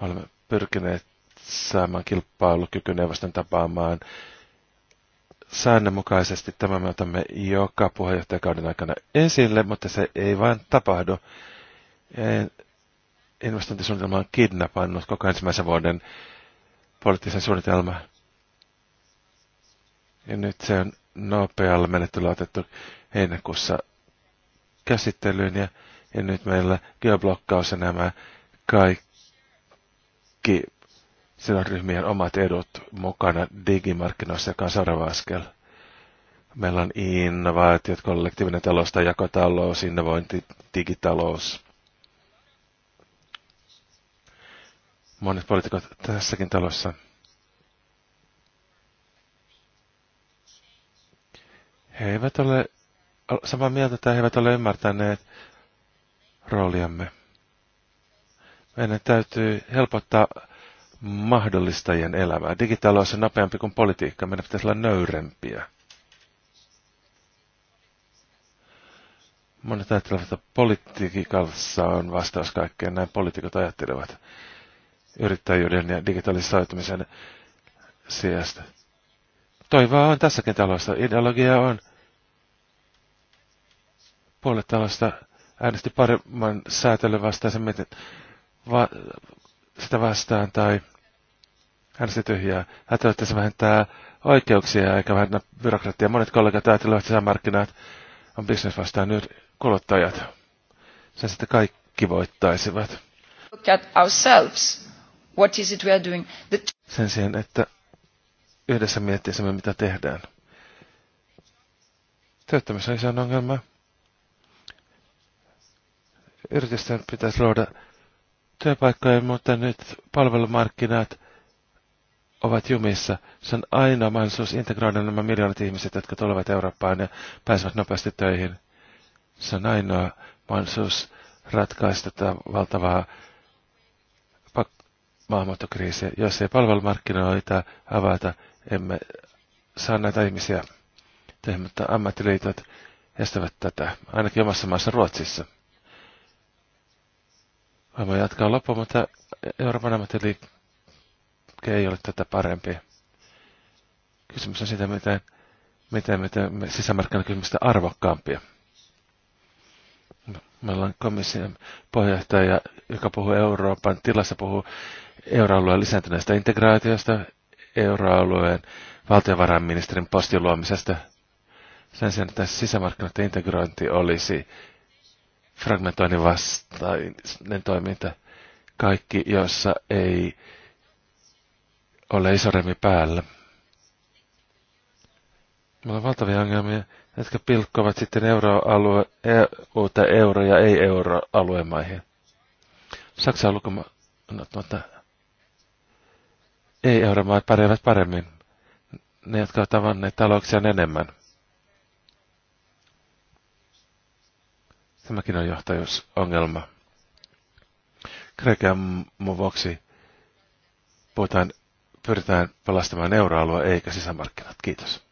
Olemme pyrkineet saamaan kilpailukykyneuvoston tapaamaan säännönmukaisesti. Tämä me otamme joka puheenjohtajakauden aikana esille, mutta se ei vain tapahdu. Investointisuunnitelma on kidnappannut koko ensimmäisen vuoden poliittisen suunnitelman. Ja nyt se on nopealla menettelyllä otettu heinäkuussa käsittelyyn ja, ja nyt meillä geoblokkaus ja nämä kaikki sidosryhmien omat edut mukana digimarkkinoissa, joka on seuraava askel. Meillä on innovaatiot, kollektiivinen talous tai jakotalous, innovointi, digitalous. Monet poliitikot tässäkin talossa he eivät ole samaa mieltä että he eivät ole ymmärtäneet rooliamme. Meidän täytyy helpottaa mahdollistajien elämää. Digitaalous on nopeampi kuin politiikka. Meidän pitäisi olla nöyrempiä. Monet ajattelevat, että politiikassa on vastaus kaikkeen. Näin poliitikot ajattelevat yrittäjyyden ja digitalisoitumisen sijasta. Toivoa on tässäkin talossa. Ideologia on puolet tällaista äänesti paremman säätelyn vastaisen miten va, sitä vastaan tai äänesti tyhjää. Ajattelin, että se vähentää oikeuksia eikä vähennä byrokratiaa. Monet kollegat ajattelevat, että sisämarkkinat on bisnes vastaan nyt kuluttajat. Sen sitten kaikki voittaisivat. Look at ourselves. What is it we are doing? The... Sen sijaan, että yhdessä miettisimme, mitä tehdään. Työttömyys on iso ongelma. Yritysten pitäisi luoda työpaikkoja, mutta nyt palvelumarkkinat ovat jumissa. Se on aina mahdollisuus integroida nämä miljoonat ihmiset, jotka tulevat Eurooppaan ja pääsevät nopeasti töihin. Se on ainoa mahdollisuus ratkaista tätä valtavaa maahanmuuttokriisiä. Jos ei palvelumarkkinoita avata, emme saa näitä ihmisiä tehdä, mutta ammattiliitot estävät tätä, ainakin omassa maassa Ruotsissa. Aivan jatkaa loppuun, mutta Euroopan ammattiliike ei ole tätä parempi. Kysymys on siitä, miten, miten, miten me sisämarkkinakysymystä arvokkaampia. Meillä on komission pohjohtaja, joka puhuu Euroopan tilassa, puhuu euroalueen lisääntyneestä integraatiosta, euroalueen valtiovarainministerin postin luomisesta. Sen sijaan, että sisämarkkinoiden integrointi olisi fragmentoinnin vastainen toiminta. Kaikki, jossa ei ole isoremi päällä. Meillä on valtavia ongelmia, jotka pilkkovat sitten euroalue, EU-ta euro- ja ei-euroalueen maihin. Saksa on lukumatta ei-euromaat pärjäävät paremmin. Ne, jotka ovat tavanneet talouksia enemmän. Tämäkin on johtajuusongelma. Kreikan vuoksi puhutaan, pyritään pelastamaan euroalua eikä sisämarkkinat. Kiitos.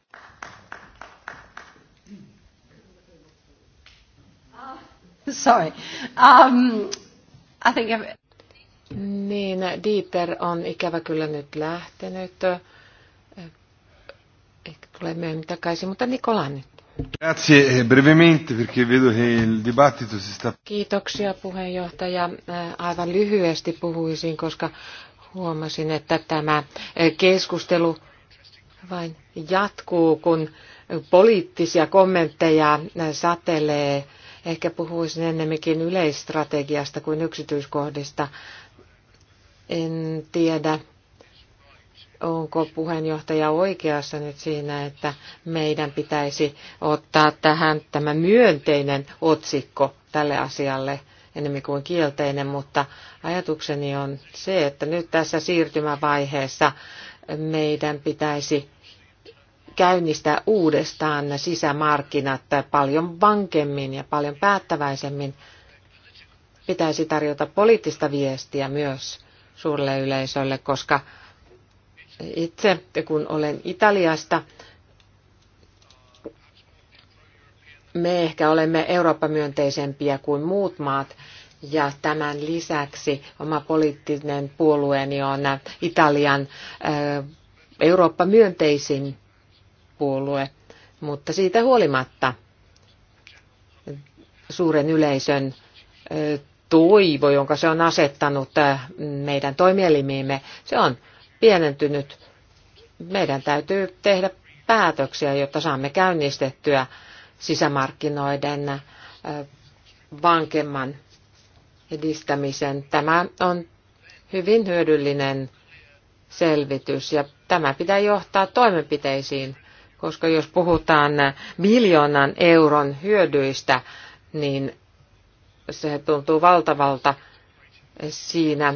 Ah, sorry. Um, I think I've... Niin, Dieter on ikävä kyllä nyt lähtenyt. Ehkä tulee myöhemmin takaisin, mutta Nikola nyt. Grazie eh, brevemente perché vedo che il dibattito si sta... Kiitoksia puheenjohtaja. Äh, aivan lyhyesti puhuisin, koska huomasin, että tämä äh, keskustelu vain jatkuu, kun poliittisia kommentteja äh, satelee. Ehkä puhuisin ennemminkin yleistrategiasta kuin yksityiskohdista. En tiedä, onko puheenjohtaja oikeassa nyt siinä, että meidän pitäisi ottaa tähän tämä myönteinen otsikko tälle asialle enemmän kuin kielteinen, mutta ajatukseni on se, että nyt tässä siirtymävaiheessa meidän pitäisi käynnistää uudestaan sisämarkkinat paljon vankemmin ja paljon päättäväisemmin. Pitäisi tarjota poliittista viestiä myös suurelle yleisölle, koska itse, kun olen Italiasta, me ehkä olemme Eurooppa-myönteisempiä kuin muut maat. Ja tämän lisäksi oma poliittinen puolueeni on Italian Eurooppa-myönteisin puolue. Mutta siitä huolimatta suuren yleisön toivo, jonka se on asettanut meidän toimielimiimme, se on pienentynyt. Meidän täytyy tehdä päätöksiä, jotta saamme käynnistettyä sisämarkkinoiden vankemman edistämisen. Tämä on hyvin hyödyllinen selvitys ja tämä pitää johtaa toimenpiteisiin, koska jos puhutaan miljoonan euron hyödyistä, niin se tuntuu valtavalta. Siinä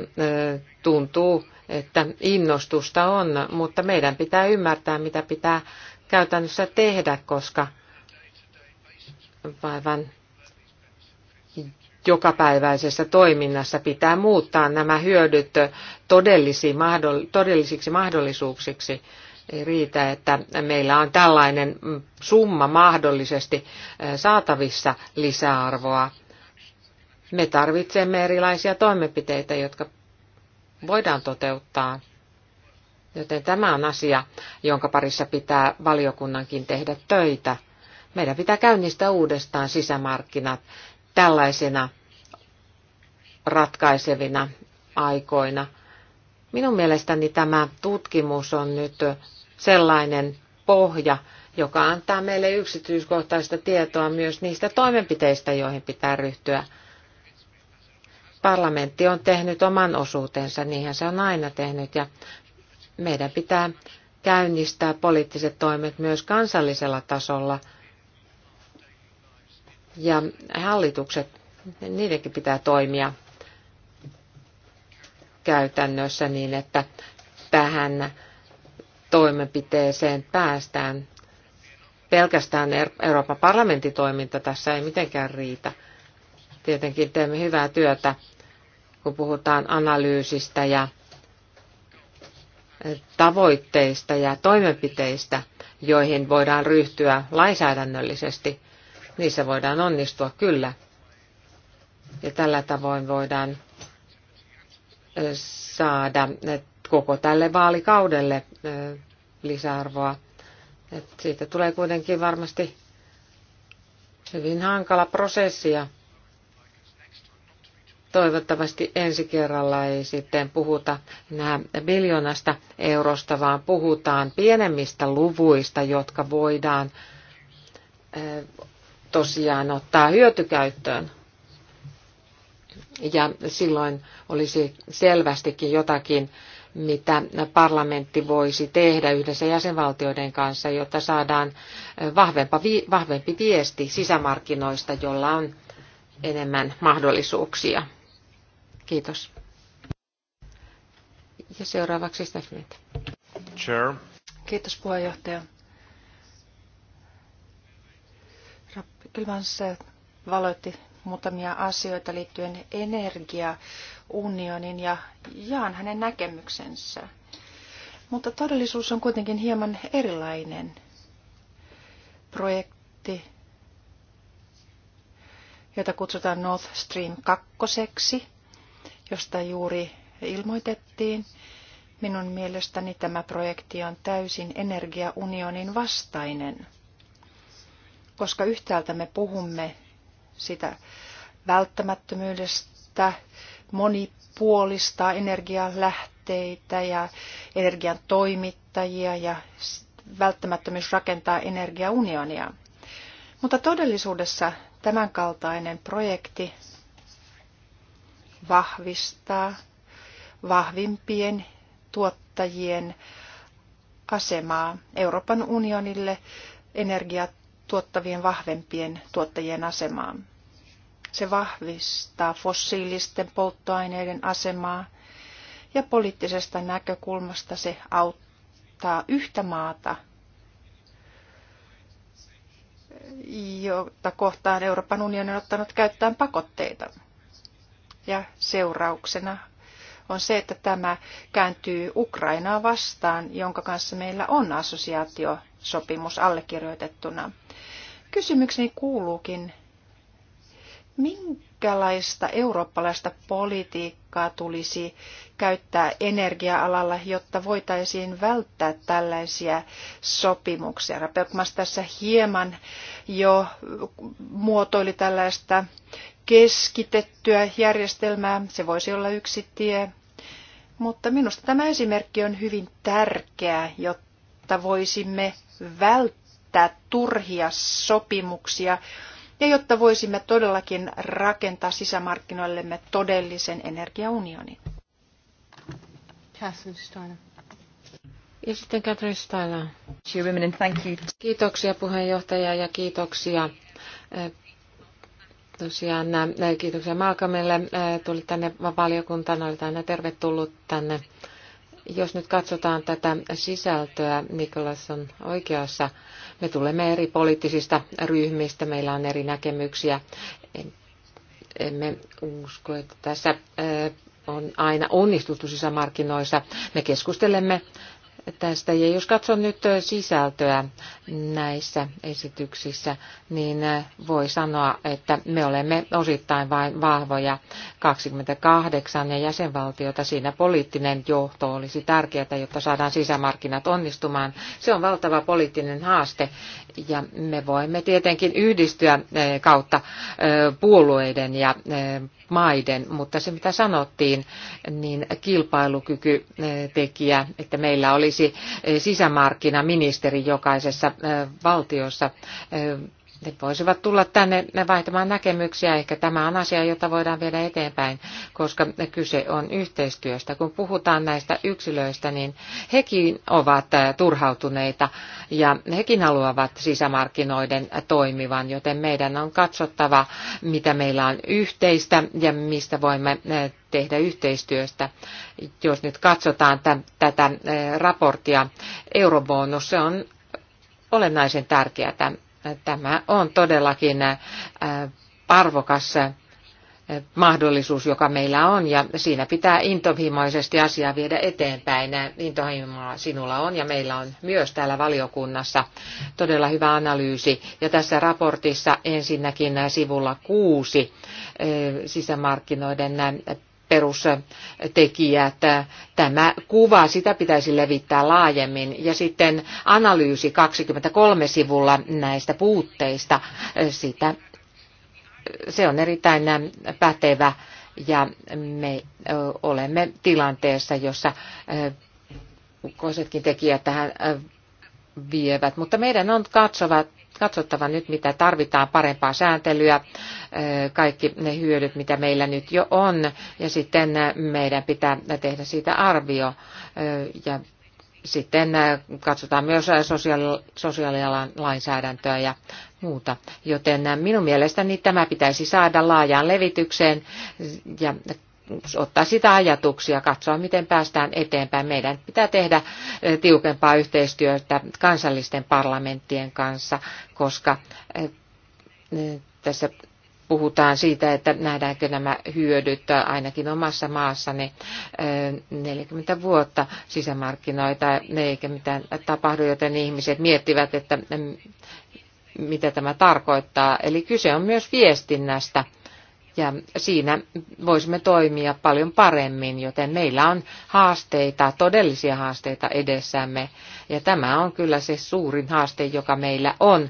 tuntuu että innostusta on, mutta meidän pitää ymmärtää, mitä pitää käytännössä tehdä, koska vaivan jokapäiväisessä toiminnassa pitää muuttaa nämä hyödyt todellisiksi mahdollisuuksiksi. Ei riitä, että meillä on tällainen summa mahdollisesti saatavissa lisäarvoa. Me tarvitsemme erilaisia toimenpiteitä, jotka voidaan toteuttaa. Joten tämä on asia, jonka parissa pitää valiokunnankin tehdä töitä. Meidän pitää käynnistää uudestaan sisämarkkinat tällaisina ratkaisevina aikoina. Minun mielestäni tämä tutkimus on nyt sellainen pohja, joka antaa meille yksityiskohtaista tietoa myös niistä toimenpiteistä, joihin pitää ryhtyä – parlamentti on tehnyt oman osuutensa, niinhän se on aina tehnyt, ja meidän pitää käynnistää poliittiset toimet myös kansallisella tasolla. Ja hallitukset, niidenkin pitää toimia käytännössä niin, että tähän toimenpiteeseen päästään. Pelkästään Euroopan parlamentin toiminta tässä ei mitenkään riitä tietenkin teemme hyvää työtä, kun puhutaan analyysistä ja tavoitteista ja toimenpiteistä, joihin voidaan ryhtyä lainsäädännöllisesti. Niissä voidaan onnistua kyllä. Ja tällä tavoin voidaan saada koko tälle vaalikaudelle lisäarvoa. Et siitä tulee kuitenkin varmasti hyvin hankala prosessi ja toivottavasti ensi kerralla ei sitten puhuta nämä biljonasta eurosta, vaan puhutaan pienemmistä luvuista, jotka voidaan tosiaan ottaa hyötykäyttöön. Ja silloin olisi selvästikin jotakin, mitä parlamentti voisi tehdä yhdessä jäsenvaltioiden kanssa, jotta saadaan vahvempi viesti sisämarkkinoista, jolla on enemmän mahdollisuuksia. Kiitos. Ja seuraavaksi Stefanit. Chair. Kiitos puheenjohtaja. Ylvänsä eh, valoitti muutamia asioita liittyen energiaunionin ja jaan hänen näkemyksensä. Mutta todellisuus on kuitenkin hieman erilainen projekti, jota kutsutaan North Stream 2 josta juuri ilmoitettiin. Minun mielestäni tämä projekti on täysin energiaunionin vastainen, koska yhtäältä me puhumme sitä välttämättömyydestä monipuolistaa energialähteitä ja energian toimittajia ja välttämättömyys rakentaa energiaunionia. Mutta todellisuudessa tämänkaltainen projekti vahvistaa vahvimpien tuottajien asemaa Euroopan unionille energia tuottavien vahvempien tuottajien asemaa. Se vahvistaa fossiilisten polttoaineiden asemaa ja poliittisesta näkökulmasta se auttaa yhtä maata, jota kohtaan Euroopan unioni on ottanut käyttöön pakotteita ja seurauksena on se, että tämä kääntyy Ukrainaa vastaan, jonka kanssa meillä on assosiaatiosopimus allekirjoitettuna. Kysymykseni kuuluukin, minkälaista eurooppalaista politiikkaa tulisi käyttää energia-alalla, jotta voitaisiin välttää tällaisia sopimuksia? Pelkmas tässä hieman jo muotoili tällaista keskitettyä järjestelmää. Se voisi olla yksi tie. Mutta minusta tämä esimerkki on hyvin tärkeä, jotta voisimme välttää turhia sopimuksia ja jotta voisimme todellakin rakentaa sisämarkkinoillemme todellisen energiaunionin. Ja sitten Catherine Steiner. Kiitoksia puheenjohtaja ja kiitoksia eh, Tosiaan kiitoksia Malcolmille. Tuli tänne valiokuntaan, olet aina tervetullut tänne. Jos nyt katsotaan tätä sisältöä, Nikolas on oikeassa. Me tulemme eri poliittisista ryhmistä, meillä on eri näkemyksiä. Emme usko, että tässä on aina onnistuttu sisämarkkinoissa. Me keskustelemme tästä. Ja jos katson nyt sisältöä näissä esityksissä, niin voi sanoa, että me olemme osittain vain vahvoja 28 ja jäsenvaltiota. Siinä poliittinen johto olisi tärkeää, jotta saadaan sisämarkkinat onnistumaan. Se on valtava poliittinen haaste ja me voimme tietenkin yhdistyä kautta puolueiden ja maiden, mutta se mitä sanottiin, niin kilpailukykytekijä, että meillä oli olisi sisämarkkinaministeri jokaisessa valtiossa ne voisivat tulla tänne vaihtamaan näkemyksiä. Ehkä tämä on asia, jota voidaan viedä eteenpäin, koska kyse on yhteistyöstä. Kun puhutaan näistä yksilöistä, niin hekin ovat äh, turhautuneita ja hekin haluavat sisämarkkinoiden toimivan, joten meidän on katsottava, mitä meillä on yhteistä ja mistä voimme äh, tehdä yhteistyöstä. Jos nyt katsotaan tätä äh, raporttia, eurobonus, se on olennaisen tärkeää Tämä on todellakin äh, arvokas äh, mahdollisuus, joka meillä on, ja siinä pitää intohimoisesti asiaa viedä eteenpäin. Intohimoa sinulla on, ja meillä on myös täällä valiokunnassa todella hyvä analyysi. Ja tässä raportissa ensinnäkin sivulla kuusi äh, sisämarkkinoiden perustekijät. Tämä kuva, sitä pitäisi levittää laajemmin. Ja sitten analyysi 23 sivulla näistä puutteista, sitä, se on erittäin pätevä ja me olemme tilanteessa, jossa ulkoisetkin tekijät tähän vievät, mutta meidän on katsovat katsottava nyt, mitä tarvitaan, parempaa sääntelyä, kaikki ne hyödyt, mitä meillä nyt jo on, ja sitten meidän pitää tehdä siitä arvio ja sitten katsotaan myös sosiaali- sosiaalialan lainsäädäntöä ja muuta. Joten minun mielestäni tämä pitäisi saada laajaan levitykseen ja ottaa sitä ajatuksia, katsoa miten päästään eteenpäin. Meidän pitää tehdä eh, tiukempaa yhteistyötä kansallisten parlamenttien kanssa, koska eh, eh, tässä puhutaan siitä, että nähdäänkö nämä hyödyt ainakin omassa maassani 40 vuotta sisämarkkinoita, eikä mitään tapahdu, joten ihmiset miettivät, että mm, mitä tämä tarkoittaa. Eli kyse on myös viestinnästä ja siinä voisimme toimia paljon paremmin, joten meillä on haasteita, todellisia haasteita edessämme. Ja tämä on kyllä se suurin haaste, joka meillä on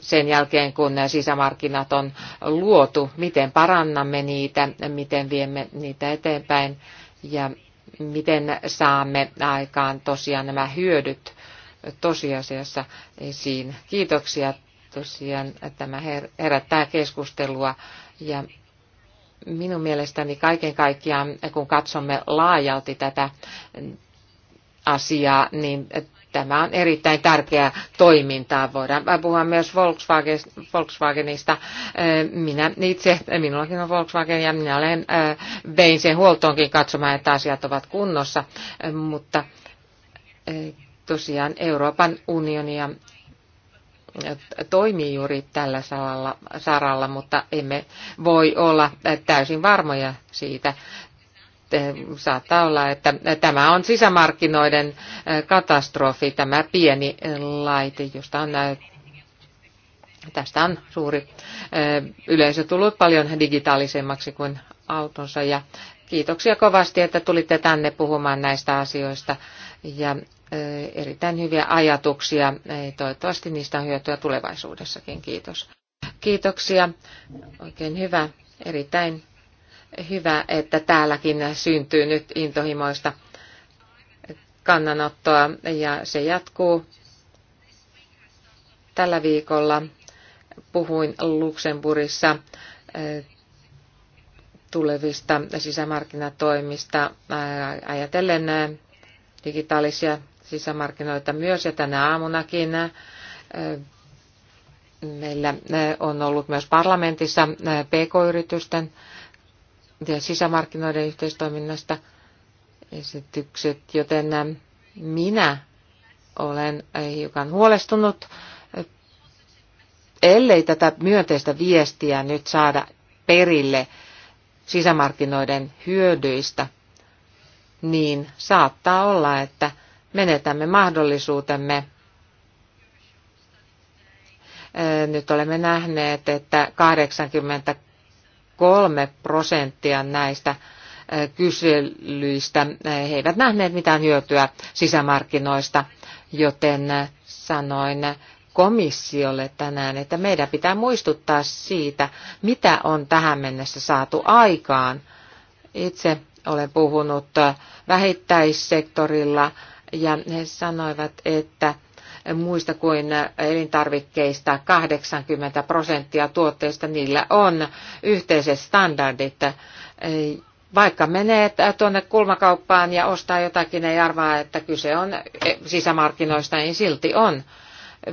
sen jälkeen, kun sisämarkkinat on luotu, miten parannamme niitä, miten viemme niitä eteenpäin ja miten saamme aikaan tosiaan nämä hyödyt tosiasiassa esiin. Kiitoksia tosiaan tämä herättää keskustelua ja minun mielestäni kaiken kaikkiaan, kun katsomme laajalti tätä asiaa, niin tämä on erittäin tärkeää toimintaa. Voidaan puhua myös Volkswagenista. Minä itse, minullakin on Volkswagen ja minä olen, eh, vein sen huoltoonkin katsomaan, että asiat ovat kunnossa, mutta eh, tosiaan Euroopan unioni ja toimii juuri tällä saralla, mutta emme voi olla täysin varmoja siitä. Saattaa olla, että tämä on sisämarkkinoiden katastrofi, tämä pieni laite, josta on Tästä on suuri yleisö tullut paljon digitaalisemmaksi kuin autonsa ja kiitoksia kovasti, että tulitte tänne puhumaan näistä asioista ja erittäin hyviä ajatuksia. Toivottavasti niistä on hyötyä tulevaisuudessakin. Kiitos. Kiitoksia. Oikein hyvä, erittäin hyvä, että täälläkin syntyy nyt intohimoista kannanottoa ja se jatkuu tällä viikolla. Puhuin Luxemburissa tulevista sisämarkkinatoimista ajatellen digitaalisia sisämarkkinoita myös ja tänä aamunakin äh, meillä äh, on ollut myös parlamentissa äh, PK-yritysten ja sisämarkkinoiden yhteistoiminnasta esitykset, joten minä olen hiukan huolestunut, ellei tätä myönteistä viestiä nyt saada perille sisämarkkinoiden hyödyistä, niin saattaa olla, että menetämme mahdollisuutemme. Nyt olemme nähneet, että 83 prosenttia näistä kyselyistä he eivät nähneet mitään hyötyä sisämarkkinoista, joten sanoin komissiolle tänään, että meidän pitää muistuttaa siitä, mitä on tähän mennessä saatu aikaan. Itse olen puhunut vähittäissektorilla ja he sanoivat, että muista kuin elintarvikkeista 80 prosenttia tuotteista, niillä on yhteiset standardit. Vaikka menee tuonne kulmakauppaan ja ostaa jotakin, ei arvaa, että kyse on sisämarkkinoista, niin silti on.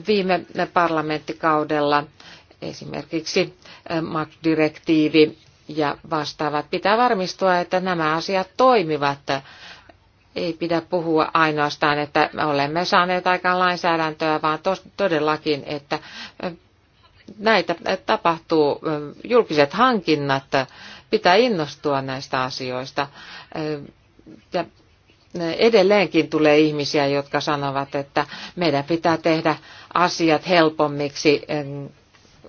Viime parlamenttikaudella esimerkiksi MAC-direktiivi ja vastaavat pitää varmistua, että nämä asiat toimivat ei pidä puhua ainoastaan, että olemme saaneet aikaan lainsäädäntöä, vaan tos, todellakin, että näitä tapahtuu. Julkiset hankinnat, pitää innostua näistä asioista. Ja edelleenkin tulee ihmisiä, jotka sanovat, että meidän pitää tehdä asiat helpommiksi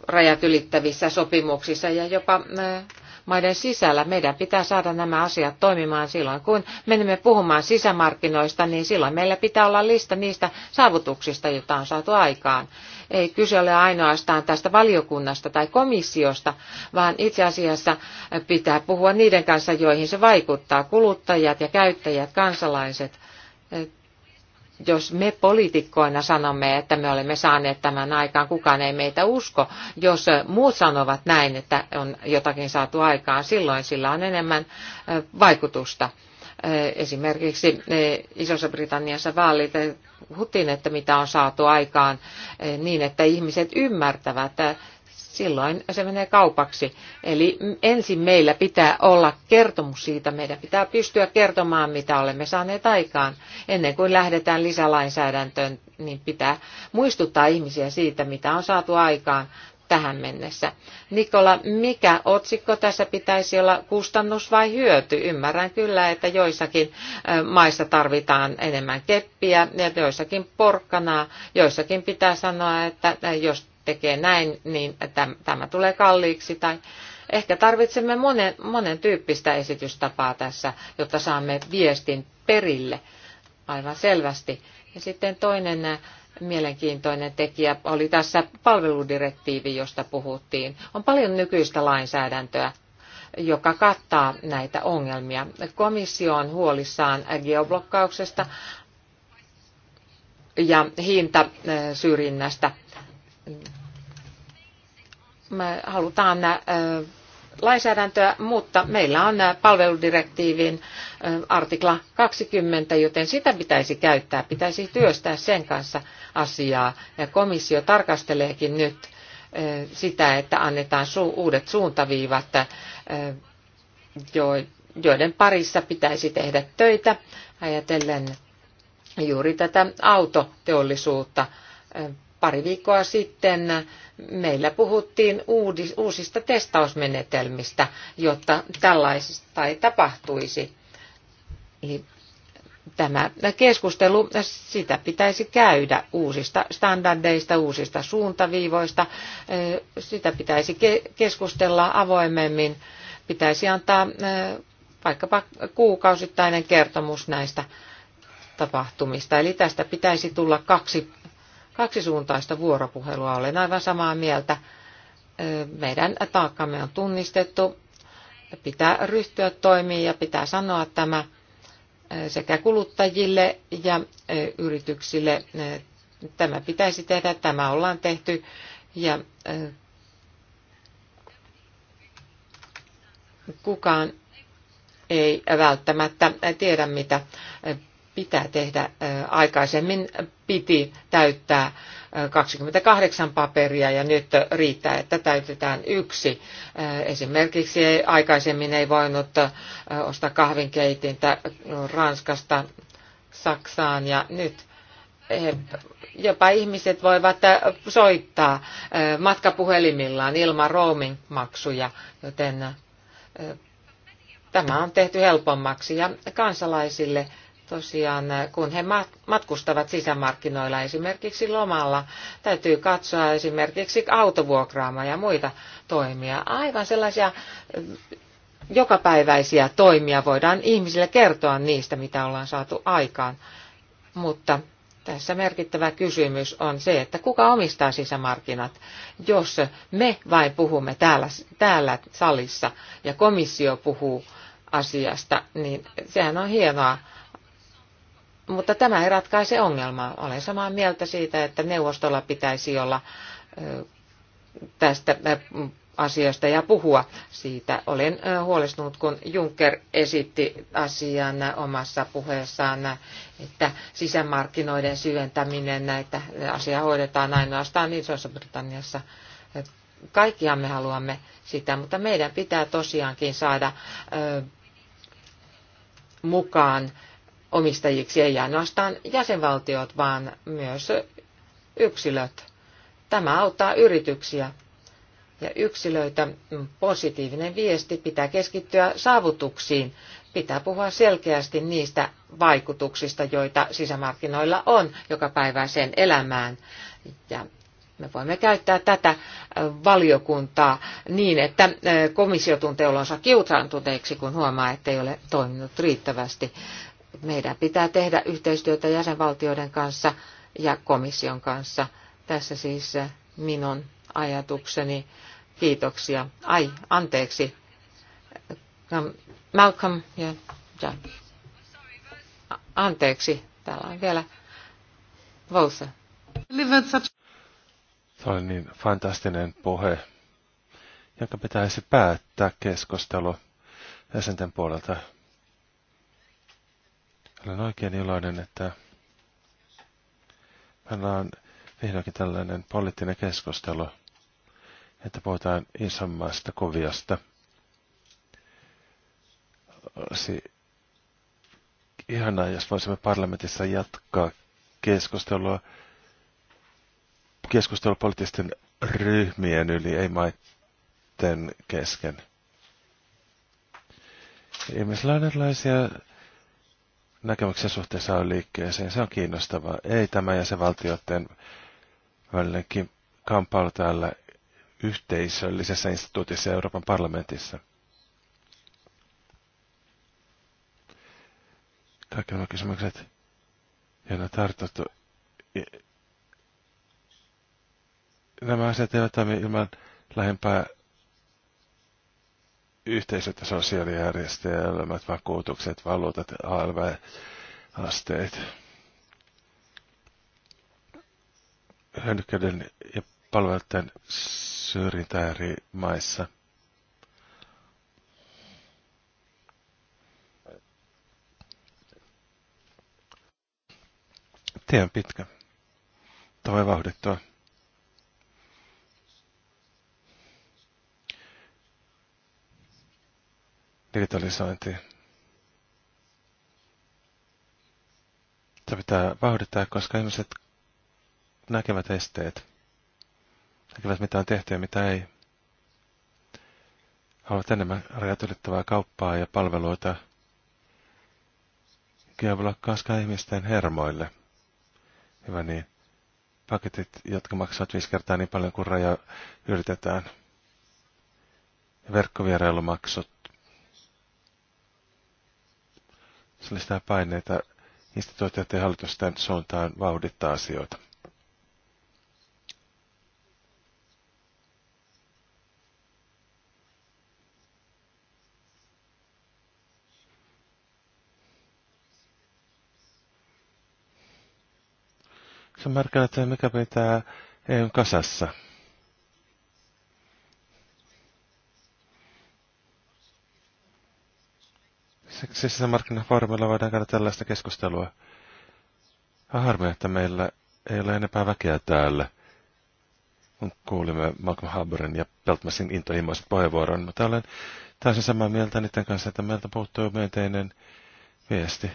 rajat ylittävissä sopimuksissa ja jopa maiden sisällä. Meidän pitää saada nämä asiat toimimaan silloin. Kun menemme puhumaan sisämarkkinoista, niin silloin meillä pitää olla lista niistä saavutuksista, joita on saatu aikaan. Ei kyse ole ainoastaan tästä valiokunnasta tai komissiosta, vaan itse asiassa pitää puhua niiden kanssa, joihin se vaikuttaa, kuluttajat ja käyttäjät, kansalaiset jos me poliitikkoina sanomme, että me olemme saaneet tämän aikaan, kukaan ei meitä usko. Jos muut sanovat näin, että on jotakin saatu aikaan, silloin sillä on enemmän vaikutusta. Esimerkiksi Isossa Britanniassa vaalit hutin, että mitä on saatu aikaan niin, että ihmiset ymmärtävät silloin se menee kaupaksi. Eli ensin meillä pitää olla kertomus siitä, meidän pitää pystyä kertomaan, mitä olemme saaneet aikaan. Ennen kuin lähdetään lisälainsäädäntöön, niin pitää muistuttaa ihmisiä siitä, mitä on saatu aikaan tähän mennessä. Nikola, mikä otsikko tässä pitäisi olla, kustannus vai hyöty? Ymmärrän kyllä, että joissakin maissa tarvitaan enemmän keppiä ja joissakin porkkanaa. Joissakin pitää sanoa, että jos tekee näin, niin tämä tulee kalliiksi tai ehkä tarvitsemme monen, monen tyyppistä esitystapaa tässä, jotta saamme viestin perille aivan selvästi. Ja sitten toinen äh, mielenkiintoinen tekijä oli tässä palveludirektiivi, josta puhuttiin. On paljon nykyistä lainsäädäntöä, joka kattaa näitä ongelmia. Komissio on huolissaan geoblokkauksesta ja hintasyrjinnästä äh, me halutaan äh, lainsäädäntöä, mutta meillä on äh, palveludirektiivin äh, artikla 20, joten sitä pitäisi käyttää, pitäisi työstää sen kanssa asiaa. Ja komissio tarkasteleekin nyt sitä, että annetaan uudet suuntaviivat, joiden parissa pitäisi tehdä töitä, ajatellen juuri tätä autoteollisuutta. Pari viikkoa sitten meillä puhuttiin uusista testausmenetelmistä, jotta tällaisista ei tapahtuisi. Eli tämä keskustelu, sitä pitäisi käydä uusista standardeista, uusista suuntaviivoista. Sitä pitäisi keskustella avoimemmin. Pitäisi antaa vaikkapa kuukausittainen kertomus näistä tapahtumista. Eli tästä pitäisi tulla kaksi kaksisuuntaista vuoropuhelua. Olen aivan samaa mieltä. Meidän taakkamme on tunnistettu. Pitää ryhtyä toimiin ja pitää sanoa tämä sekä kuluttajille ja yrityksille. Tämä pitäisi tehdä, tämä ollaan tehty ja kukaan ei välttämättä tiedä, mitä pitää tehdä. Aikaisemmin piti täyttää 28 paperia ja nyt riittää, että täytetään yksi. Esimerkiksi aikaisemmin ei voinut ostaa kahvinkeitintä Ranskasta Saksaan ja nyt jopa ihmiset voivat soittaa matkapuhelimillaan ilman roaming-maksuja, joten tämä on tehty helpommaksi ja kansalaisille tosiaan, kun he matkustavat sisämarkkinoilla esimerkiksi lomalla, täytyy katsoa esimerkiksi autovuokraamaa ja muita toimia. Aivan sellaisia eh, jokapäiväisiä toimia voidaan ihmisille kertoa niistä, mitä ollaan saatu aikaan. Mutta tässä merkittävä kysymys on se, että kuka omistaa sisämarkkinat, jos me vain puhumme täällä, täällä salissa ja komissio puhuu asiasta, niin sehän on hienoa mutta tämä ei ratkaise ongelmaa. Olen samaa mieltä siitä, että neuvostolla pitäisi olla tästä asiasta ja puhua siitä. Olen huolestunut, kun Juncker esitti asian omassa puheessaan, että sisämarkkinoiden syventäminen, että asia hoidetaan ainoastaan niin Isossa-Britanniassa. Kaikkiaan me haluamme sitä, mutta meidän pitää tosiaankin saada mukaan omistajiksi ei ainoastaan jäsenvaltiot, vaan myös yksilöt. Tämä auttaa yrityksiä ja yksilöitä. Positiivinen viesti pitää keskittyä saavutuksiin. Pitää puhua selkeästi niistä vaikutuksista, joita sisämarkkinoilla on joka sen elämään. Ja me voimme käyttää tätä valiokuntaa niin, että komissio tuntee olonsa kiusaantuneeksi, kun huomaa, että ei ole toiminut riittävästi. Meidän pitää tehdä yhteistyötä jäsenvaltioiden kanssa ja komission kanssa. Tässä siis minun ajatukseni. Kiitoksia. Ai, anteeksi. Malcolm ja John. Anteeksi, täällä on vielä Vousa. Se oli niin fantastinen puhe, jonka pitäisi päättää keskustelu jäsenten puolelta. Olen oikein iloinen, että meillä on vihdoinkin tällainen poliittinen keskustelu, että puhutaan isommasta kuviosta. Olisi ihanaa, jos voisimme parlamentissa jatkaa keskustelua keskustelu poliittisten ryhmien yli, ei maiden kesken. Ihmisillä on erilaisia näkemyksen suhteessa on liikkeeseen. Se on kiinnostavaa. Ei tämä jäsenvaltioiden välinen kamppailu täällä yhteisöllisessä instituutissa Euroopan parlamentissa. Kaikki nämä kysymykset, joilla on tartuttu. Nämä asiat eivät toimi ilman lähempää yhteisöt ja sosiaalijärjestelmät, vakuutukset, valuutat, ALV-asteet. Hönnykkäiden ja palveluiden syrjintä eri maissa. Tien pitkä. Tämä voi vauhdittua. digitalisointi. Se pitää vauhdittaa, koska ihmiset näkevät esteet. Näkevät, mitä on tehty ja mitä ei. Haluat enemmän rajat ylittävää kauppaa ja palveluita. Geoblokkaus ihmisten hermoille. Hyvä niin paketit, jotka maksavat viisi kertaa niin paljon kuin raja yritetään. Verkkovierailumaksut Se sitä paineita instituutioiden ja hallitusten suuntaan vauhdittaa asioita. Se on merkillä, että mikä pitää EU kasassa. Siksi markkinafoorumilla voidaan käydä tällaista keskustelua. Harmi, että meillä ei ole enempää väkeä täällä. Kuulimme Malcolm Harborin ja Peltmasin intohimoiset puheenvuoron, mutta olen täysin samaa mieltä niiden kanssa, että meiltä puuttuu myönteinen viesti.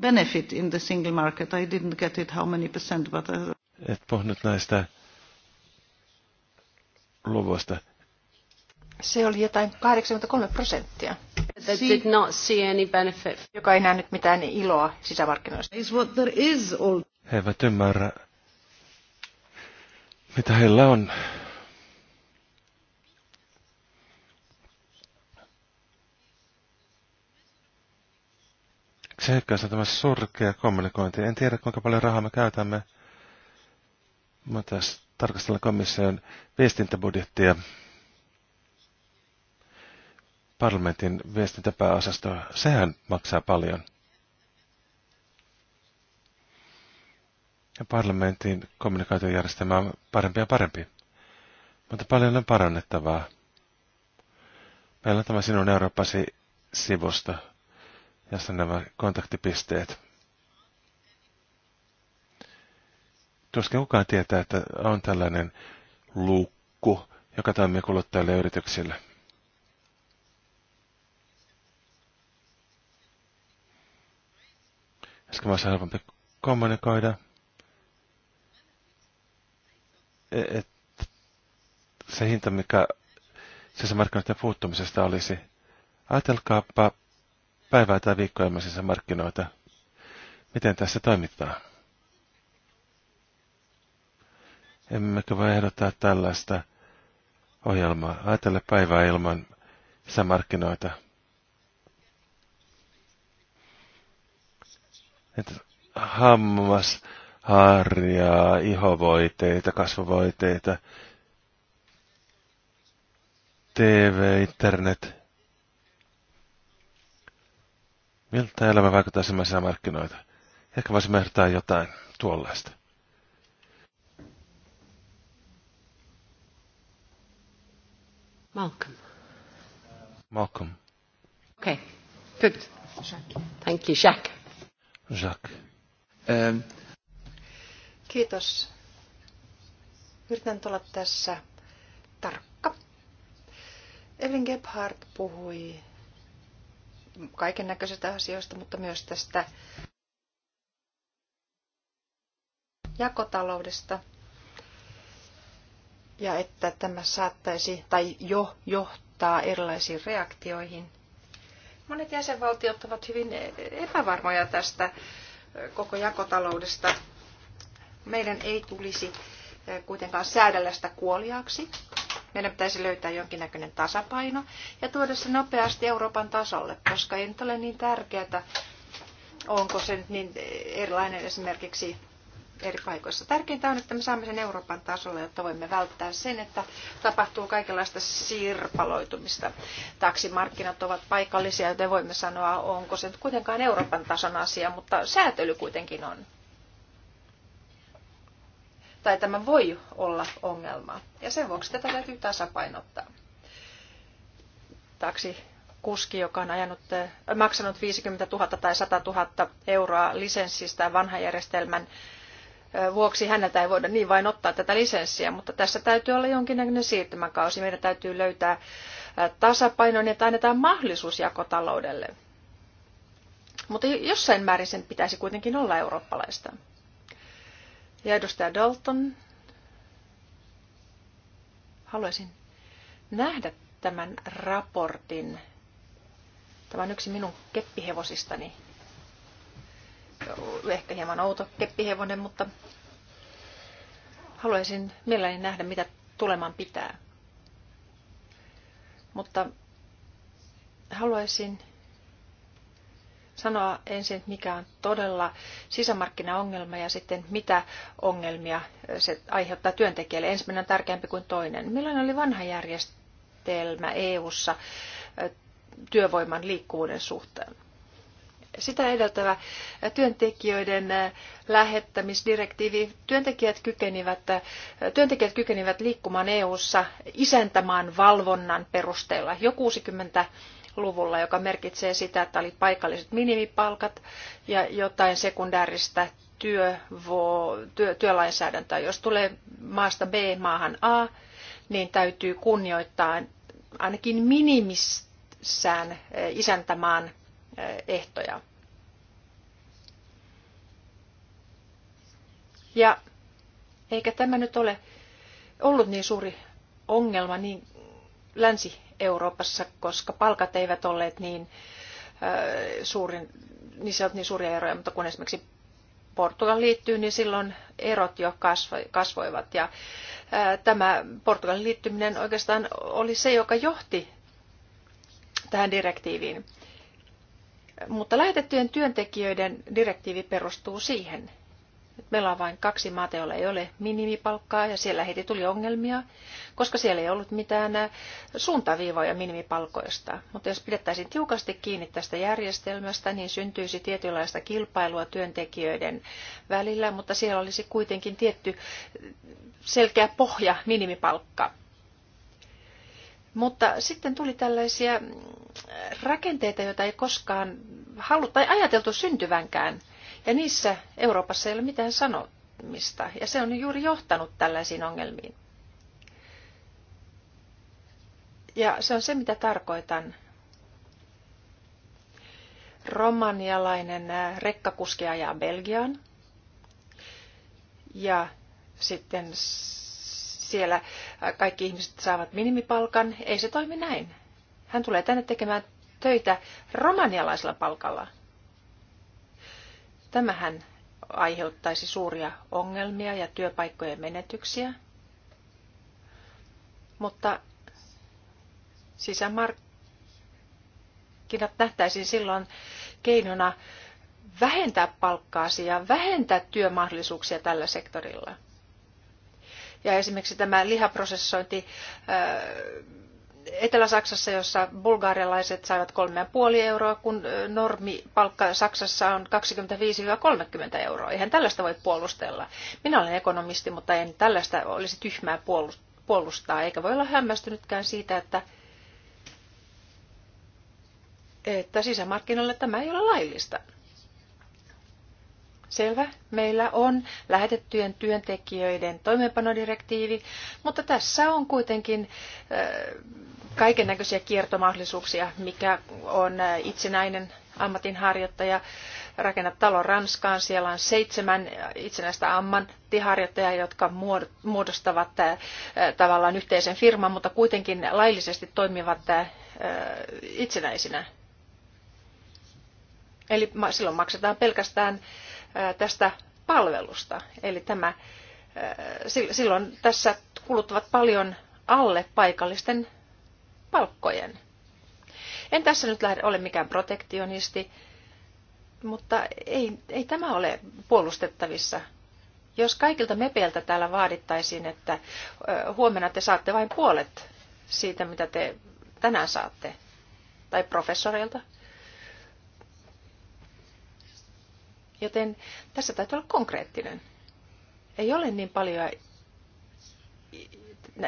Benefit in the single market. I didn't get it how many percent, but... I... Uh, Et puhunut näistä luvuista. Se oli jotain 83 prosenttia that did not see any benefit. Joka ei nähnyt mitään iloa sisämarkkinoista. Is what there is all. He eivät ymmärrä, mitä heillä on. Se on tämä surkea kommunikointi. En tiedä, kuinka paljon rahaa me käytämme. Mä tässä tarkastellaan komission viestintäbudjettia parlamentin viestintäpääosasto, Sehän maksaa paljon. Ja parlamentin kommunikaatiojärjestelmä on parempi ja parempi. Mutta paljon on parannettavaa. Meillä on tämä sinun Euroopasi sivusto, jossa on nämä kontaktipisteet. Tuskin kukaan tietää, että on tällainen luukku, joka toimii kuluttajille yrityksille. Koska mä helpompi kommunikoida. E, et se hinta, mikä sisämarkkinoiden puuttumisesta olisi. Ajatelkaapa päivää tai viikkoa ilman sisämarkkinoita. Miten tässä toimitaan? Emmekö voi ehdottaa tällaista ohjelmaa? Ajatelle päivää ilman sisämarkkinoita. että hammas, harjaa, ihovoiteita, kasvovoiteita, TV, internet. Miltä elämä vaikuttaa semmoisia markkinoita? Ehkä voisi ehdottaa jotain tuollaista. Malcolm. Malcolm. Okay, good. Thank you, Jacques. Jacques. Ähm. Kiitos. Yritän olla tässä tarkka. Evelyn Gebhardt puhui kaiken näköisistä asioista, mutta myös tästä jakotaloudesta. Ja että tämä saattaisi tai jo johtaa erilaisiin reaktioihin – Monet jäsenvaltiot ovat hyvin epävarmoja tästä koko jakotaloudesta. Meidän ei tulisi kuitenkaan säädellä sitä kuoliaksi. Meidän pitäisi löytää jonkinnäköinen tasapaino ja tuoda se nopeasti Euroopan tasolle, koska ei nyt ole niin tärkeää, onko se nyt niin erilainen esimerkiksi eri paikoissa. Tärkeintä on, että me saamme sen Euroopan tasolla, jotta voimme välttää sen, että tapahtuu kaikenlaista sirpaloitumista. Taksimarkkinat ovat paikallisia, joten voimme sanoa, onko se kuitenkaan Euroopan tason asia, mutta säätely kuitenkin on. Tai tämä voi olla ongelma. Ja sen vuoksi tätä täytyy tasapainottaa. Taksi kuski, joka on ajanut, äh, maksanut 50 000 tai 100 000 euroa lisenssistä vanhan järjestelmän vuoksi häneltä ei voida niin vain ottaa tätä lisenssiä, mutta tässä täytyy olla jonkinnäköinen siirtymäkausi. Meidän täytyy löytää tasapaino, niin että annetaan mahdollisuus jakotaloudelle. Mutta jossain määrin sen pitäisi kuitenkin olla eurooppalaista. Ja edustaja Dalton, haluaisin nähdä tämän raportin. Tämä on yksi minun keppihevosistani ehkä hieman outo keppihevonen, mutta haluaisin mielelläni nähdä, mitä tuleman pitää. Mutta haluaisin sanoa ensin, mikä on todella sisämarkkinaongelma ja sitten mitä ongelmia se aiheuttaa työntekijälle. Ensimmäinen on tärkeämpi kuin toinen. Millainen oli vanha järjestelmä EU-ssa työvoiman liikkuvuuden suhteen? sitä edeltävä työntekijöiden äh, lähettämisdirektiivi. Työntekijät kykenivät, äh, työntekijät kykenivät liikkumaan EU-ssa isäntämaan valvonnan perusteella jo 60 luvulla, joka merkitsee sitä, että oli paikalliset minimipalkat ja jotain sekundääristä työvo, työ, työlainsäädäntöä. Jos tulee maasta B maahan A, niin täytyy kunnioittaa ainakin minimissään äh, isäntämaan ehtoja. Ja eikä tämä nyt ole ollut niin suuri ongelma niin Länsi-Euroopassa, koska palkat eivät olleet niin, suurin, niissä niin suuria eroja, mutta kun esimerkiksi Portugal liittyy, niin silloin erot jo kasvoivat. Ja tämä Portugalin liittyminen oikeastaan oli se, joka johti tähän direktiiviin. Mutta lähetettyjen työntekijöiden direktiivi perustuu siihen. että meillä on vain kaksi maata, joilla ei ole minimipalkkaa ja siellä heti tuli ongelmia, koska siellä ei ollut mitään äh, suuntaviivoja minimipalkoista. Mutta jos pidettäisiin tiukasti kiinni tästä järjestelmästä, niin syntyisi tietynlaista kilpailua työntekijöiden välillä, mutta siellä olisi kuitenkin tietty äh, selkeä pohja minimipalkka. Mutta sitten tuli tällaisia mm, rakenteita, joita ei koskaan haluttu tai ajateltu syntyvänkään. Ja niissä Euroopassa ei ole mitään sanomista. Ja se on juuri johtanut tällaisiin ongelmiin. Ja se on se, mitä tarkoitan. Romanialainen äh, rekkakuski ajaa Belgiaan. Ja sitten siellä kaikki ihmiset saavat minimipalkan. Ei se toimi näin. Hän tulee tänne tekemään töitä romanialaisella palkalla. Tämähän aiheuttaisi suuria ongelmia ja työpaikkojen menetyksiä. Mutta sisämarkkinat nähtäisiin silloin keinona vähentää palkkaasi ja vähentää työmahdollisuuksia tällä sektorilla. Ja esimerkiksi tämä lihaprosessointi äh, Etelä-Saksassa, jossa bulgarialaiset saivat 3,5 euroa, kun äh, normipalkka Saksassa on 25-30 euroa. Eihän tällaista voi puolustella. Minä olen ekonomisti, mutta en tällaista olisi tyhmää puolustaa, eikä voi olla hämmästynytkään siitä, että, että sisämarkkinoille tämä ei ole laillista. Selvä. Meillä on lähetettyjen työntekijöiden toimeenpanodirektiivi, mutta tässä on kuitenkin kaiken näköisiä kiertomahdollisuuksia, mikä on itsenäinen ammatinharjoittaja. Rakennat talon Ranskaan, siellä on seitsemän itsenäistä ammattiharjoittajaa, jotka muodostavat tavallaan yhteisen firman, mutta kuitenkin laillisesti toimivat itsenäisinä. Eli silloin maksetaan pelkästään tästä palvelusta. Eli tämä, silloin tässä kuluttavat paljon alle paikallisten palkkojen. En tässä nyt lähde ole mikään protektionisti, mutta ei, ei tämä ole puolustettavissa. Jos kaikilta mepeiltä täällä vaadittaisiin, että huomenna te saatte vain puolet siitä, mitä te tänään saatte, tai professoreilta, Joten tässä täytyy olla konkreettinen. Ei ole niin paljon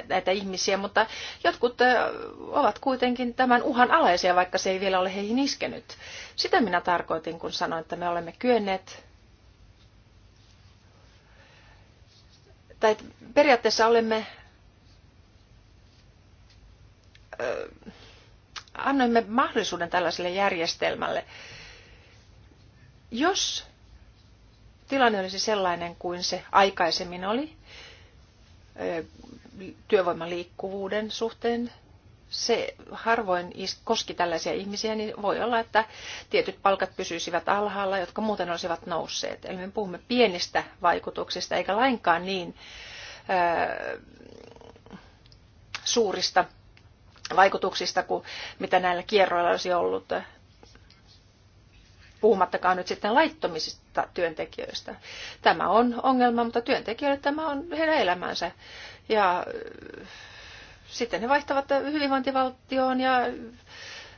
näitä ihmisiä, mutta jotkut ovat kuitenkin tämän uhan alaisia, vaikka se ei vielä ole heihin iskenyt. Sitä minä tarkoitin, kun sanoin, että me olemme kyenneet tai periaatteessa olemme annoimme mahdollisuuden tällaiselle järjestelmälle. Jos tilanne olisi sellainen kuin se aikaisemmin oli työvoiman liikkuvuuden suhteen, se harvoin koski tällaisia ihmisiä, niin voi olla, että tietyt palkat pysyisivät alhaalla, jotka muuten olisivat nousseet. Eli me puhumme pienistä vaikutuksista, eikä lainkaan niin ö, suurista vaikutuksista kuin mitä näillä kierroilla olisi ollut puhumattakaan nyt sitten laittomista työntekijöistä. Tämä on ongelma, mutta työntekijöille tämä on heidän elämänsä. Ja äh, sitten he vaihtavat hyvinvointivaltioon ja äh,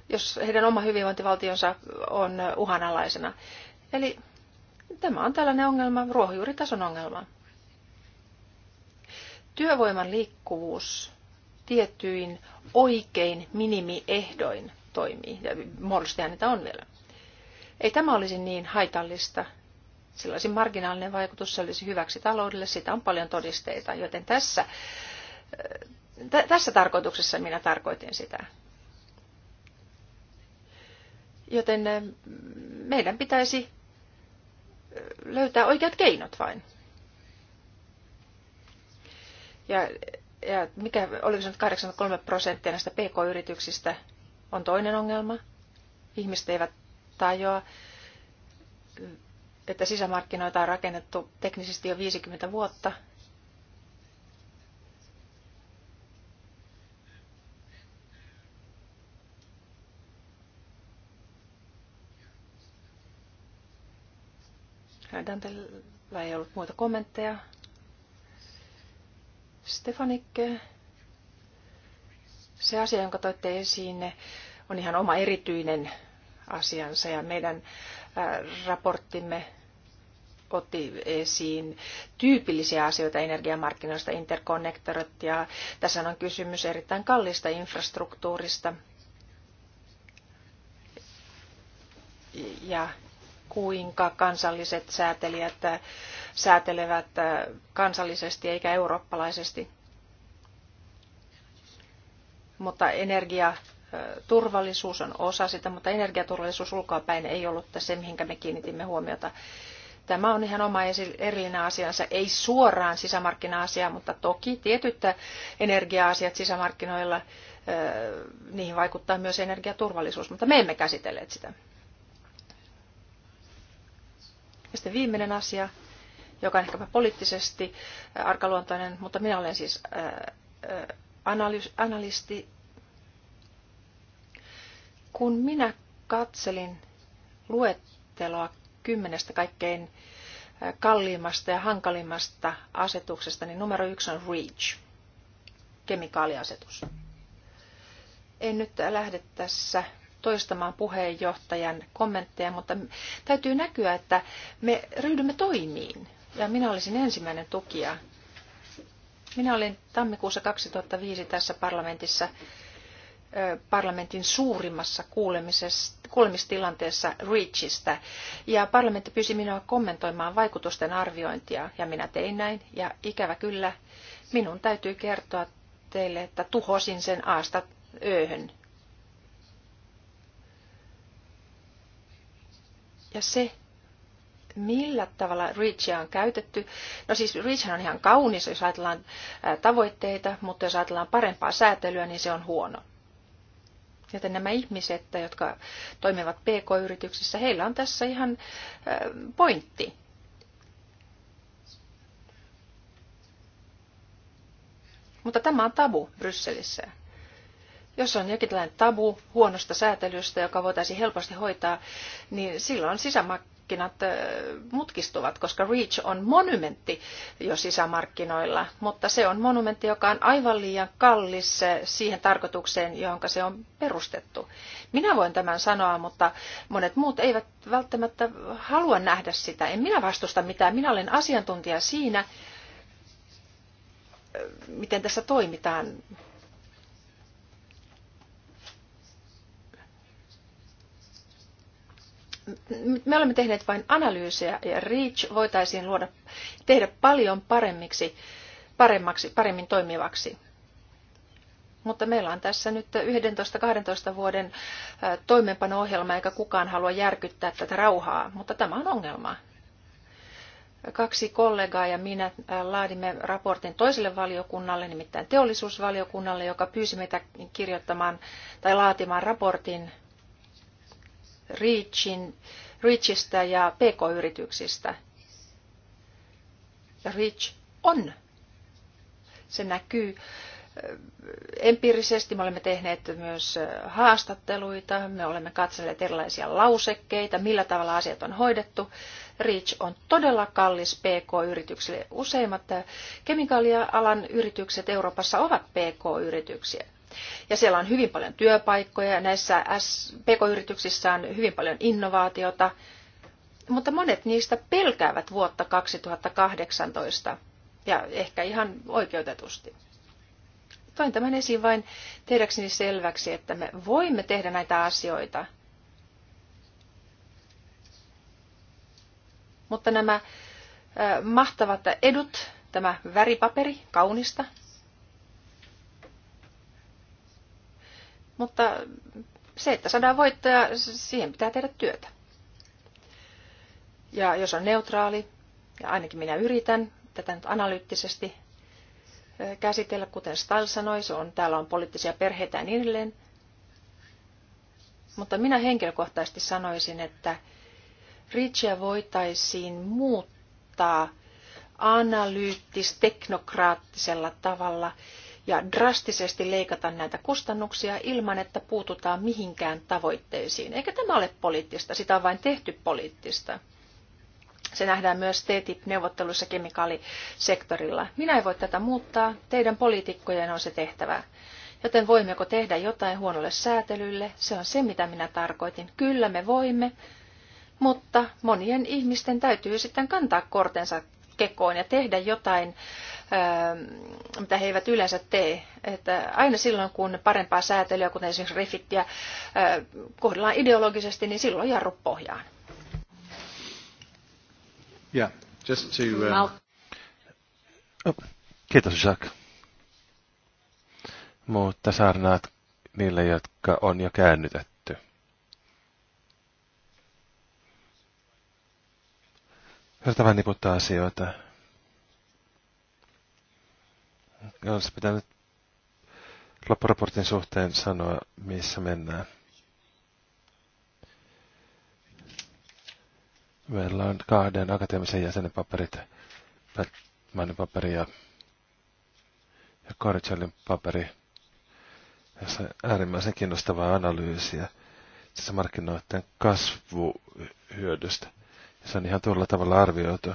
jos heidän oma hyvinvointivaltionsa on uhanalaisena. Eli tämä on tällainen ongelma, ruohonjuuritason ongelma. Työvoiman liikkuvuus tiettyin oikein minimiehdoin toimii, ja muodollisesti niitä on vielä. Ei tämä olisi niin haitallista. Sillä olisi marginaalinen vaikutus, se olisi hyväksi taloudelle, sitä on paljon todisteita, joten tässä, äh, tässä tarkoituksessa minä tarkoitin sitä. Joten äh, meidän pitäisi äh, löytää oikeat keinot vain. Ja, ja mikä, oliko se nyt 83 prosenttia näistä pk-yrityksistä on toinen ongelma. Ihmiset eivät jo, että sisämarkkinoita on rakennettu teknisesti jo 50 vuotta. Dantella ei ollut muita kommentteja. Stefanikke, se asia, jonka toitte esiin, on ihan oma erityinen asiansa ja meidän raporttimme otti esiin tyypillisiä asioita energiamarkkinoista, interkonnektorit ja tässä on kysymys erittäin kallista infrastruktuurista ja kuinka kansalliset säätelijät säätelevät kansallisesti eikä eurooppalaisesti. Mutta energia turvallisuus on osa sitä, mutta energiaturvallisuus ulkoapäin ei ollut se, mihinkä me kiinnitimme huomiota. Tämä on ihan oma erillinen asiansa, ei suoraan sisämarkkina-asia, mutta toki tietyt energia-asiat sisämarkkinoilla, niihin vaikuttaa myös energiaturvallisuus, mutta me emme käsitelleet sitä. Ja sitten viimeinen asia, joka on ehkäpä poliittisesti arkaluontoinen, mutta minä olen siis analysti kun minä katselin luetteloa kymmenestä kaikkein kalliimmasta ja hankalimmasta asetuksesta, niin numero yksi on REACH, kemikaaliasetus. En nyt lähde tässä toistamaan puheenjohtajan kommentteja, mutta täytyy näkyä, että me ryhdymme toimiin. Ja minä olisin ensimmäinen tukija. Minä olin tammikuussa 2005 tässä parlamentissa parlamentin suurimmassa kuulemistilanteessa REACHistä. Ja parlamentti pyysi minua kommentoimaan vaikutusten arviointia, ja minä tein näin. Ja ikävä kyllä, minun täytyy kertoa teille, että tuhosin sen aasta ööhön. Ja se, millä tavalla REACHia on käytetty. No siis REACH on ihan kaunis, jos ajatellaan tavoitteita, mutta jos ajatellaan parempaa säätelyä, niin se on huono. Joten nämä ihmiset, jotka toimivat PK-yrityksissä, heillä on tässä ihan pointti. Mutta tämä on tabu Brysselissä. Jos on jokin tällainen tabu huonosta säätelystä, joka voitaisiin helposti hoitaa, niin silloin sisämarkkinoilla markkinat mutkistuvat, koska REACH on monumentti jo sisämarkkinoilla, mutta se on monumentti, joka on aivan liian kallis siihen tarkoitukseen, johon se on perustettu. Minä voin tämän sanoa, mutta monet muut eivät välttämättä halua nähdä sitä. En minä vastusta mitään. Minä olen asiantuntija siinä, miten tässä toimitaan me olemme tehneet vain analyysejä ja REACH voitaisiin luoda, tehdä paljon paremmiksi, paremmaksi, paremmin toimivaksi. Mutta meillä on tässä nyt 11-12 vuoden toimeenpano-ohjelma, eikä kukaan halua järkyttää tätä rauhaa, mutta tämä on ongelma. Kaksi kollegaa ja minä laadimme raportin toiselle valiokunnalle, nimittäin teollisuusvaliokunnalle, joka pyysi meitä kirjoittamaan tai laatimaan raportin Reachin, Reachistä ja PK-yrityksistä. Reach on. Se näkyy äh, empiirisesti. Me olemme tehneet myös äh, haastatteluita, me olemme katselleet erilaisia lausekkeita, millä tavalla asiat on hoidettu. REACH on todella kallis PK-yrityksille. Useimmat äh, kemikaalialan yritykset Euroopassa ovat PK-yrityksiä. Ja siellä on hyvin paljon työpaikkoja ja näissä PK-yrityksissä on hyvin paljon innovaatiota, mutta monet niistä pelkäävät vuotta 2018 ja ehkä ihan oikeutetusti. Toin tämän esiin vain tehdäkseni selväksi, että me voimme tehdä näitä asioita, mutta nämä mahtavat edut, tämä väripaperi, kaunista, Mutta se, että saadaan voittoja, siihen pitää tehdä työtä. Ja jos on neutraali, ja ainakin minä yritän tätä nyt analyyttisesti käsitellä, kuten Stahl sanoi, se on, täällä on poliittisia perheitä ja niin edelleen. Mutta minä henkilökohtaisesti sanoisin, että Richia voitaisiin muuttaa analyyttis-teknokraattisella tavalla ja drastisesti leikata näitä kustannuksia ilman, että puututaan mihinkään tavoitteisiin. Eikä tämä ole poliittista, sitä on vain tehty poliittista. Se nähdään myös TTIP-neuvotteluissa kemikaalisektorilla. Minä en voi tätä muuttaa, teidän poliitikkojen on se tehtävä. Joten voimmeko tehdä jotain huonolle säätelylle? Se on se, mitä minä tarkoitin. Kyllä me voimme, mutta monien ihmisten täytyy sitten kantaa kortensa kekoon ja tehdä jotain Ähm, mitä he eivät yleensä tee. Että aina silloin, kun parempaa säätelyä, kuten esimerkiksi refittiä, äh, kohdellaan ideologisesti, niin silloin jarru pohjaan. Yeah, just to, uh... oh, kiitos Jacques. Mutta saarnaat niille, jotka on jo käännytetty. Yritetään niputtaa asioita olisi pitänyt loppuraportin suhteen sanoa, missä mennään. Meillä on kahden akateemisen jäsenen paperit, Batmanin paperi ja, ja Korichelin paperi, jossa on äärimmäisen kiinnostavaa analyysiä siis markkinoiden kasvuhyödystä. Se on ihan tuolla tavalla arvioitu.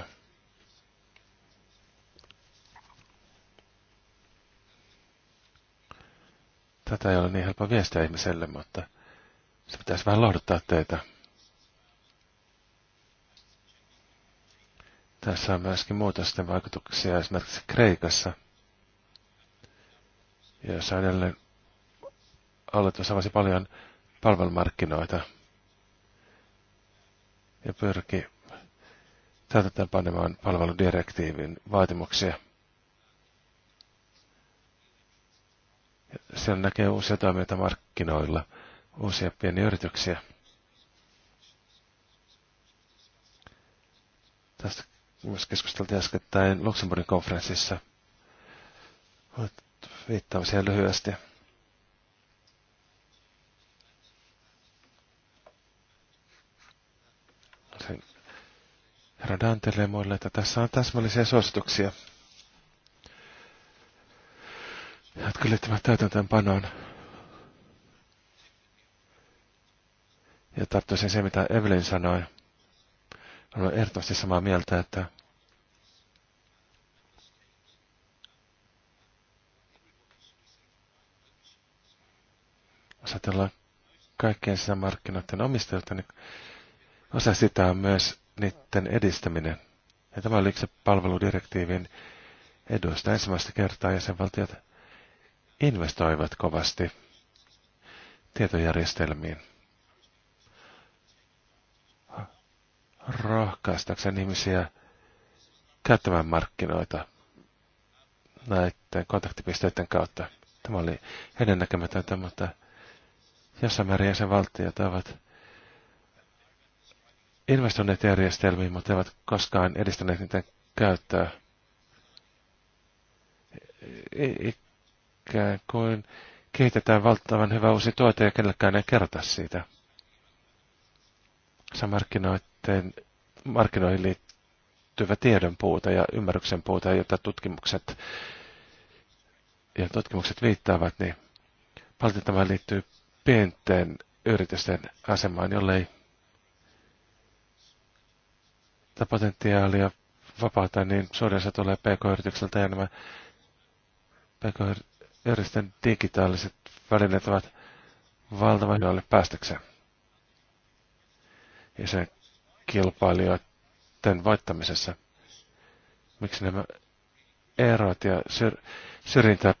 Tätä ei ole niin helppo viestiä ihmiselle, mutta se pitäisi vähän lohduttaa teitä. Tässä on myöskin muutosten vaikutuksia esimerkiksi Kreikassa, jossa edelleen hallitus avasi paljon palvelumarkkinoita ja pyrki täytäntöön panemaan palveludirektiivin vaatimuksia. sen näkee uusia toimijoita markkinoilla, uusia pieniä yrityksiä. Tästä myös keskusteltiin äskettäin Luxemburgin konferenssissa. Viittaan siihen lyhyesti. Herra Dantelle ja muille, että tässä on täsmällisiä suosituksia jotka tämän panoon Ja tarttuisin se, mitä Evelyn sanoi. Olen ehdottomasti samaa mieltä, että jos ajatellaan kaikkien sisämarkkinoiden omistajilta, niin osa sitä on myös niiden edistäminen. Ja tämä oli se palveludirektiivin eduista ensimmäistä kertaa jäsenvaltiot investoivat kovasti tietojärjestelmiin. Rohkaistakseen ihmisiä käyttämään markkinoita näiden kontaktipisteiden kautta. Tämä oli ennennäkemätöntä, mutta jossain määrin jäsenvaltiot ovat investoineet järjestelmiin, mutta eivät koskaan edistäneet niiden käyttöä ikään kuin kehitetään valtavan hyvä uusi tuote ja kenellekään ei kerrota siitä. Se markkinoiden, markkinoihin liittyvä tiedon puuta ja ymmärryksen puuta, jota tutkimukset, ja tutkimukset viittaavat, niin paljon tämä liittyy pienten yritysten asemaan, jollei tätä potentiaalia vapaata, niin suurin osa tulee pk-yritykseltä ja nämä pk järjestän digitaaliset välineet ovat valtavan hyvälle päästäkseen. Ja sen kilpailijoiden voittamisessa. Miksi nämä erot ja syr- syrjintä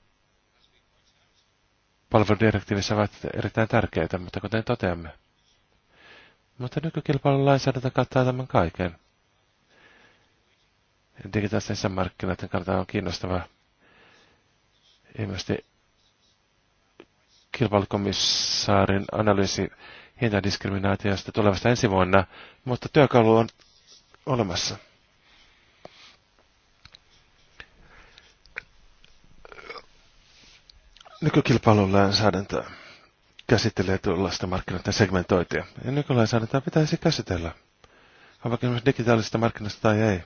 palveludirektiivissä ovat erittäin tärkeitä, mutta kuten toteamme. Mutta nykykilpailun lainsäädäntö kattaa tämän kaiken. Digitaalisten markkinoiden kannalta on kiinnostavaa ilmeisesti kilpailukomissaarin analyysi hintadiskriminaatiosta tulevasta ensi vuonna, mutta työkalu on olemassa. Nykykilpailulainsäädäntö käsittelee tuollaista markkinoiden segmentointia. Ja nykylainsäädäntöä pitäisi käsitellä, vaikka digitaalisesta markkinasta tai ei.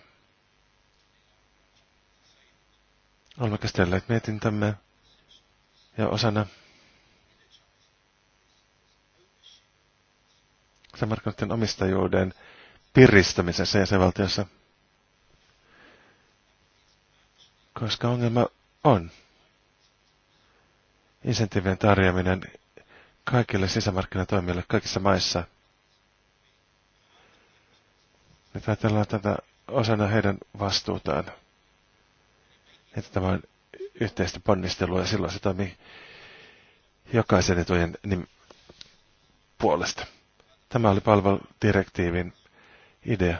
Olemme käsitelleet mietintämme ja osana markkinoiden omistajuuden piristämisessä jäsenvaltiossa. Koska ongelma on insentiivien tarjoaminen kaikille sisämarkkinatoimijoille kaikissa maissa. Nyt ajatellaan tätä osana heidän vastuutaan että tämä on yhteistä ponnistelua ja silloin se toimii jokaisen etujen nim- puolesta. Tämä oli palveludirektiivin idea.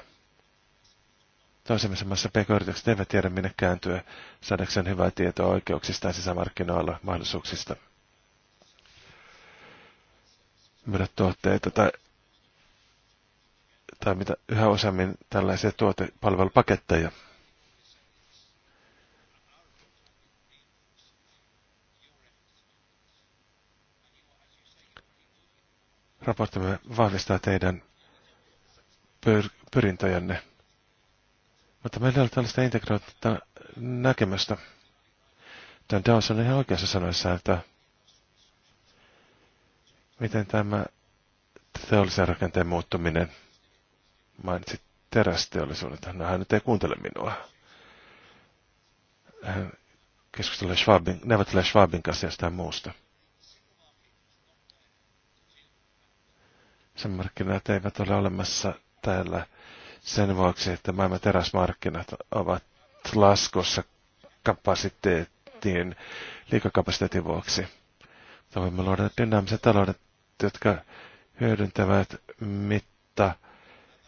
Toisemmissa maassa pk-yritykset eivät tiedä minne kääntyä saadakseen hyvää tietoa oikeuksistaan sisämarkkinoilla mahdollisuuksista myydä tuotteita tai, tai mitä yhä useammin tällaisia tuotepalvelupaketteja. Raporttimme vahvistaa teidän pyr- pyrintöjänne. Mutta meillä on tällaista integroitua näkemystä. Tämä Dawson on ihan oikeassa sanoessa, että miten tämä teollisen rakenteen muuttuminen mainitsi terästeollisuuden. Hän nyt ei kuuntele minua. Hän keskustelee Schwabin, neuvottelee Schwabin kanssa jostain muusta. Sen markkinat eivät ole olemassa täällä sen vuoksi, että maailman teräsmarkkinat ovat laskussa kapasiteettiin, liikakapasiteetin vuoksi. Mutta voimme luoda dynaamiset taloudet, jotka hyödyntävät mitta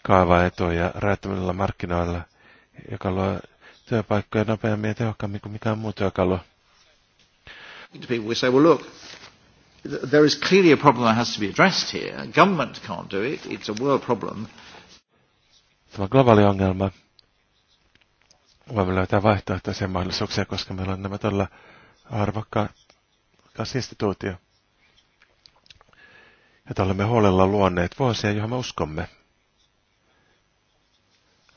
kaavaetuja rajoittamilla markkinoilla, joka luo työpaikkoja nopeammin ja tehokkaammin kuin mikään muu työkalu there is clearly a problem that has to be addressed here. Government can't do it. It's a world problem. Tämä globaali ongelma. Voimme löytää vaihtoehtoisia mahdollisuuksia, koska meillä on nämä todella arvokkaat instituutio, jota olemme huolella luonneet vuosia, johon me uskomme.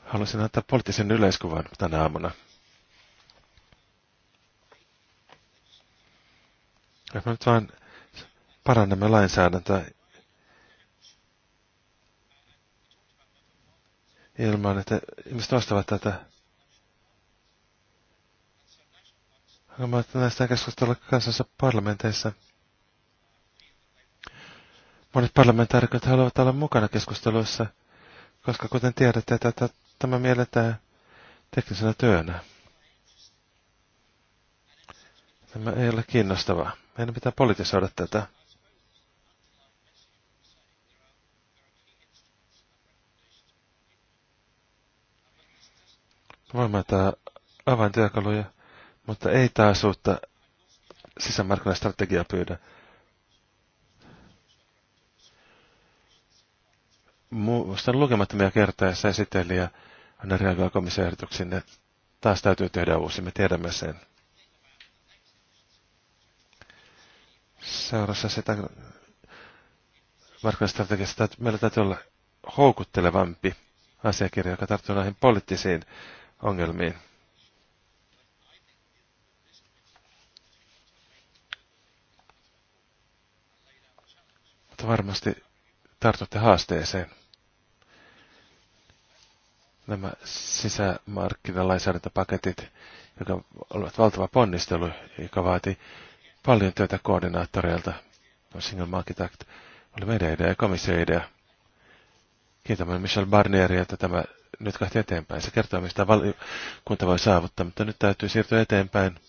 Haluaisin antaa poliittisen yleiskuvan tänä aamuna. Jos mä nyt vaan parannamme lainsäädäntöä ilman, että ihmiset nostavat tätä. Haluamme, että näistä keskustella kansansa parlamenteissa. Monet parlamentaarikot haluavat olla mukana keskusteluissa, koska kuten tiedätte, tätä, tämä mielletään teknisenä työnä. Tämä ei ole kiinnostavaa. Meidän pitää politisoida tätä. Voimme antaa avaintyökaluja, mutta ei taas uutta sisämarkkinastrategiaa pyydä. Muistan lukemattomia kertaa, jossa ja aina reagoi komissaarituksin, että taas täytyy tehdä uusi, me tiedämme sen. Seurassa sitä markkinastrategiasta meillä täytyy olla houkuttelevampi asiakirja, joka tarttuu näihin poliittisiin ongelmiin. Mutta varmasti tartutte haasteeseen. Nämä sisämarkkinalainsäädäntöpaketit, jotka olivat valtava ponnistelu, joka vaati paljon työtä koordinaattoreilta. Single Market Act oli meidän idea ja komission idea. Kiitämme Michel Barnieria, että tämä nyt kahti eteenpäin. Se kertoo, mistä kunta voi saavuttaa, mutta nyt täytyy siirtyä eteenpäin.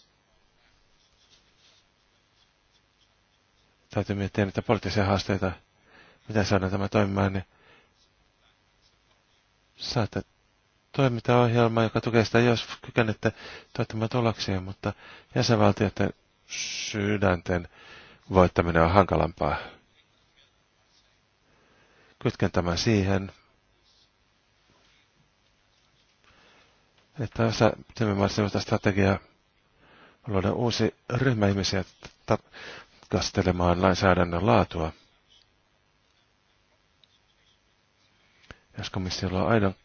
Täytyy miettiä niitä poliittisia haasteita, mitä saadaan tämä toimimaan. Niin saatte toimintaohjelma, joka tukee sitä, jos kykenette tuottamaan tuloksia, mutta jäsenvaltioiden sydänten voittaminen on hankalampaa. Kytken tämän siihen, että osa sellaista strategiaa luoda uusi ryhmä ihmisiä tarkastelemaan lainsäädännön laatua. Jos komissiolla on aidon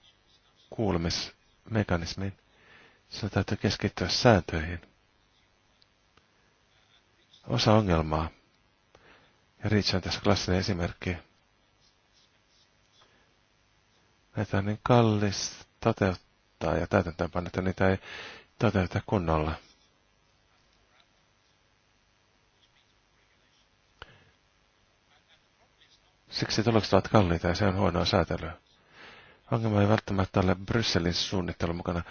kuulemismekanismin, sillä täytyy keskittyä sääntöihin. Osa ongelmaa, ja Rich on tässä klassinen esimerkki, näitä on niin kallis toteuttaa, noudattaa ja täytäntöönpanna, että niitä ei toteuteta kunnolla. Siksi tulokset ovat kalliita ja se on huonoa säätelyä. Ongelma ei välttämättä ole Brysselin suunnittelu mukana,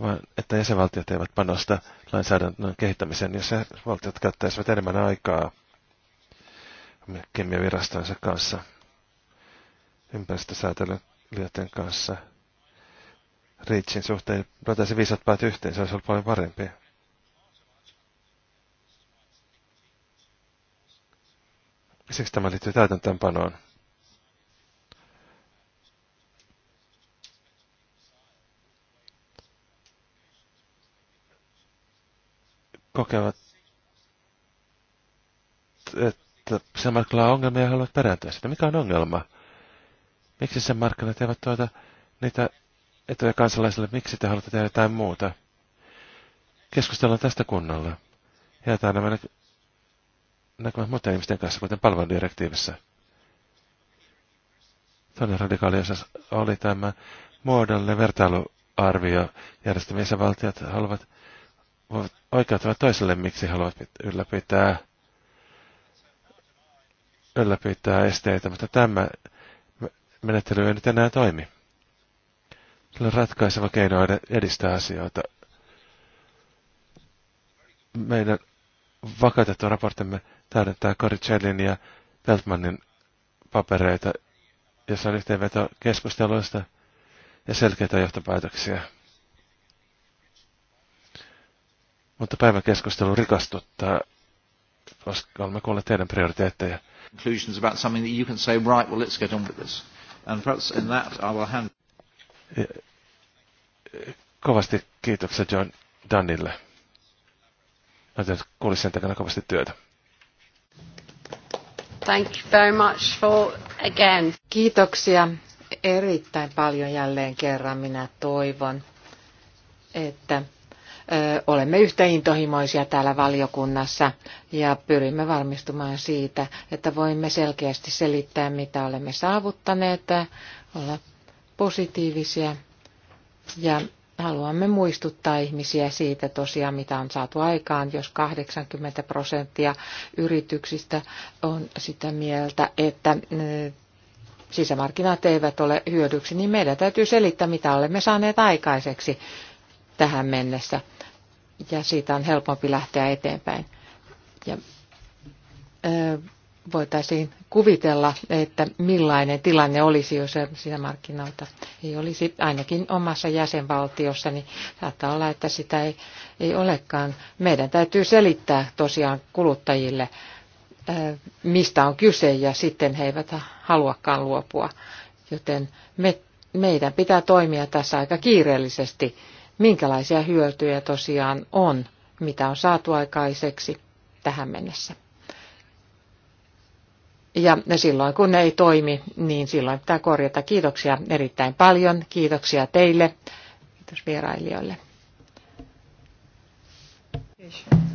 vaan että jäsenvaltiot eivät panosta lainsäädännön kehittämiseen, jos valtiot käyttäisivät enemmän aikaa kemiavirastonsa kanssa, ympäristösäätelylijoiden kanssa – Reachin suhteen, löytäisi viisat päät yhteen, se olisi ollut paljon parempi. Siksi tämä liittyy täytäntöönpanoon. kokevat, että se markkinoilla on ongelmia ja haluat perääntyä sitä. Mikä on ongelma? Miksi sen markkinat eivät tuota niitä etuja kansalaisille, miksi te haluatte tehdä jotain muuta. Keskustellaan tästä kunnolla. Jätään nämä nä- näkymät muiden ihmisten kanssa, kuten palveludirektiivissä. Toinen radikaali osa oli tämä muodollinen vertailuarvio. Järjestämiensä valtiot haluavat voivat oikeuttaa toiselle, miksi haluavat ylläpitää, ylläpitää esteitä, mutta tämä menettely ei nyt enää toimi kyllä ratkaiseva keino edistää asioita. Meidän vakautettu raporttimme täydentää Chellin ja Peltmannin papereita, jossa on yhteenveto keskusteluista ja selkeitä johtopäätöksiä. Mutta päivän keskustelu rikastuttaa, koska olemme kuulleet teidän prioriteetteja. Conclusions about something that you can say, right, well, let's get on with this. And perhaps in that I will hand... Kovasti kiitokset John Dunnille. Mä kuulisin sen takana kovasti työtä. Thank you very much for again. Kiitoksia erittäin paljon jälleen kerran. Minä toivon, että olemme yhtä intohimoisia täällä valiokunnassa ja pyrimme varmistumaan siitä, että voimme selkeästi selittää, mitä olemme saavuttaneet, olla positiivisia ja haluamme muistuttaa ihmisiä siitä tosiaan, mitä on saatu aikaan, jos 80 prosenttia yrityksistä on sitä mieltä, että mm, sisämarkkinat eivät ole hyödyksi, niin meidän täytyy selittää, mitä olemme saaneet aikaiseksi tähän mennessä. Ja siitä on helpompi lähteä eteenpäin. Ja, ö, voitaisiin kuvitella, että millainen tilanne olisi, jos sisämarkkinoita ei olisi. Ainakin omassa jäsenvaltiossa, niin saattaa olla, että sitä ei, ei olekaan. Meidän täytyy selittää tosiaan kuluttajille, eh, mistä on kyse, ja sitten he eivät haluakaan luopua. Joten me, meidän pitää toimia tässä aika kiireellisesti, minkälaisia hyötyjä tosiaan on, mitä on saatu aikaiseksi tähän mennessä. Ja silloin kun ne ei toimi, niin silloin pitää korjata. Kiitoksia erittäin paljon. Kiitoksia teille. Kiitos vierailijoille. Kiitos.